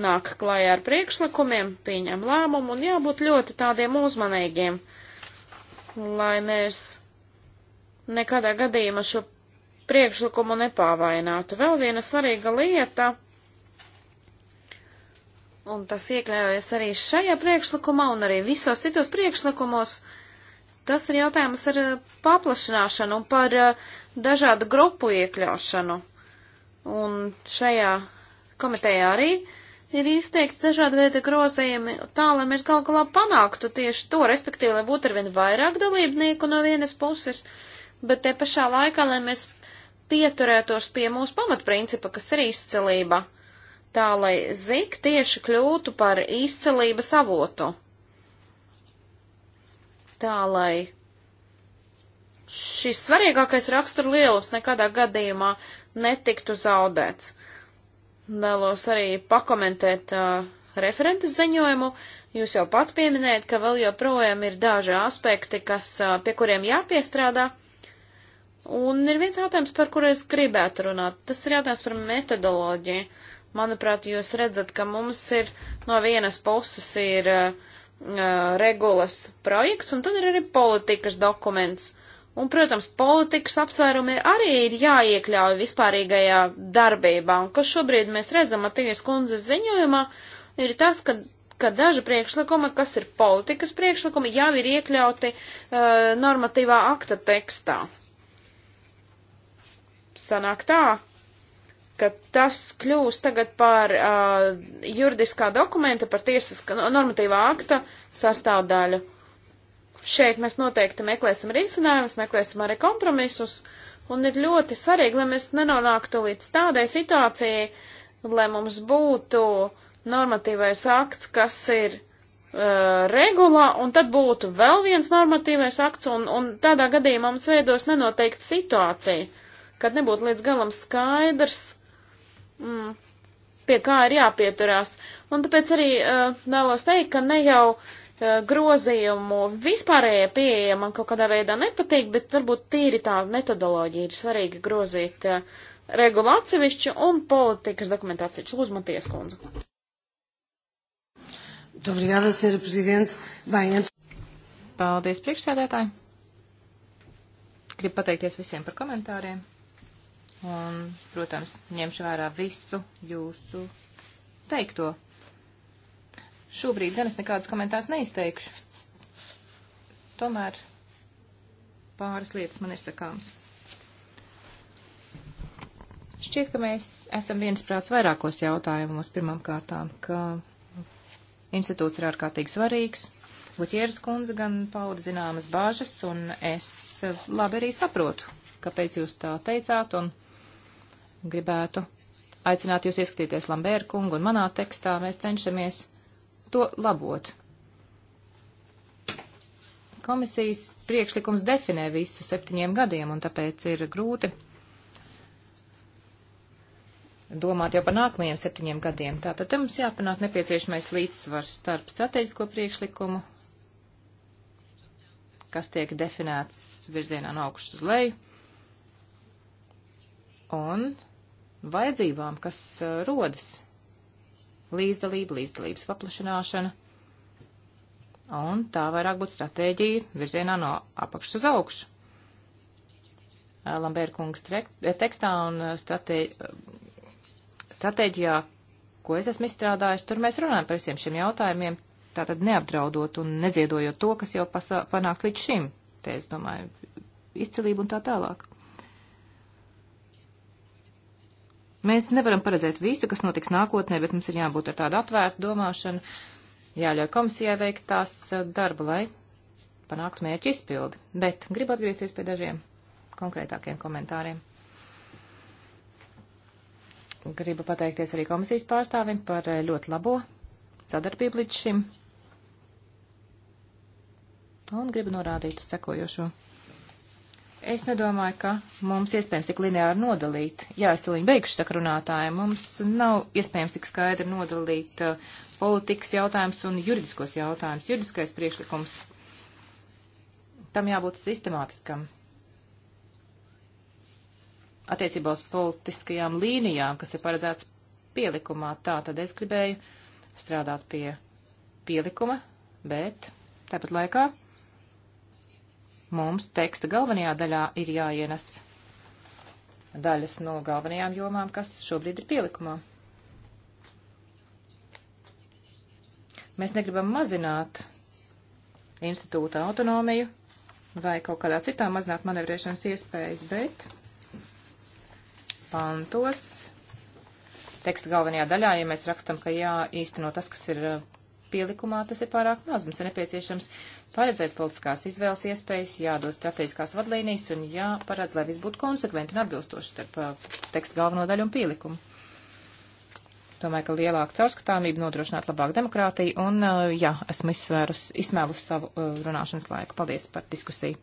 nāk klājā ar priekšlikumiem, pieņem lēmumu un jābūt ļoti tādiem uzmanīgiem, lai mēs nekādā gadījumā šo priekšlikumu nepāvainātu. Vēl viena svarīga lieta, un tas iekļaujas arī šajā priekšlikumā un arī visos citos priekšlikumos, uh, Tas ir jautājums ar eh, paplašināšanu un par eh, dažādu grupu iekļaušanu. Un šajā komitejā arī ir izteikti dažādi veidi grozījumi tā, lai mēs gal galā panāktu tieši to, respektīvi, lai būtu arvien vairāk dalībnieku no vienas puses, bet te pašā laikā, lai mēs pieturētos pie mūsu pamatprincipa, kas ir izcelība, tā lai zik tieši kļūtu par izcelības avotu tā, lai šis svarīgākais rakstura lielums nekādā gadījumā netiktu zaudēts. Vēlos arī pakomentēt uh, referentes ziņojumu. Jūs jau pat pieminējat, ka vēl joprojām ir daži aspekti, kas, uh, pie kuriem jāpiestrādā. Un ir viens jautājums, par kuru es gribētu runāt. Tas ir jautājums par metodoloģiju. Manuprāt, jūs redzat, ka mums ir no vienas puses ir uh, regulas projekts, un tad ir arī politikas dokuments. Un, protams, politikas apsvērumi arī ir jāiekļauj vispārīgajā darbībā, un kas šobrīd mēs redzam Matīnas kundzes ziņojumā, ir tas, ka, ka daži priekšlikumi, kas ir politikas priekšlikumi, jau ir iekļauti uh, normatīvā akta tekstā. Sanāk tā, ka tas kļūs tagad par uh, juridiskā dokumenta, par tiesas normatīvā akta sastāvdaļu. Šeit mēs noteikti meklēsim risinājumus, meklēsim arī kompromisus, un ir ļoti svarīgi, lai mēs nenonāktu līdz tādai situācijai, lai mums būtu normatīvais akts, kas ir uh, regulā, un tad būtu vēl viens normatīvais akts, un, un tādā gadījumā mums veidos nenoteikta situācija, kad nebūtu līdz galam skaidrs, uh, mm, pie kā ir jāpieturās. Un tāpēc arī uh, vēlos teikt, ka ne jau uh, grozījumu vispārējie pieeja man kaut kādā veidā nepatīk, bet varbūt tīri tā metodoloģija ir svarīga grozīt uh, regulu atsevišķu un politikas dokumentāciju. Lūdzu, Matijas kundze. Obrigada, Sra. Presidente. Bem, antes... Paldies, priekšsēdētāji. Gribu pateikties visiem par komentāriem un, protams, ņemšu vērā visu jūsu teikto. Šobrīd gan es nekādus komentārus neizteikšu. Tomēr pāris lietas man ir sakāms. Šķiet, ka mēs esam viensprāts vairākos jautājumos pirmām kārtām, ka institūts ir ārkārtīgi svarīgs. Buķieras kundze gan pauda zināmas bāžas, un es labi arī saprotu, kāpēc jūs tā teicāt, un gribētu aicināt jūs ieskatīties Lambēra kungu un manā tekstā. Mēs cenšamies to labot. Komisijas priekšlikums definē visu septiņiem gadiem, un tāpēc ir grūti domāt jau par nākamajiem septiņiem gadiem. Tātad te mums jāpanāk nepieciešamais līdzsvars starp strateģisko priekšlikumu, kas tiek definēts virzienā no augšas uz leju, un vajadzībām, kas uh, rodas. Līdzdalība, līdzdalības paplašināšana, un tā vairāk būtu stratēģija virzienā no apakšas uz augšu. Uh, Lambēra kungs eh, tekstā un uh, stratē, stratēģijā, ko es esmu izstrādājis, tur mēs runājam par visiem šiem jautājumiem, tātad neapdraudot un neziedojot to, kas jau panāks līdz šim. Te es domāju, izcilību un tā tālāk. Mēs nevaram paredzēt visu, kas notiks nākotnē, bet mums ir jābūt ar tādu atvērtu domāšanu, jāļauj komisijai veikt tās uh, darba, lai panāktu mērķu izpildi. Bet gribu atgriezties pie dažiem konkrētākiem komentāriem. Gribu pateikties arī komisijas pārstāvim par uh, ļoti labo sadarbību līdz šim. Un gribu norādīt sekojošo. Es nedomāju, ka mums iespējams tik lineāri nodalīt. Jā, es tūlīt beigšu sakrunātāju. Mums nav iespējams tik skaidri nodalīt uh, politikas jautājums un juridiskos jautājumus. Juridiskais priekšlikums tam jābūt sistemātiskam. Attiecībā uz politiskajām līnijām, kas ir paredzēts pielikumā, tā tad es gribēju strādāt pie pielikuma, bet tāpat laikā mums teksta galvenajā daļā ir jāienes daļas no galvenajām jomām, kas šobrīd ir pielikumā. Mēs negribam mazināt institūta autonomiju vai kaut kādā citā mazināt manevrēšanas iespējas, bet pantos teksta galvenajā daļā, ja mēs rakstam, ka jāīsteno tas, kas ir pielikumā tas ir pārāk maz. Mums ir nepieciešams paredzēt politiskās izvēles iespējas, jādod strateģiskās vadlīnijas un jāparedz, lai viss būtu konsekventi un atbilstoši starp uh, tekstu galveno daļu un pielikumu. Domāju, ka lielāka caurskatāmība nodrošinātu labāku demokrātiju un, uh, jā, esmu izsvērus, izsmēlus savu uh, runāšanas laiku. Paldies par diskusiju.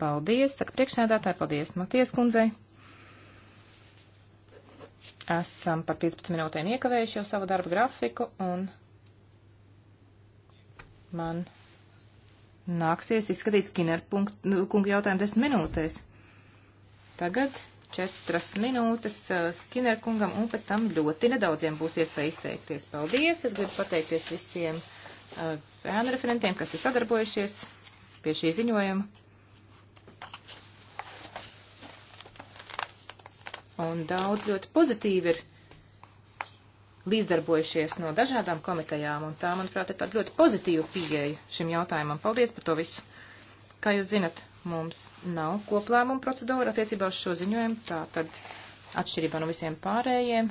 Paldies, saka priekšsēdētāji, paldies Maties kundzei. Esam par 15 minūtēm iekavējuši jau savu darbu grafiku un man nāksies izskatīt Skinner nu, kunga jautājumu desmit minūtēs. Tagad četras minūtes uh, Skinner kungam un pēc tam ļoti nedaudziem būs iespēja izteikties. Paldies! Es gribu pateikties visiem uh, ēnu referentiem, kas ir sadarbojušies pie šī ziņojuma. Un daudz ļoti pozitīvi ir līdzdarbojušies no dažādām komitejām, un tā, manuprāt, ir tāda ļoti pozitīva pieeja šim jautājumam. Paldies par to visu. Kā jūs zinat, mums nav koplēmuma procedūra attiecībā uz šo ziņojumu, tā tad atšķirībā no visiem pārējiem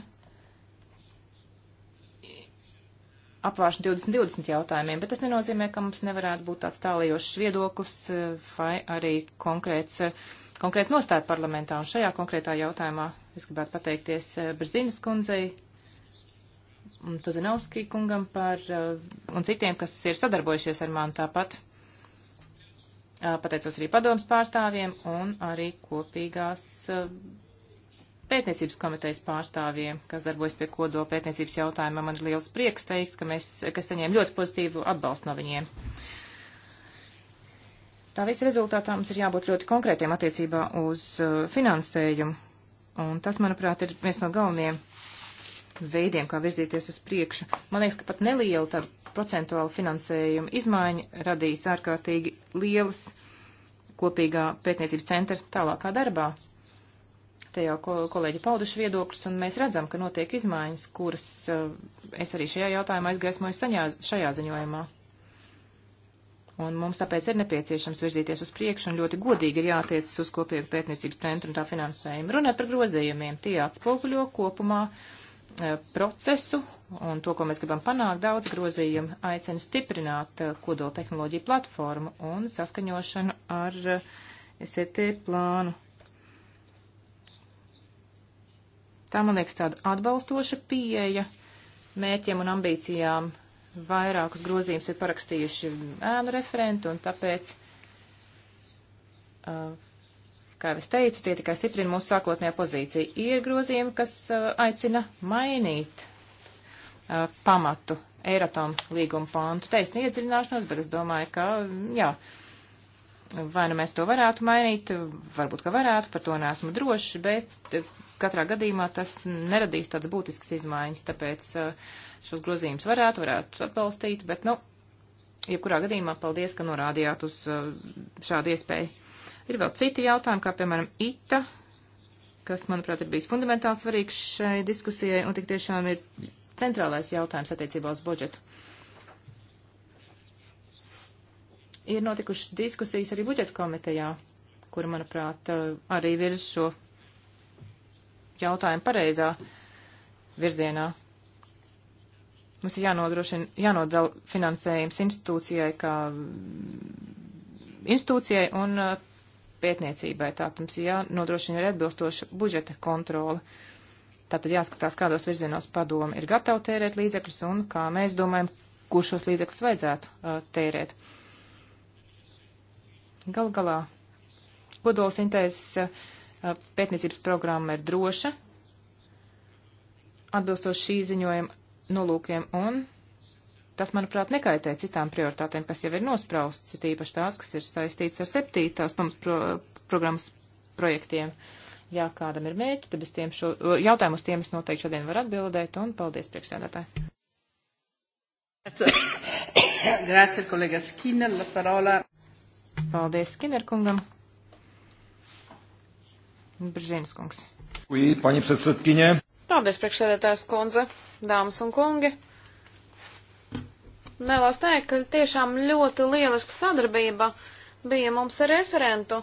apvāršana 2020 jautājumiem, bet tas nenozīmē, ka mums nevarētu būt tāds tālajošs viedoklis eh, vai arī konkrēts, eh, konkrēta nostāja parlamentā. Un šajā konkrētā jautājumā es gribētu pateikties eh, Brzīnas kundzei Tozanovskī kungam par, eh, un citiem, kas ir sadarbojušies ar mani tāpat. Eh, pateicos arī padomas pārstāvjiem un arī kopīgās eh, pētniecības komitejas pārstāvjiem, kas darbojas pie kodo pētniecības jautājuma. Man ir liels prieks teikt, ka mēs, kas saņēma ļoti pozitīvu atbalstu no viņiem. Tā visa rezultātā mums ir jābūt ļoti konkrētiem attiecībā uz finansējumu. Un tas, manuprāt, ir viens no galvenajiem veidiem, kā virzīties uz priekšu. Man liekas, ka pat neliela tāda procentuāla finansējuma izmaiņa radīs ārkārtīgi lielas kopīgā pētniecības centra tālākā darbā. Te jau kol kolēģi pauduši viedokļus, un mēs redzam, ka notiek izmaiņas, kuras uh, es arī šajā jautājumā izgaismoju saņā, šajā ziņojumā. Un mums tāpēc ir nepieciešams virzīties uz priekšu un ļoti godīgi ir jātiecas uz kopīgu pētniecības centru un tā finansējumu. Runāt par grozījumiem, tie atspoguļo kopumā uh, Eh, procesu un to, ko mēs gribam panākt, daudz grozījumi aicina stiprināt eh, kodola tehnoloģiju platformu un saskaņošanu ar eh, SET plānu. Tā, man liekas, tāda atbalstoša pieeja mērķiem un ambīcijām. Vairākus grozījumus ir parakstījuši ēnu referenti, un tāpēc uh, Kā jau es teicu, tie tikai stiprina mūsu sākotnējā pozīcija. Ir grozījumi, kas uh, aicina mainīt uh, pamatu Eiratom līguma pantu. Teicu neiedziļināšanos, bet es domāju, ka, jā, vai nu mēs to varētu mainīt, varbūt, ka varētu, par to neesmu droši, bet uh, katrā gadījumā tas neradīs tādas būtiskas izmaiņas, tāpēc uh, šos grozījumus varētu, varētu atbalstīt, bet, nu, jebkurā gadījumā paldies, ka norādījāt uz uh, šādu iespēju. Ir vēl citi jautājumi, kā piemēram ITA, kas, manuprāt, ir bijis fundamentāli svarīgs šai diskusijai un tik tiešām ir centrālais jautājums attiecībā uz budžetu. Ir notikušas diskusijas arī budžeta komitejā, kura, manuprāt, arī virz šo jautājumu pareizā virzienā. Mums ir jānodrošina, jānodala finansējums institūcijai, kā institūcijai un pētniecībai. Tātad mums jānodrošina arī atbilstoša budžeta kontrola. Tātad jāskatās, kādos virzienos padomi ir gatavi tērēt līdzekļus un kā mēs domājam, kur šos līdzekļus vajadzētu uh, tērēt. Gal galā kodolsintēzes uh, pētniecības programma ir droša, atbilstoši šī ziņojuma nolūkiem un Tas, manuprāt, nekaitē citām prioritātēm, kas jau ir nospraustas, ir īpaši tās, kas ir saistītas ar septītās pro programmas projektiem. Jā, kādam ir mērķi, tad es tiem šo jautājumu uz tiem es noteikti šodien varu atbildēt, un paldies priekšsēdētāji. Grazie, kolega Skinner, la parola. Paldies Skinner kungam. Bržīnas kungs. Uji, paņi predsedkiņē. Paldies, priekšsēdētājs kundze, dāmas un kungi. Vēlos teikt, ka tiešām ļoti lieliska sadarbība bija mums ar referentu.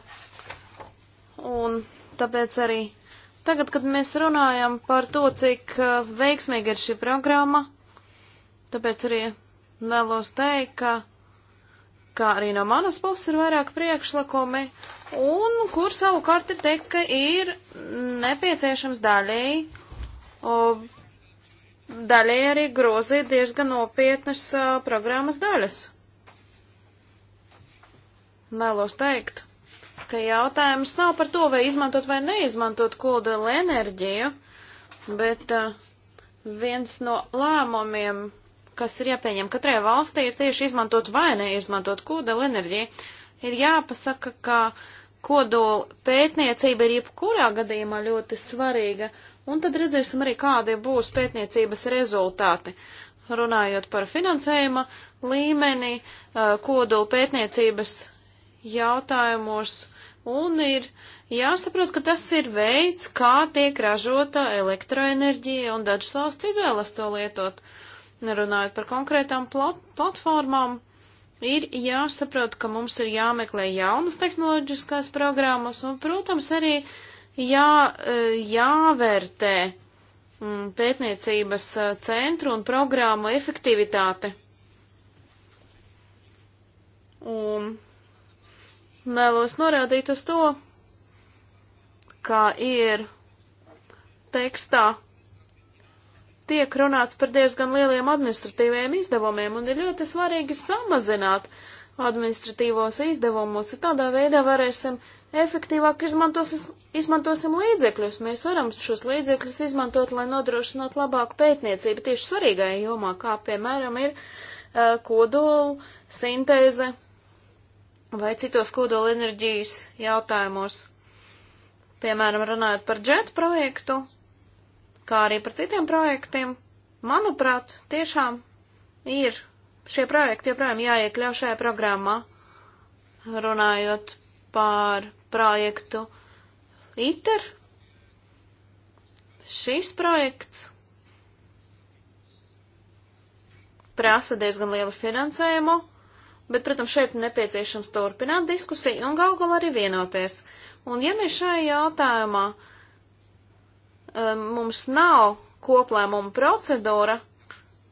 Un tāpēc arī tagad, kad mēs runājam par to, cik uh, veiksmīga ir šī programma, tāpēc arī vēlos teikt, ka, ka arī no manas puses ir vairāk priekšlikumi, un kur savukārt ir teikt, ka ir nepieciešams daļēji uh, daļai arī grozīt diezgan nopietnas uh, programmas daļas. Vēlos teikt, ka jautājums nav par to, vai izmantot vai neizmantot kodola enerģiju, bet uh, viens no lēmumiem, kas ir jāpieņem katrai valstī, ir tieši izmantot vai neizmantot kodola enerģiju. Ir jāpasaka, ka kodola pētniecība ir jebkurā gadījumā ļoti svarīga. Uh, Un tad redzēsim arī, kādi būs pētniecības rezultāti. Runājot par finansējuma līmeni, eh, kodolu pētniecības jautājumos, un ir jāsaprot, ka tas ir veids, kā tiek ražota elektroenerģija, un dažas valsts izvēlas to lietot. Runājot par konkrētām plat platformām, ir jāsaprot, ka mums ir jāmeklē jaunas tehnoloģiskās programmas, un, protams, arī uh, jā, e, jāvērtē mm, pētniecības e, centru un programmu efektivitāte. Un vēlos norādīt uz to, kā ir tekstā tiek runāts par diezgan lieliem administratīviem izdevumiem, un ir ļoti svarīgi samazināt administratīvos izdevumus, un tādā veidā varēsim efektīvāk izmantosim, izmantosim līdzekļus. Mēs varam šos līdzekļus izmantot, lai nodrošinātu labāku pētniecību tieši svarīgajā jomā, kā piemēram ir uh, kodola sintēze vai citos kodola enerģijas jautājumos. Piemēram, runājot par džetu projektu, kā arī par citiem projektiem, manuprāt, tiešām ir šie projekti joprojām jāiekļauj šajā programmā, runājot par projektu ITER. Šis projekts prasa diezgan lielu finansējumu, bet, protams, šeit nepieciešams turpināt diskusiju un gal galā arī vienoties. Un ja mēs šajā jautājumā um, mums nav koplēmuma procedūra,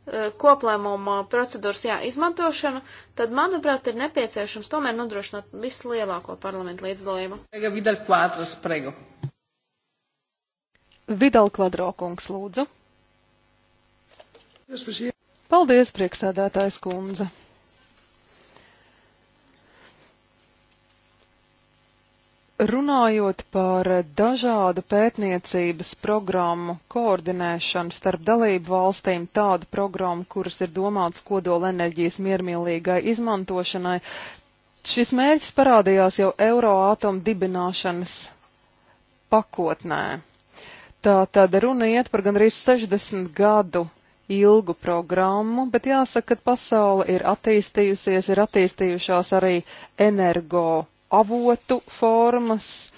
Eh, koplēmuma procedūras jā, izmantošanu, tad, manuprāt, ir nepieciešams tomēr nodrošināt vislielāko parlamentu līdzdalību. Vidal kvadros, prego. Vidal kvadro kungs, lūdzu. Paldies, prieksēdētājs kundze. Runājot par dažādu pētniecības programmu koordinēšanu starp dalību valstīm, tādu programmu, kuras ir domātas kodola enerģijas miermīlīgai izmantošanai, šis mērķis parādījās jau Euroātom dibināšanas pakotnē. Tā tad runa iet par gandrīz 60 gadu ilgu programmu, bet jāsaka, ka pasaule ir attīstījusies, ir attīstījušās arī energo avotu formas.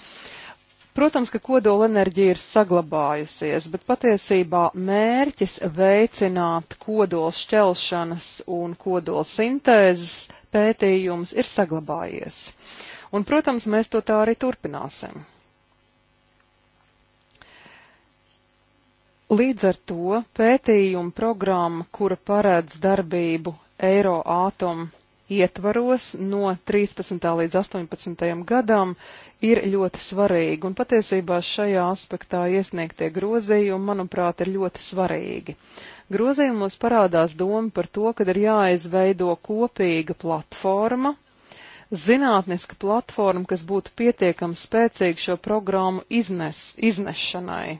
Protams, ka kodolenerģija ir saglabājusies, bet patiesībā mērķis veicināt kodols šķelšanas un kodols sintēzes pētījums ir saglabājies. Un, protams, mēs to tā arī turpināsim. Līdz ar to pētījuma programma, kura paredz darbību Eiroātom ietvaros no 13. līdz 18. gadam ir ļoti svarīga, un patiesībā šajā aspektā iesniegtie grozījumi, manuprāt, ir ļoti svarīgi. Grozījumos parādās doma par to, ka ir jāizveido kopīga platforma, zinātniska platforma, kas būtu pietiekami spēcīga šo programmu iznes, iznešanai.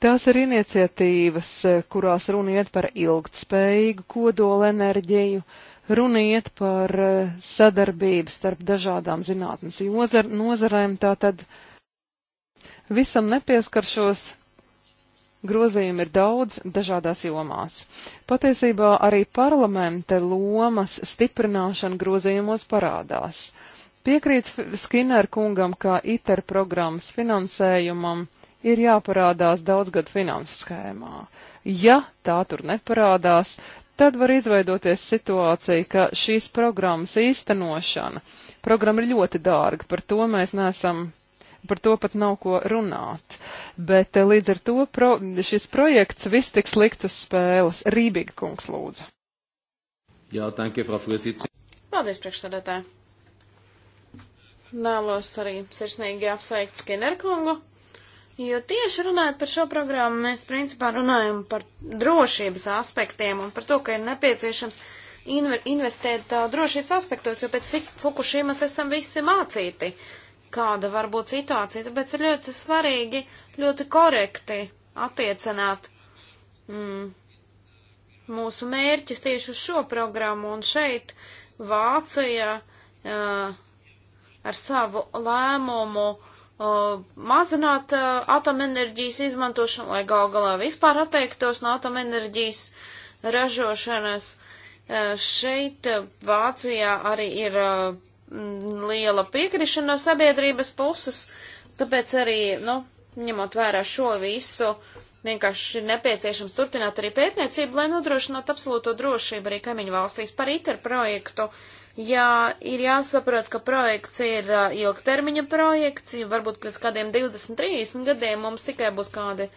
Tās ir iniciatīvas, kurās runa iet par ilgtspējīgu kodolenerģiju, enerģiju, Runa iet par eh, sadarbību starp dažādām zinātnes jozar, nozarēm, tātad visam nepieskaršos. Grozījumi ir daudz dažādās jomās. Patiesībā arī parlamenta lomas stiprināšana grozījumos parādās. Piekrīt Skinner kungam, ka ITER programmas finansējumam ir jāparādās daudzgad finanses schēmā. Ja tā tur neparādās, tad var izveidoties situācija, ka šīs programmas īstenošana, programma ir ļoti dārga, par to mēs nesam, par to pat nav ko runāt. Bet eh, līdz ar to pro, šis projekts viss tiks likt uz spēles. Rībīga kungs lūdzu. Jā, tanki, Frau Fursitsi. Paldies, priekšsēdētāji. Nālos arī sirsnīgi apsveikt Skinner kungu Jo tieši runājot par šo programmu, mēs principā runājam par drošības aspektiem un par to, ka ir nepieciešams investēt uh, drošības aspektos, jo pēc Fukushimas esam visi mācīti, kāda var būt situācija. Tāpēc ir ļoti svarīgi, ļoti korekti attiecināt mm, mūsu mērķus tieši uz šo programmu. Un šeit Vācija uh, ar savu lēmumu uh, mazināt uh, atomenerģijas izmantošanu, lai gal galā vispār atteiktos no atomenerģijas ražošanas. Uh, šeit uh, Vācijā arī ir uh, liela piekrišana no sabiedrības puses, tāpēc arī, nu, ņemot vērā šo visu, uh, Vienkārši ir nepieciešams turpināt arī pētniecību, lai nodrošinātu absolūto drošību arī kaimiņu valstīs par ITER projektu. Jā, ir jāsaprot, ka projekts ir uh, ilgtermiņa projekts, jo varbūt pēc kādiem 20, 30 gadiem mums tikai būs kādi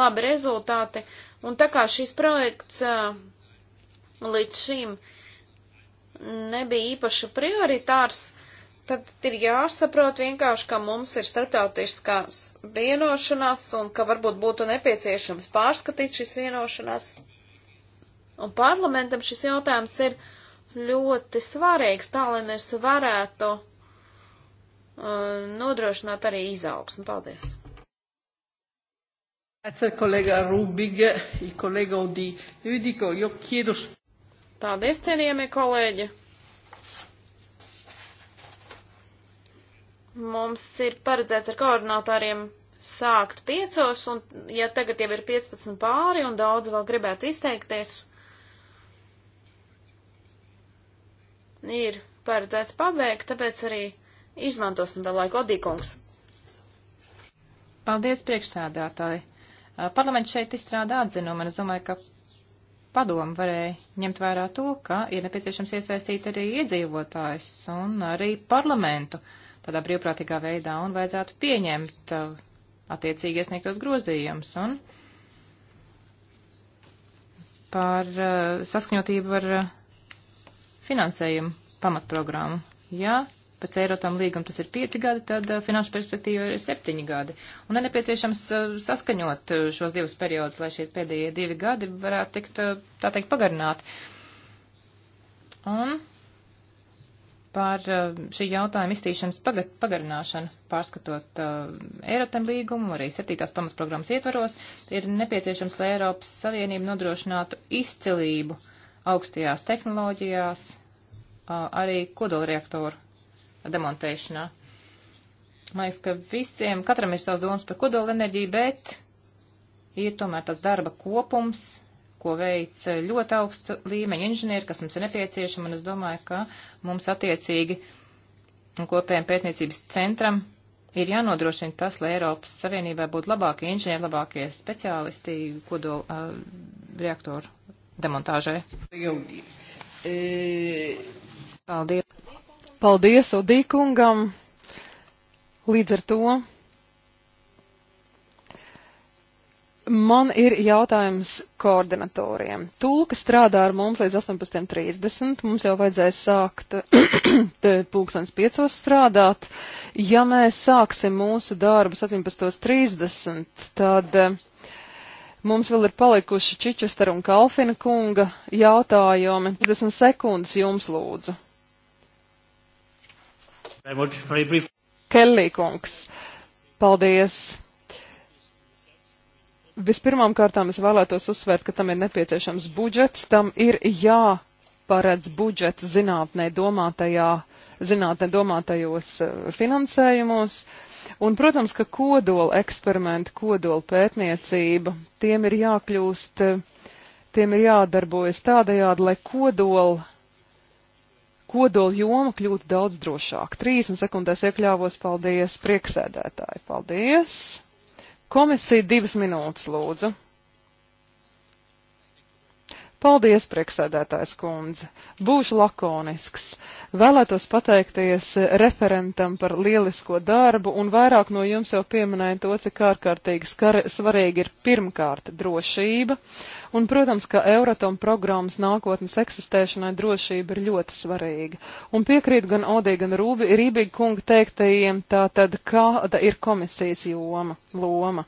labi rezultāti. Un tā kā šis projekts uh, līdz šim nebija īpaši prioritārs, tad ir jāsaprot vienkārši, ka mums ir starptautiskās vienošanās un ka varbūt būtu nepieciešams pārskatīt šīs vienošanās. Un parlamentam šis jautājums ir ļoti svarīgs, tā lai mēs varētu uh, nodrošināt arī izaugsmu. Paldies! Grazie collega Rubig, il collega Udi. Io dico, io chiedo... Paldies, cienījamie kolēģi! Mums ir paredzēts ar koordinatoriem sākt piecos, un ja tagad jau ir 15 pāri un daudz vēl gribētu izteikties, ir paredzēts pabeigt, tāpēc arī izmantosim vēl laiku odīkums. Paldies, priekšsēdētāji. Parlaments šeit izstrādā atzinumu, un es domāju, ka padomu varēja ņemt vērā to, ka ir nepieciešams iesaistīt arī iedzīvotājs un arī parlamentu. Uh, tādā brīvprātīgā veidā un vajadzētu pieņemt uh, attiecīgi iesniegtos grozījumus. Un par uh, saskaņotību ar uh, finansējumu pamatprogrammu. Ja pēc Eirotam līguma tas ir pieci gadi, tad uh, finanšu perspektīva ir septiņi gadi. Un ir nepieciešams uh, saskaņot uh, šos divus periodus, lai šie pēdējie divi gadi varētu tikt, uh, tā teikt, pagarināti. Un par eh, šī jautājuma iztīšanas pagarināšanu, pārskatot uh, eh, Eirotem līgumu, arī septītās pamatprogrammas ietvaros, ir nepieciešams, lai Eiropas Savienība nodrošinātu izcilību augstajās tehnoloģijās, uh, arī kodolreaktoru demontēšanā. Man liekas, ka visiem, katram ir savs domas par kodolenerģiju, bet ir tomēr tāds darba kopums, ko veic ļoti augsta līmeņa inženieri, kas mums ir nepieciešama, un es domāju, ka mums attiecīgi kopējiem pētniecības centram ir jānodrošina tas, lai Eiropas Savienībā būtu labākie inženieri, labākie speciālisti kodola uh, reaktoru demontāžai. Paldies. Paldies Odīkungam. Līdz ar to Man ir jautājums koordinatoriem. Tulka strādā ar mums līdz 18.30. Mums jau vajadzēs sākt pulkstens piecos strādāt. Ja mēs sāksim mūsu darbu 17.30, tad eh, mums vēl ir palikuši Čičester un Kalfina kunga jautājumi. 20 sekundes jums lūdzu. Kellī kungs, paldies! Vispirmām kārtām es vēlētos uzsvērt, ka tam ir nepieciešams budžets, tam ir jāparedz budžets zinātnē domātajā, zinātnē domātajos eh, finansējumos. Un, protams, ka kodola eksperimenti, kodola pētniecība, tiem ir jākļūst, eh, tiem ir jādarbojas tādajādi, lai kodola kodola joma kļūtu daudz drošāk. 30 sekundēs iekļāvos, paldies, prieksēdētāji, paldies! Komisija divas minūtes lūdzu. Paldies, priekšsēdētājs kundze. Būšu lakonisks. Vēlētos pateikties referentam par lielisko darbu, un vairāk no jums jau pieminēja to, cik ārkārtīgi skar, svarīgi ir pirmkārt drošība. Uh, Un, protams, ka Euratom programmas nākotnes eksistēšanai drošība ir ļoti svarīga. Un piekrīt gan Odī, gan Rūbi, Rībīgi kunga teiktajiem, tā tad kāda ir komisijas joma, loma.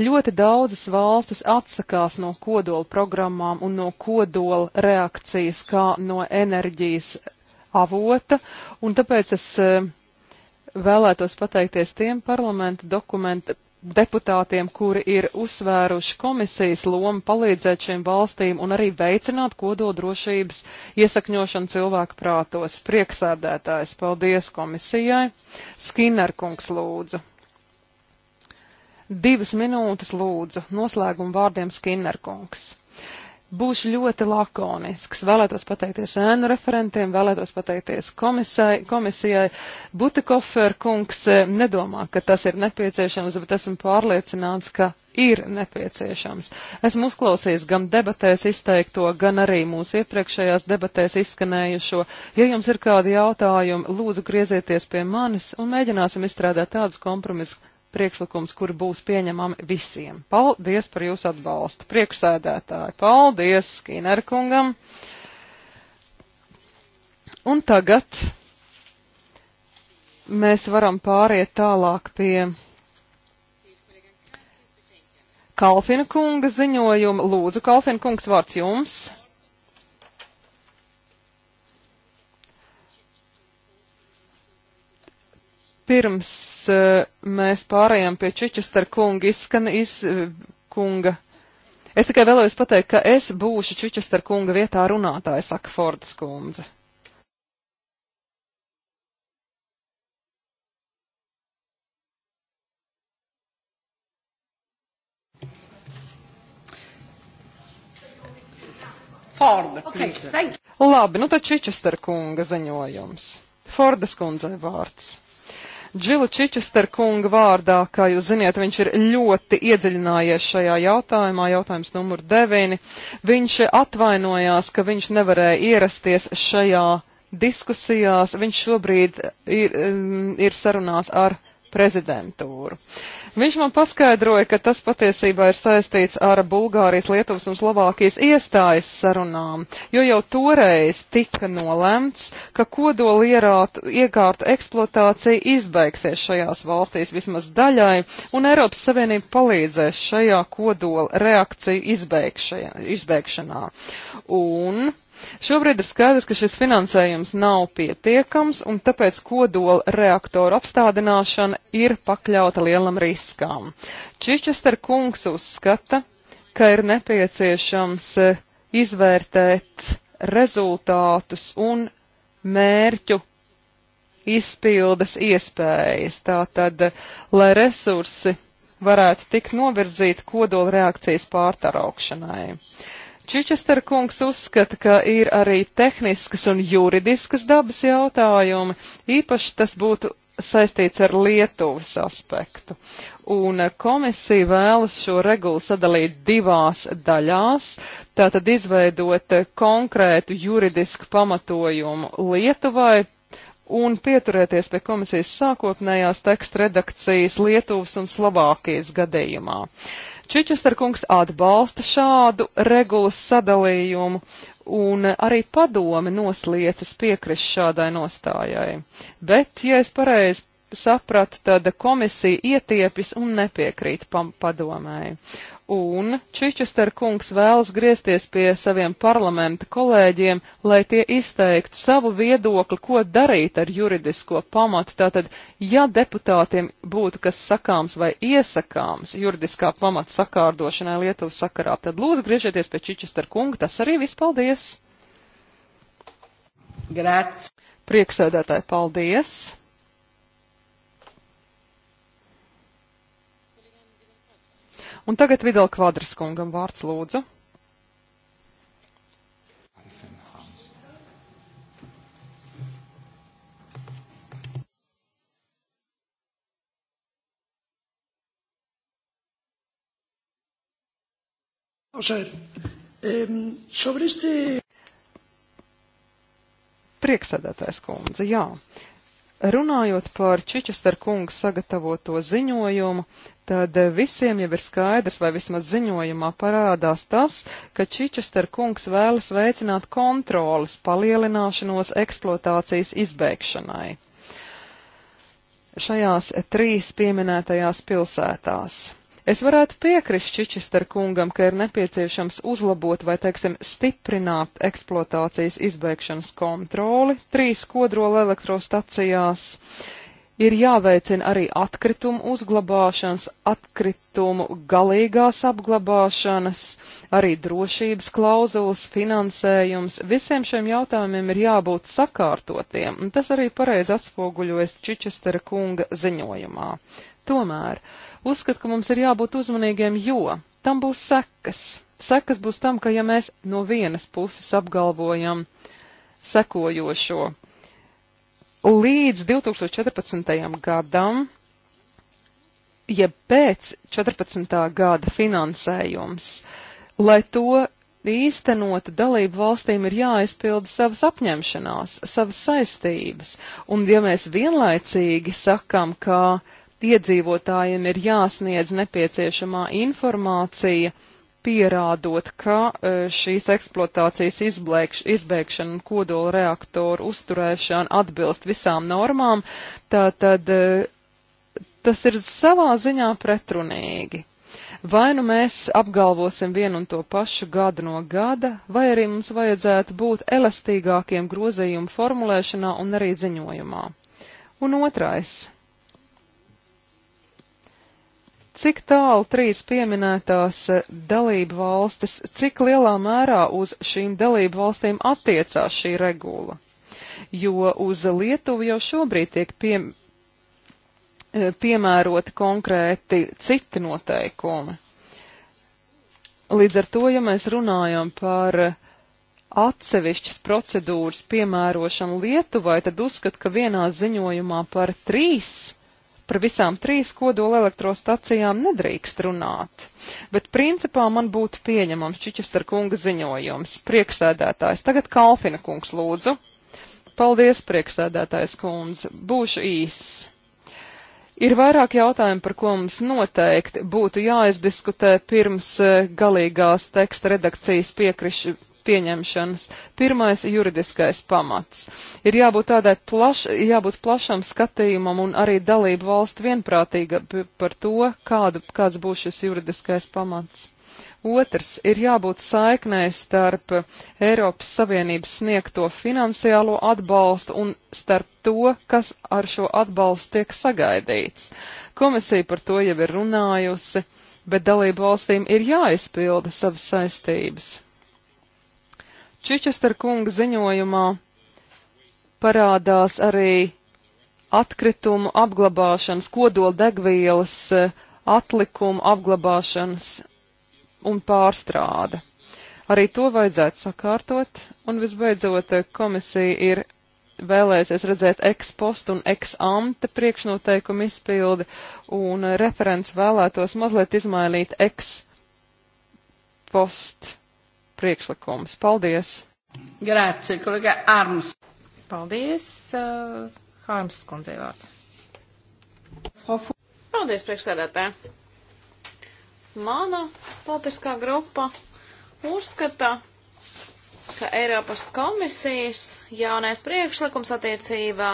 Ļoti daudzas valstis atsakās no kodola programmām un no kodola reakcijas kā no enerģijas avota, un tāpēc es eh, vēlētos pateikties tiem parlamenta dokumentu deputātiem, kuri ir uzsvēruši komisijas lomu palīdzēt šīm valstīm un arī veicināt kododrošības iesakņošanu cilvēku prātos. Prieksēdētājs, paldies komisijai. Skinnerkungs lūdzu. Divas minūtes lūdzu, noslēguma vārdiem Skinnerkungs. Būšu ļoti lakonisks. Vēlētos pateikties ēnu referentiem, vēlētos pateikties komisai, komisijai. Butikofer kungs eh, nedomā, ka tas ir nepieciešams, bet esmu pārliecināts, ka ir nepieciešams. Esmu uzklausījis gan debatēs izteikto, gan arī mūsu iepriekšējās debatēs izskanējušo. Ja jums ir kādi jautājumi, lūdzu griezieties pie manis un mēģināsim izstrādāt tādus kompromisus, priekšlikums, kuri būs pieņemami visiem. Paldies par jūsu atbalstu. Priekšsēdētāji, paldies Skinnerkungam. Un tagad mēs varam pāriet tālāk pie Kalfina kunga ziņojuma. Lūdzu, Kalfina kungs, vārds jums. pirms eh, mēs pārējām pie Čičester kunga izskana iz eh, kunga. Es tikai vēlējos pateikt, ka es būšu Čičester kunga vietā runātāja, saka Fordas kundze. Forda, okay, Labi, nu tad Čičester kunga ziņojums. Fordas kundzei vārds. Džilu Čičester kunga vārdā, kā jūs ziniet, viņš ir ļoti iedziļinājies šajā jautājumā, jautājums numur 9. Viņš atvainojās, ka viņš nevarēja ierasties šajā diskusijās, viņš šobrīd ir, ir sarunās ar prezidentūru. Uh, Viņš man paskaidroja, ka tas patiesībā ir saistīts ar Bulgārijas, Lietuvas un Slovākijas iestājas sarunām, jo jau toreiz tika nolemts, ka kodoli iekārtu eksploatācija izbeigsies šajās valstīs vismaz daļai, un Eiropas Savienība palīdzēs šajā kodola reakciju izbeigšanā. Un Šobrīd ir skaidrs, ka šis finansējums nav pietiekams, un tāpēc kodola reaktoru apstādināšana ir pakļauta lielam riskām. Čičester kungs uzskata, ka ir nepieciešams e, izvērtēt rezultātus un mērķu izpildes iespējas. Tātad, lai resursi varētu tikt novirzīti kodola reakcijas pārtraukšanai. Čičester kungs uzskata, ka ir arī tehniskas un juridiskas dabas jautājumi, īpaši tas būtu saistīts ar Lietuvas aspektu. Un komisija vēlas šo regulu sadalīt divās daļās, tātad izveidot konkrētu juridisku pamatojumu Lietuvai un pieturēties pie komisijas sākotnējās teksta redakcijas Lietuvas un Slovākijas gadījumā. Uh, Čičusterkungs atbalsta šādu regulas sadalījumu, un arī padome nosliecas piekrist šādai nostājai. Bet, ja es pareizi sapratu, tad komisija ietiepjas un nepiekrīt padomēji un Čičester kungs vēlas griezties pie saviem parlamenta kolēģiem, lai tie izteiktu savu viedokli, ko darīt ar juridisko pamatu. Tātad, ja deputātiem būtu kas sakāms vai iesakāms juridiskā pamata sakārdošanai Lietuvas sakarā, tad lūdzu griežieties pie Čičester kunga. Tas arī viss paldies! Grāts! Prieksēdētāji, paldies! Un tagad Vidal Kvadras kungam vārds lūdzu. Vamos a ver. Eh, sobre este. Prieksēdētājs kundze, jā. Uh, Runājot par Čičester kunga sagatavoto ziņojumu, tad eh, visiem jau ir skaidrs, vai vismaz ziņojumā parādās tas, ka Čičester kungs vēlas veicināt kontrolas palielināšanos eksploatācijas izbēgšanai šajās trīs pieminētajās pilsētās. Es varētu piekrist Čičester kungam, ka ir nepieciešams uzlabot vai, teiksim, stiprināt eksploatācijas izbeigšanas kontroli trīs kodola elektrostacijās. Ir jāveicina arī atkritumu uzglabāšanas, atkritumu galīgās apglabāšanas, arī drošības klauzulas, finansējums. Visiem šiem jautājumiem ir jābūt sakārtotiem, un tas arī pareizi atspoguļojas Čičestera kunga ziņojumā. Tomēr Uzskatu, ka mums ir jābūt uzmanīgiem, jo tam būs sekas. Sekas būs tam, ka ja mēs no vienas puses apgalvojam sekojošo. Līdz 2014. gadam, jeb pēc 14. gada finansējums, lai to īstenotu dalību valstīm ir jāaizpilda savas apņemšanās, savas saistības, un ja mēs vienlaicīgi sakam, ka uh, iedzīvotājiem ir jāsniedz nepieciešamā informācija, pierādot, ka e, šīs eksploatācijas izblēkš, izbēgšana un kodola reaktoru uzturēšana atbilst visām normām, tātad e, tas ir savā ziņā pretrunīgi. Vai nu mēs apgalvosim vienu un to pašu gadu no gada, vai arī mums vajadzētu būt elastīgākiem grozījumu formulēšanā un arī ziņojumā. Un otrais Cik tālu trīs pieminētās e, dalību valstis, cik lielā mērā uz šīm dalību valstīm attiecās šī regula? Jo uz Lietuvu jau šobrīd tiek pie, e, piemēroti konkrēti citi noteikumi. Līdz ar to, ja mēs runājam par atsevišķas procedūras piemērošanu Lietuvai, tad uzskat, ka vienā ziņojumā par trīs par visām trīs kodola elektrostacijām nedrīkst runāt. Bet principā man būtu pieņemams Čičester kunga ziņojums. Priekšsēdētājs tagad Kalfina kungs lūdzu. Paldies, priekšsēdētājs kundze. Būšu īss. Ir vairāk jautājumu, par ko mums noteikti būtu jāizdiskutē pirms eh, galīgās teksta redakcijas piekriš, pieņemšanas. Pirmais - juridiskais pamats. Ir jābūt tādai plaš, jābūt plašam skatījumam un arī dalību valstu vienprātīga par to, kāda, kāds būs šis juridiskais pamats. Otrs ir jābūt saiknēs starp Eiropas Savienības sniegto finansiālo atbalstu un starp to, kas ar šo atbalstu tiek sagaidīts. Komisija par to jau ir runājusi, bet dalību valstīm ir jāizpilda savas saistības. Čičester kunga ziņojumā parādās arī atkritumu apglabāšanas, kodoldegvielas eh, atlikumu apglabāšanas un pārstrāde. Arī to vajadzētu sakārtot, un visbeidzot eh, komisija ir vēlēsies redzēt ekspostu un eksante priekšnoteikumu izpildi, un eh, referents vēlētos mazliet izmainīt ekspostu priekšlikums. Paldies! Grāci, kolēģa Arms. Paldies, uh, Hārms skundzei vārds. Paldies, priekšsēdētē. Mana politiskā grupa uzskata, ka Eiropas komisijas jaunais priekšlikums attiecībā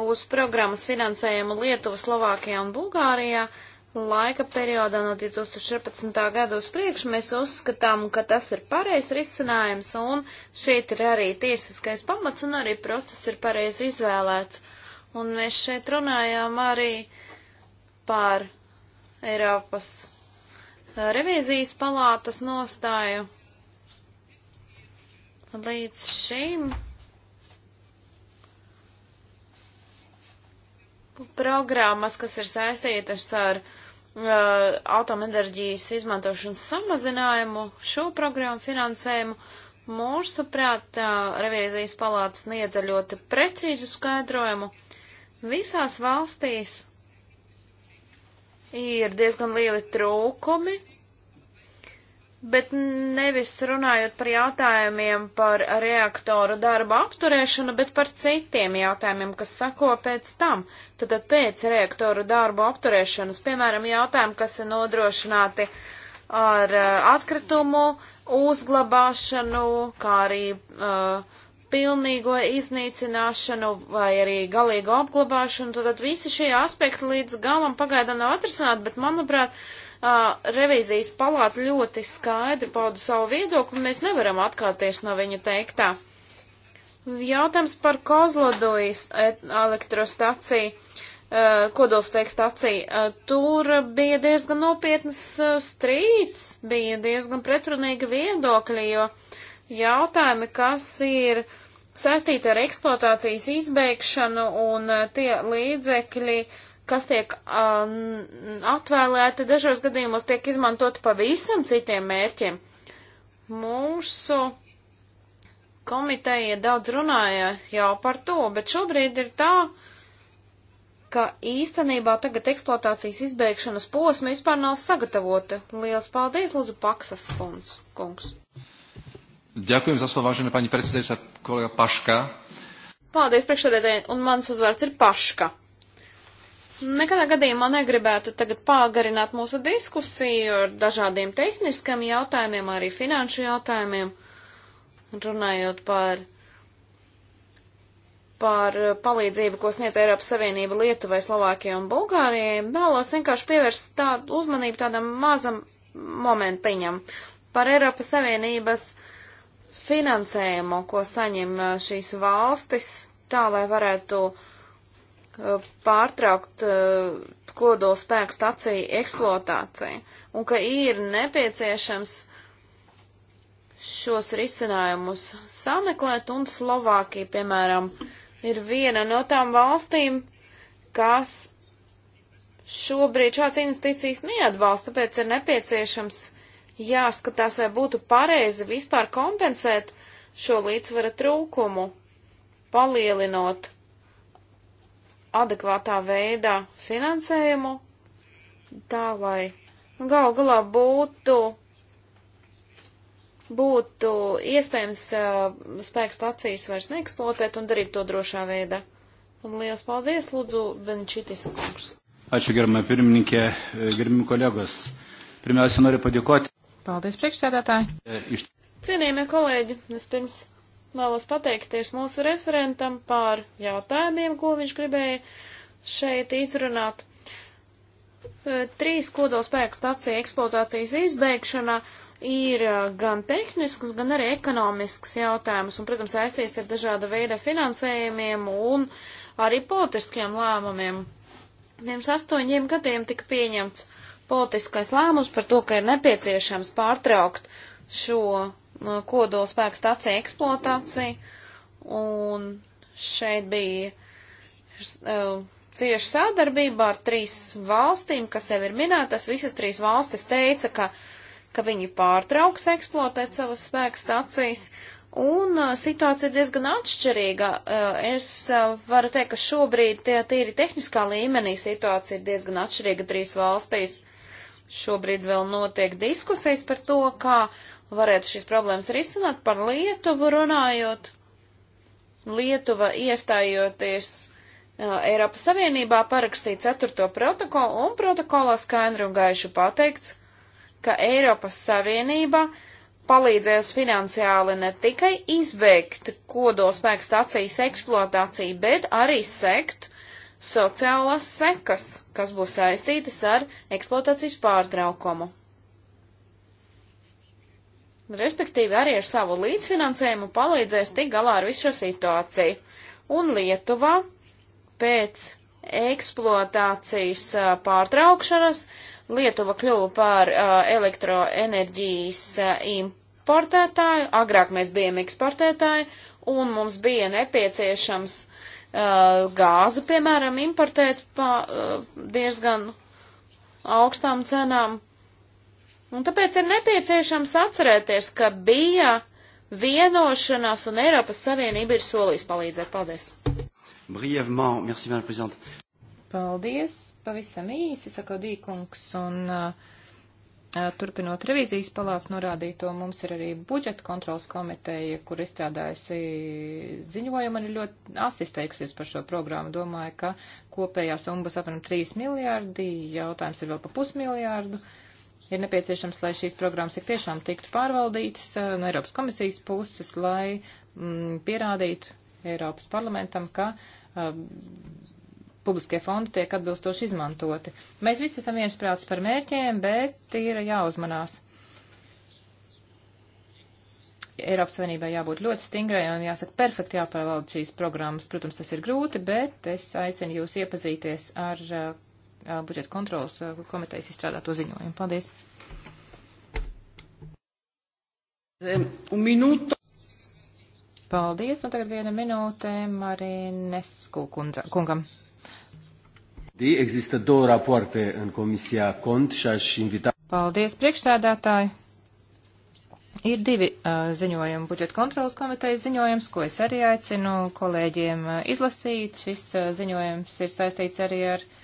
uz programmas finansējumu Lietuva, Slovākijā un Bulgārijā uh, laika periodā no 2014. gada uz priekšu mēs uzskatām, ka tas ir pareizs risinājums un šeit ir arī tiesiskais pamats un arī process ir pareizi izvēlēts. Un mēs šeit runājām arī par Eiropas revīzijas palātas nostāju. Līdz šim programmas, kas ir saistītas ar uh, Uh, atomenerģijas izmantošanas samazinājumu, šo programmu finansējumu, mūsuprāt, uh, revīzijas palātas niedza ļoti precīzu skaidrojumu. Visās valstīs ir diezgan lieli trūkumi bet nevis runājot par jautājumiem par reaktoru darba apturēšanu, bet par citiem jautājumiem, kas sako pēc tam. Tad pēc reaktoru darba apturēšanas, piemēram, jautājumi, kas ir nodrošināti ar uh, atkritumu uzglabāšanu, kā arī uh, pilnīgo iznīcināšanu vai arī galīgo apglabāšanu, tad visi šie aspekti līdz galam pagaidām nav atrisināti, bet manuprāt, uh, revīzijas palāta ļoti skaidri pauda savu viedokli, mēs nevaram atkāpties no viņa teiktā. Jautājums par Kozlodojas elektrostaciju, kodolspēka staciju. Tur bija diezgan nopietnas strīds, bija diezgan pretrunīga viedokļa, jo jautājumi, kas ir saistīti ar eksploatācijas izbeigšanu un tie līdzekļi, uh, kas tiek um, atvēlēti, dažos gadījumos tiek izmantoti pavisam citiem mērķiem. Mūsu komiteja daudz runāja jau par to, bet šobrīd ir tā, ka īstenībā tagad eksploatācijas izbeigšanas posma vispār nav sagatavota. Lielas paldies, lūdzu, Paksas funds, kungs. Ďakujem za slovo, vážená pani predsedajúca, kolega Paška. Paldies, priekšsēdētāji, un mans uzvārds ir Paška. Nekādā gadījumā negribētu tagad pāgarināt mūsu diskusiju ar dažādiem tehniskiem jautājumiem, arī finanšu jautājumiem, runājot par, par palīdzību, ko sniedz Eiropas Savienība Lietuvai, Slovākijai un Bulgārijai. Vēlos vienkārši pievērst tādu uzmanību tādam mazam momentiņam par Eiropas Savienības finansējumu, ko saņem eh, šīs valstis, tā lai varētu uh, Eh, pārtraukt uh, eh, kodola spēku staciju eksploatāciju un ka ir nepieciešams šos risinājumus sameklēt un Slovākija, piemēram, ir viena no tām valstīm, kas šobrīd šāds investīcijas neatbalsta, tāpēc ir nepieciešams jāskatās, vai būtu pareizi vispār kompensēt šo līdzsvara trūkumu, palielinot adekvātā veidā finansējumu, tā lai gal galā būtu, būtu iespējams uh, spēks stācijas vairs neeksploatēt un darīt to drošā veidā. Un liels paldies, Lūdzu, Benčitis kungs. Ačiū, gerbama pirmininkė, gerbimi kolegos. Pirmiausia, noriu padėkoti. Paldies, priekšsēdētāji. Iš... Cienījamie kolēģi, es pirms Vēlos pateikties mūsu referentam par jautājumiem, ko viņš gribēja šeit izrunāt. Trīs kodolspēka stācija eksploatācijas izbeigšana ir gan tehnisks, gan arī ekonomisks jautājums, un, protams, saistīts ar dažāda veida finansējumiem un arī politiskiem lēmumiem. Pirms astoņiem gadiem tika pieņemts politiskais lēmums par to, ka ir nepieciešams pārtraukt šo kodolspēka stācija eksploatācija, un šeit bija uh, cieši sadarbībā ar trīs valstīm, kas jau ir minētas, visas trīs valstis teica, ka, ka viņi pārtrauks eksploatēt savas spēka stācijas, Un uh, situācija ir diezgan atšķirīga. Uh, es uh, varu teikt, ka šobrīd tie tīri tehniskā līmenī situācija ir diezgan atšķirīga trīs valstīs. Šobrīd vēl notiek diskusijas par to, kā varētu šīs problēmas risināt. Par Lietuvu runājot, Lietuva iestājoties uh, Eiropas Savienībā parakstīja ceturto protokolu un protokolā skaidri un gaiši pateikts, ka Eiropas Savienība palīdzēs finansiāli ne tikai izbeigt kodolspēku stācijas eksploatāciju, bet arī sekt sociālās sekas, kas būs saistītas ar eksploatācijas pārtraukumu respektīvi arī ar savu līdzfinansējumu palīdzēs tik galā ar visu šo situāciju. Un Lietuva pēc eksploatācijas pārtraukšanas Lietuva kļuva par elektroenerģijas importētāju, agrāk mēs bijām eksportētāji, un mums bija nepieciešams gāzi, piemēram, importēt pa diezgan augstām cenām, Un tāpēc ir nepieciešams atcerēties, ka bija vienošanās un Eiropas Savienība ir solījis palīdzēt. Paldies! Brievement, merci, madame prezidente. Paldies, pavisam īsi, saka Dīkungs, un uh, turpinot revīzijas palāts norādīto, mums ir arī budžeta kontrols komiteja, kur izstrādājusi ziņojumu, man ir ļoti asistējusies par šo programmu. Domāju, ka kopējā summa būs apmēram 3 miljārdi, jautājums ir vēl pa pusmiljārdu. Uh, ir nepieciešams, lai šīs programmas tik tiešām tiktu pārvaldītas eh, no Eiropas komisijas puses, lai mm, pierādītu Eiropas parlamentam, ka mm, publiskie fondi tiek atbilstoši izmantoti. Mēs visi esam viensprāts par mērķiem, bet ir jāuzmanās. Eiropas Savienībai jābūt ļoti stingrai un jāsaka perfekti jāpārvalda šīs programmas. Protams, tas ir grūti, bet es aicinu jūs iepazīties ar uh, budžeta kontrolas komitejas izstrādāto ziņojumu. Paldies! Un minūte. Paldies, un tagad viena minūte Marinesku kungam. Există două rapoarte în Comisia Cont și aș invita. Paldies, priekšsēdētāji. Ir divi uh, ziņojumi. Budžeta kontrolas komitejas ziņojums, ko es arī aicinu kolēģiem uh, izlasīt. Šis uh, ziņojums ir saistīts arī ar uh,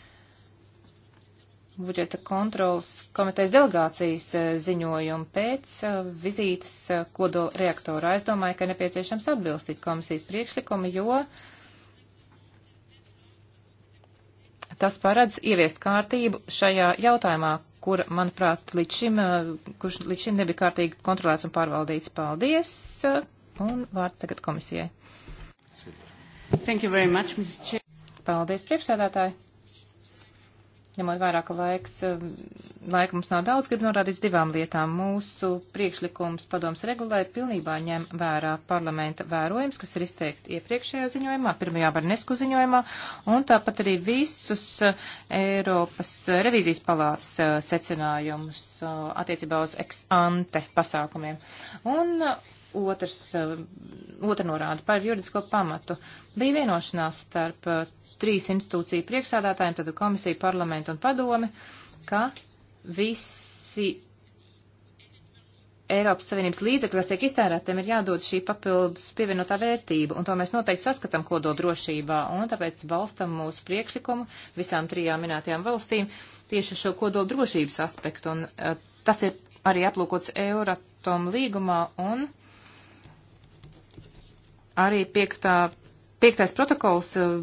budžeta kontrolas komitejas delegācijas eh, ziņojumu pēc eh, vizītes eh, kodola reaktorā. Es domāju, ka nepieciešams atbilstīt komisijas priekšlikumu, jo tas paredz ieviest kārtību šajā jautājumā, kur, manuprāt, līdz šim, kurš līdz šim nebija kārtīgi kontrolēts un pārvaldīts. Paldies! Un vārds tagad komisijai. Thank you very much, Mrs. Chair. Paldies, priekšsēdētāji! Ņemot vairāk laiks, eh, laika mums nav daudz, gribu norādīt divām lietām. Mūsu priekšlikums padoms regulē pilnībā ņem vērā parlamenta vērojums, kas ir izteikti iepriekšējā ziņojumā, pirmajā Barnesku ziņojumā, un tāpat arī visus eh, Eiropas revīzijas palātas eh, secinājumus attiecībā uz ex ante pasākumiem. Un otrs, otra norāda par juridisko pamatu. Bija vienošanās starp trīs institūciju priekšsādātājiem, tad komisija, parlamentu un padomi, ka visi Eiropas Savienības līdzekļi, kas tiek iztērētiem, ir jādod šī papildus pievienotā vērtība, un to mēs noteikti saskatām kodoldrošībā, un tāpēc balstam mūsu priekšlikumu visām trijām minētajām valstīm tieši šo kodoldrošības aspektu, un uh, tas ir arī aplūkots Euratom līgumā, un arī piektā, piektais protokols uh,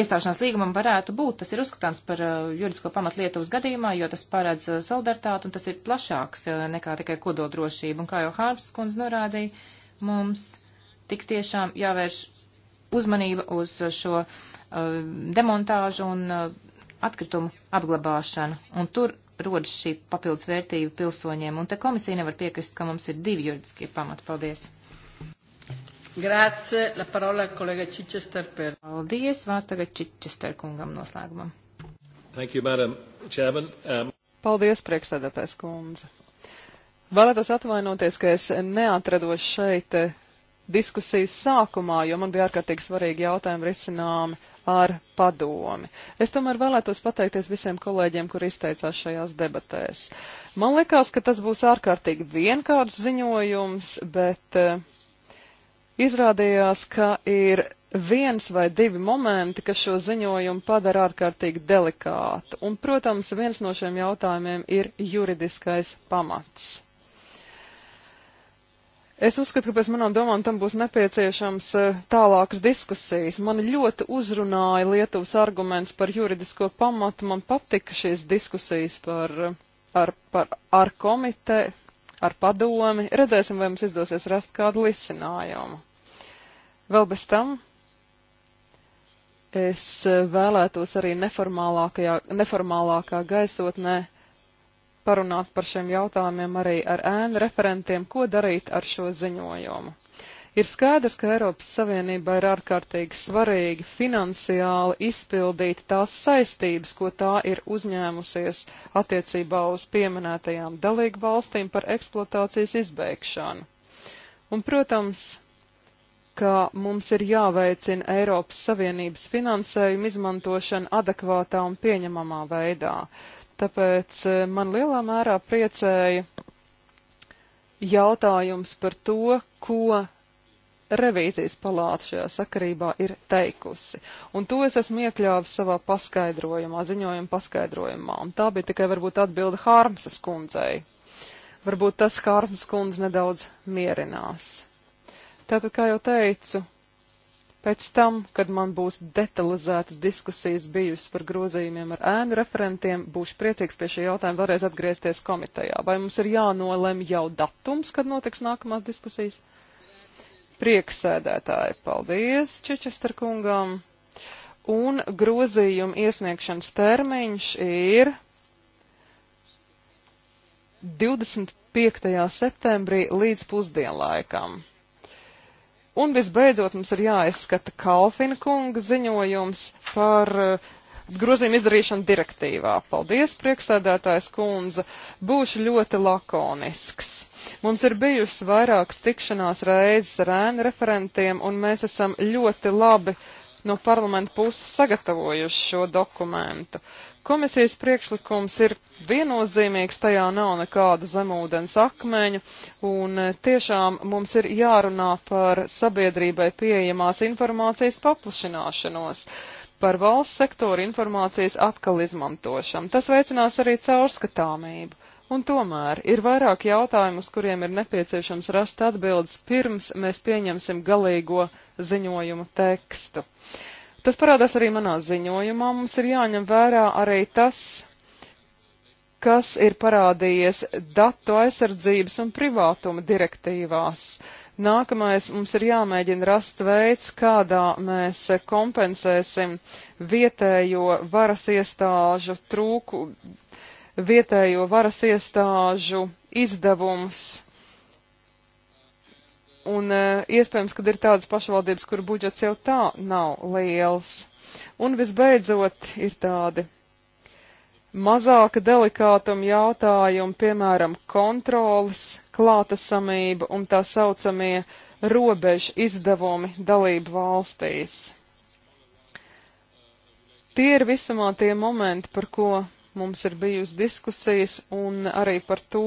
iestāšanās līgumam varētu būt. Tas ir uzskatāms par uh, juridisko pamatu Lietuvas gadījumā, jo tas paredz uh, solidaritāti un tas ir plašāks uh, nekā tikai kododrošība. Un kā jau Hārps kundze norādīja, mums tik tiešām jāvērš uzmanība uz šo uh, demontāžu un uh, atkritumu apglabāšanu. Un tur rodas šī papildus vērtība pilsoņiem. Un te komisija nevar piekrist, ka mums ir divi juridiskie pamati. Paldies! Grāce, la parola kolēga Čičester per. Paldies, vārds tagad Čičester kungam noslēgumam. Thank you, Madam Chairman. Um... Paldies, priekšsēdētājs kundze. Vēlētos atvainoties, ka es neatrados šeit eh, diskusijas sākumā, jo man bija ārkārtīgi svarīgi jautājumi risināmi ar padomi. Es tomēr vēlētos pateikties visiem kolēģiem, kur izteicās šajās debatēs. Man likās, ka tas būs ārkārtīgi vienkāršs ziņojums, bet uh, Izrādījās, ka ir viens vai divi momenti, kas šo ziņojumu padara ārkārtīgi delikātu, un, protams, viens no šiem jautājumiem ir juridiskais pamats. Es uzskatu, ka pēc manām domām tam būs nepieciešams e, tālākas diskusijas. Man ļoti uzrunāja Lietuvas arguments par juridisko pamatu, man patika šīs diskusijas par, e, ar, par, ar komite, ar padomi. Redzēsim, vai mums izdosies rast kādu lisinājumu. Vēl bez tam es vēlētos arī neformālākā gaisotnē parunāt par šiem jautājumiem arī ar ēnu referentiem, ko darīt ar šo ziņojumu. Ir skaidrs, ka Eiropas Savienībā ir ārkārtīgi svarīgi finansiāli izpildīt tās saistības, ko tā ir uzņēmusies attiecībā uz pieminētajām dalību valstīm par eksploatācijas izbeigšanu. Un, protams, ka mums ir jāveicina Eiropas Savienības finansējuma izmantošana adekvātā un pieņemamā veidā. Tāpēc eh, man lielā mērā priecēja jautājums par to, ko revīzijas palāta šajā sakarībā ir teikusi. Un to es esmu iekļāvis savā paskaidrojumā, ziņojuma paskaidrojumā. Un tā bija tikai varbūt atbilde Hārmsas kundzei. Varbūt tas Hārmsas kundze nedaudz mierinās. Tātad, kā jau teicu, pēc tam, kad man būs detalizētas diskusijas bijusi par grozījumiem ar ēnu referentiem, būšu priecīgs pie šī jautājuma vēlreiz atgriezties komitejā. Vai mums ir jānolem jau datums, kad notiks nākamās diskusijas? Prieksēdētāji, paldies Čečester kungam. Un grozījuma iesniegšanas termiņš ir 25. septembrī līdz pusdienlaikam. Un visbeidzot mums ir jāizskata Kalfina kunga ziņojums par uh, grozījuma izdarīšanu direktīvā. Paldies, priekšsēdētājs kundze, būšu ļoti lakonisks. Mums ir bijusi vairākas tikšanās reizes ar ēnu referentiem, un mēs esam ļoti labi no parlamenta puses sagatavojuši šo dokumentu. Komisijas priekšlikums ir viennozīmīgs, tajā nav nekāda zemūdens akmeņu, un eh, tiešām mums ir jārunā par sabiedrībai pieejamās informācijas paplašināšanos par valsts sektoru informācijas atkal izmantošanu. Tas veicinās arī caurskatāmību. Un tomēr ir vairāk jautājumu, uz kuriem ir nepieciešams rast atbildes pirms mēs pieņemsim galīgo ziņojumu tekstu. Tas parādās arī manā ziņojumā. Mums ir jāņem vērā arī tas, kas ir parādījies datu aizsardzības un privātuma direktīvās. Nākamais mums ir jāmēģina rast veids, kādā mēs kompensēsim vietējo varas iestāžu trūku, vietējo varas iestāžu izdevumus. Un e, iespējams, ka ir tādas pašvaldības, kur budžets jau tā nav liels. Un visbeidzot ir tādi mazāka delikātuma jautājumi, piemēram, kontrolas, klātesamība un tā saucamie robežu izdevumi dalību valstīs. Tie ir visamā tie momenti, par ko mums ir bijusi diskusijas un arī par to,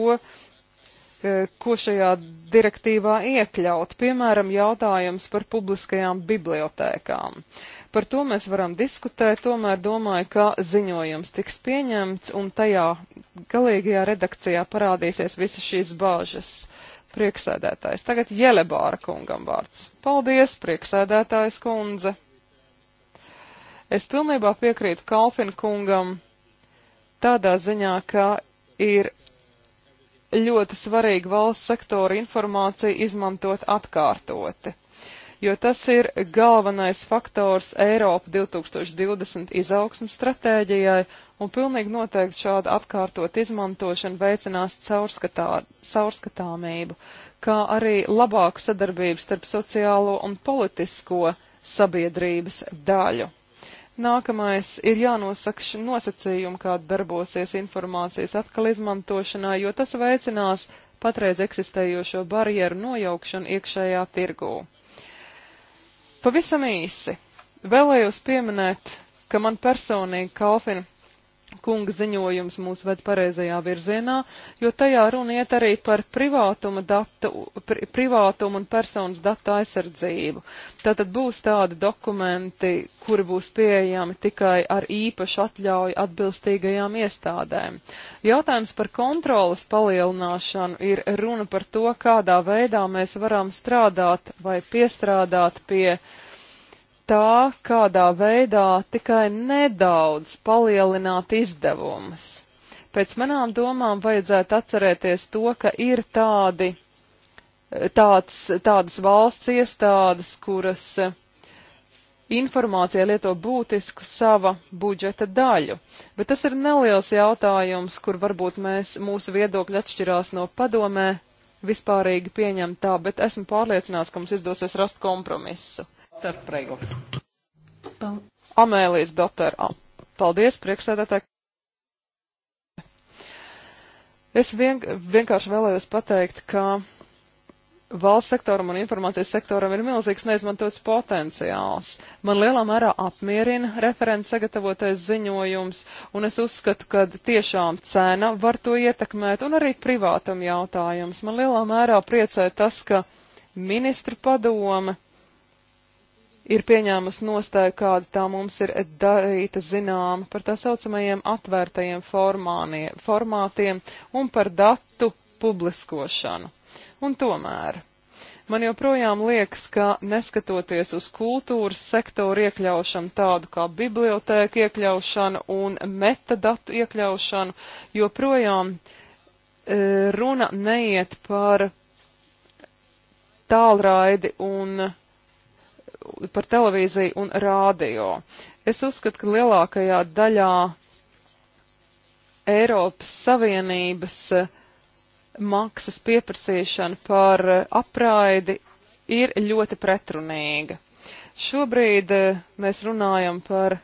ko šajā direktīvā iekļaut, piemēram, jautājums par publiskajām bibliotēkām. Par to mēs varam diskutēt, tomēr domāju, ka ziņojums tiks pieņemts un tajā galīgajā redakcijā parādīsies visas šīs bāžas. Prieksēdētājs. Tagad Jelebāra kungam vārds. Paldies, prieksēdētājs kundze. Es pilnībā piekrītu Kalfin kungam tādā ziņā, ka ir ļoti svarīgi valsts sektora informāciju izmantot atkārtoti, jo tas ir galvenais faktors Eiropa 2020 izaugsmas stratēģijai, un pilnīgi noteikti šāda atkārtot izmantošana veicinās caurskatā, caurskatāmību, kā arī labāku sadarbību starp sociālo un politisko sabiedrības daļu. Nākamais ir jānosaka nosacījumi, kā darbosies informācijas atkal izmantošanā, jo tas veicinās patreiz eksistējošo barjeru nojaukšanu iekšējā tirgū. Pavisam īsi vēlējos pieminēt, ka man personīgi Kalfina kunga ziņojums mūs ved pareizajā virzienā, jo tajā runa iet arī par privātuma, datu, pri, privātuma un personas datu aizsardzību. Tātad būs tādi dokumenti, kuri būs pieejami tikai ar īpašu atļauju atbilstīgajām iestādēm. Jautājums par kontrolas palielināšanu ir runa par to, kādā veidā mēs varam strādāt vai piestrādāt pie uh, tā, kādā veidā tikai nedaudz palielināt izdevumus. Pēc manām domām vajadzētu atcerēties to, ka ir tādi, tāds, tādas valsts iestādes, kuras eh, informācija lieto būtisku sava budžeta daļu. Bet tas ir neliels jautājums, kur varbūt mēs, mūsu viedokļi atšķirās no padomē vispārīgi pieņemtā, bet esmu pārliecināts, ka mums izdosies rast kompromisu. Dotter, prego. Pal Amēlijas Dotter. Paldies, priekšsēdētāji. Es vien, vienkārši vēlējos pateikt, ka valsts sektoram un informācijas sektoram ir milzīgs neizmantots potenciāls. Man lielā mērā apmierina referents sagatavotais ziņojums, un es uzskatu, ka tiešām cena var to ietekmēt, un arī privātam jautājums. Man lielā mērā priecē tas, ka ministru padome ir pieņēmusi nostāju, kāda tā mums ir darīta zināma par tā saucamajiem atvērtajiem formānie, formātiem un par datu publiskošanu. Un tomēr. Man joprojām liekas, ka neskatoties uz kultūras sektoru iekļaušanu, tādu kā bibliotēku iekļaušanu un metadatu iekļaušanu, joprojām e, runa neiet par tālraidi un par televīziju un rādio. Es uzskatu, ka lielākajā daļā Eiropas Savienības eh, maksas pieprasīšana par eh, apraidi ir ļoti pretrunīga. Šobrīd eh, mēs runājam par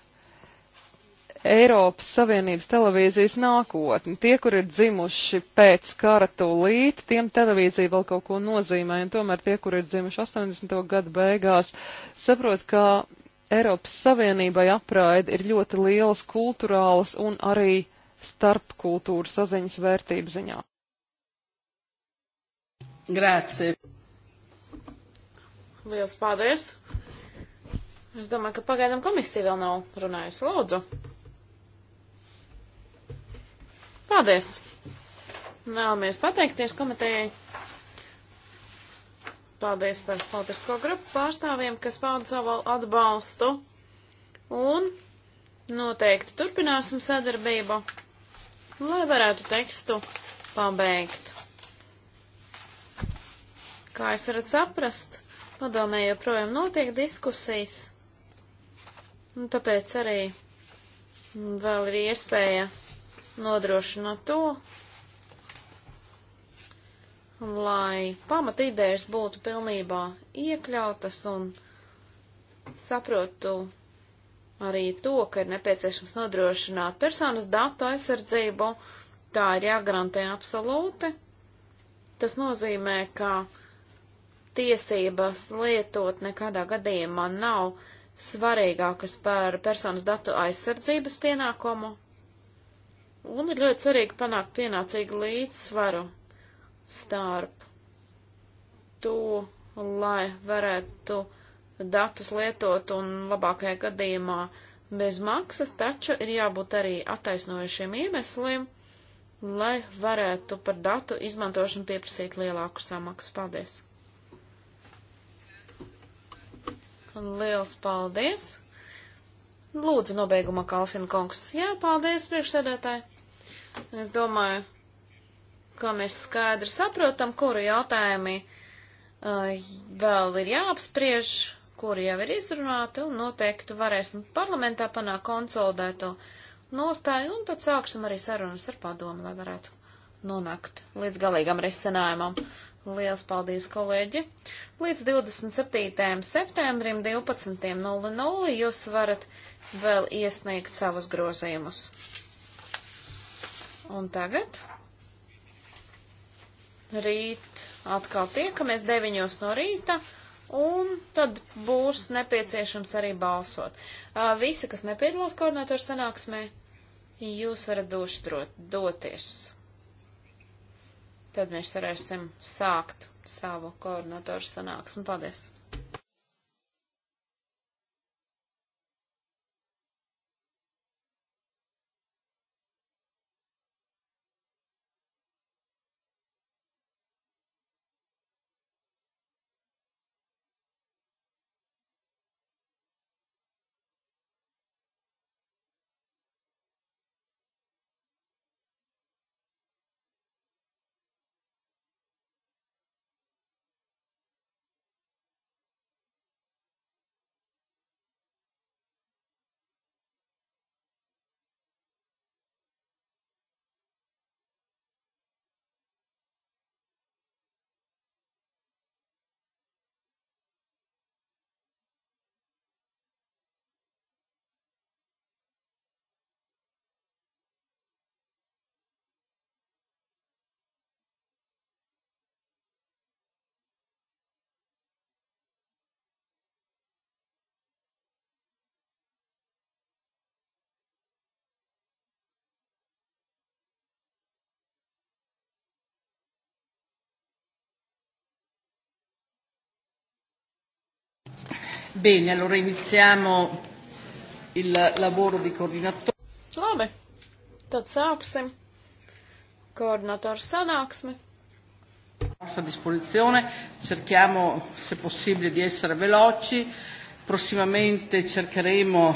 Eiropas Savienības televīzijas nākotni. Tie, kur ir dzimuši pēc kara tūlīt, tiem televīzija vēl kaut ko nozīmē, un tomēr tie, kur ir dzimuši 80. gadu beigās, saprot, ka Eiropas Savienībai apraida ir ļoti lielas kulturālas un arī starpkultūru saziņas vērtību ziņā. Grāci. Liels paldies! Es domāju, ka pagaidām komisija vēl nav runājusi. Lūdzu! Paldies! Vēlamies pateikties komitejai. Paldies par politisko grupu pārstāvjiem, kas pauda savu atbalstu. Un noteikti turpināsim sadarbību, lai varētu tekstu pabeigt. Kā es varat saprast, padomē joprojām notiek diskusijas. Un tāpēc arī vēl ir iespēja nodrošināt to, lai pamatīdējas būtu pilnībā iekļautas un saprotu arī to, ka ir nepieciešams nodrošināt personas datu aizsardzību. Tā ir jāgarantē absolūti. Tas nozīmē, ka tiesības lietot nekādā gadījumā nav svarīgākas par personas datu aizsardzības pienākumu. Un ir ļoti svarīgi panākt pienācīgu līdzsvaru starp to, lai varētu datus lietot un labākajā gadījumā bez maksas, taču ir jābūt arī attaisnojušiem iemesliem, lai varētu par datu izmantošanu pieprasīt lielāku samaksu. Paldies! Liels paldies! Lūdzu, nobeigumā Kalfina kungs. Jā, paldies, priekšsēdētāji! Es domāju, ka mēs skaidri saprotam, kuri jautājumi uh, vēl ir jāapspriež, kuri jau ir izrunāti, un noteikti varēsim parlamentā panākt konsolidēto nostāju, un tad sāksim arī sarunas ar padomu, lai varētu nonākt līdz galīgam risinājumam. Lielas paldies, kolēģi! Līdz 27. septembrim 12.00 jūs varat vēl iesniegt savus grozījumus. Un tagad rīt atkal tiekamies 9 no rīta, un tad būs nepieciešams arī balsot. Visi, kas nepiedalās koordinatoru sanāksmē, jūs varat došdrot, doties. Tad mēs varēsim sākt savu koordinatoru sanāksmi. Paldies! Bene, allora iniziamo il lavoro di coordinatore. Labi, tad sāksim koordinatoru sanāksmi. A disposizione, cerchiamo se possibile di essere veloci. Prossimamente cercheremo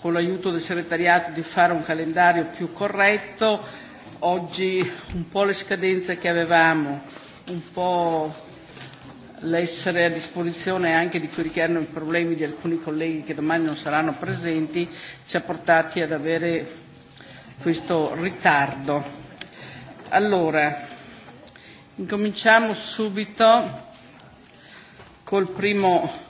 con l'aiuto del segretariato di fare un calendario più corretto. Oggi un po' le scadenze che avevamo, un po' l'essere a disposizione anche di quelli che erano i problemi di alcuni colleghi che domani non saranno presenti ci ha portati ad avere questo ritardo. Allora, incominciamo subito col primo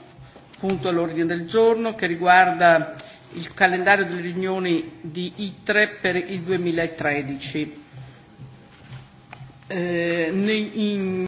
punto all'ordine del giorno che riguarda il calendario delle riunioni di ITRE per il 2013. Eh, in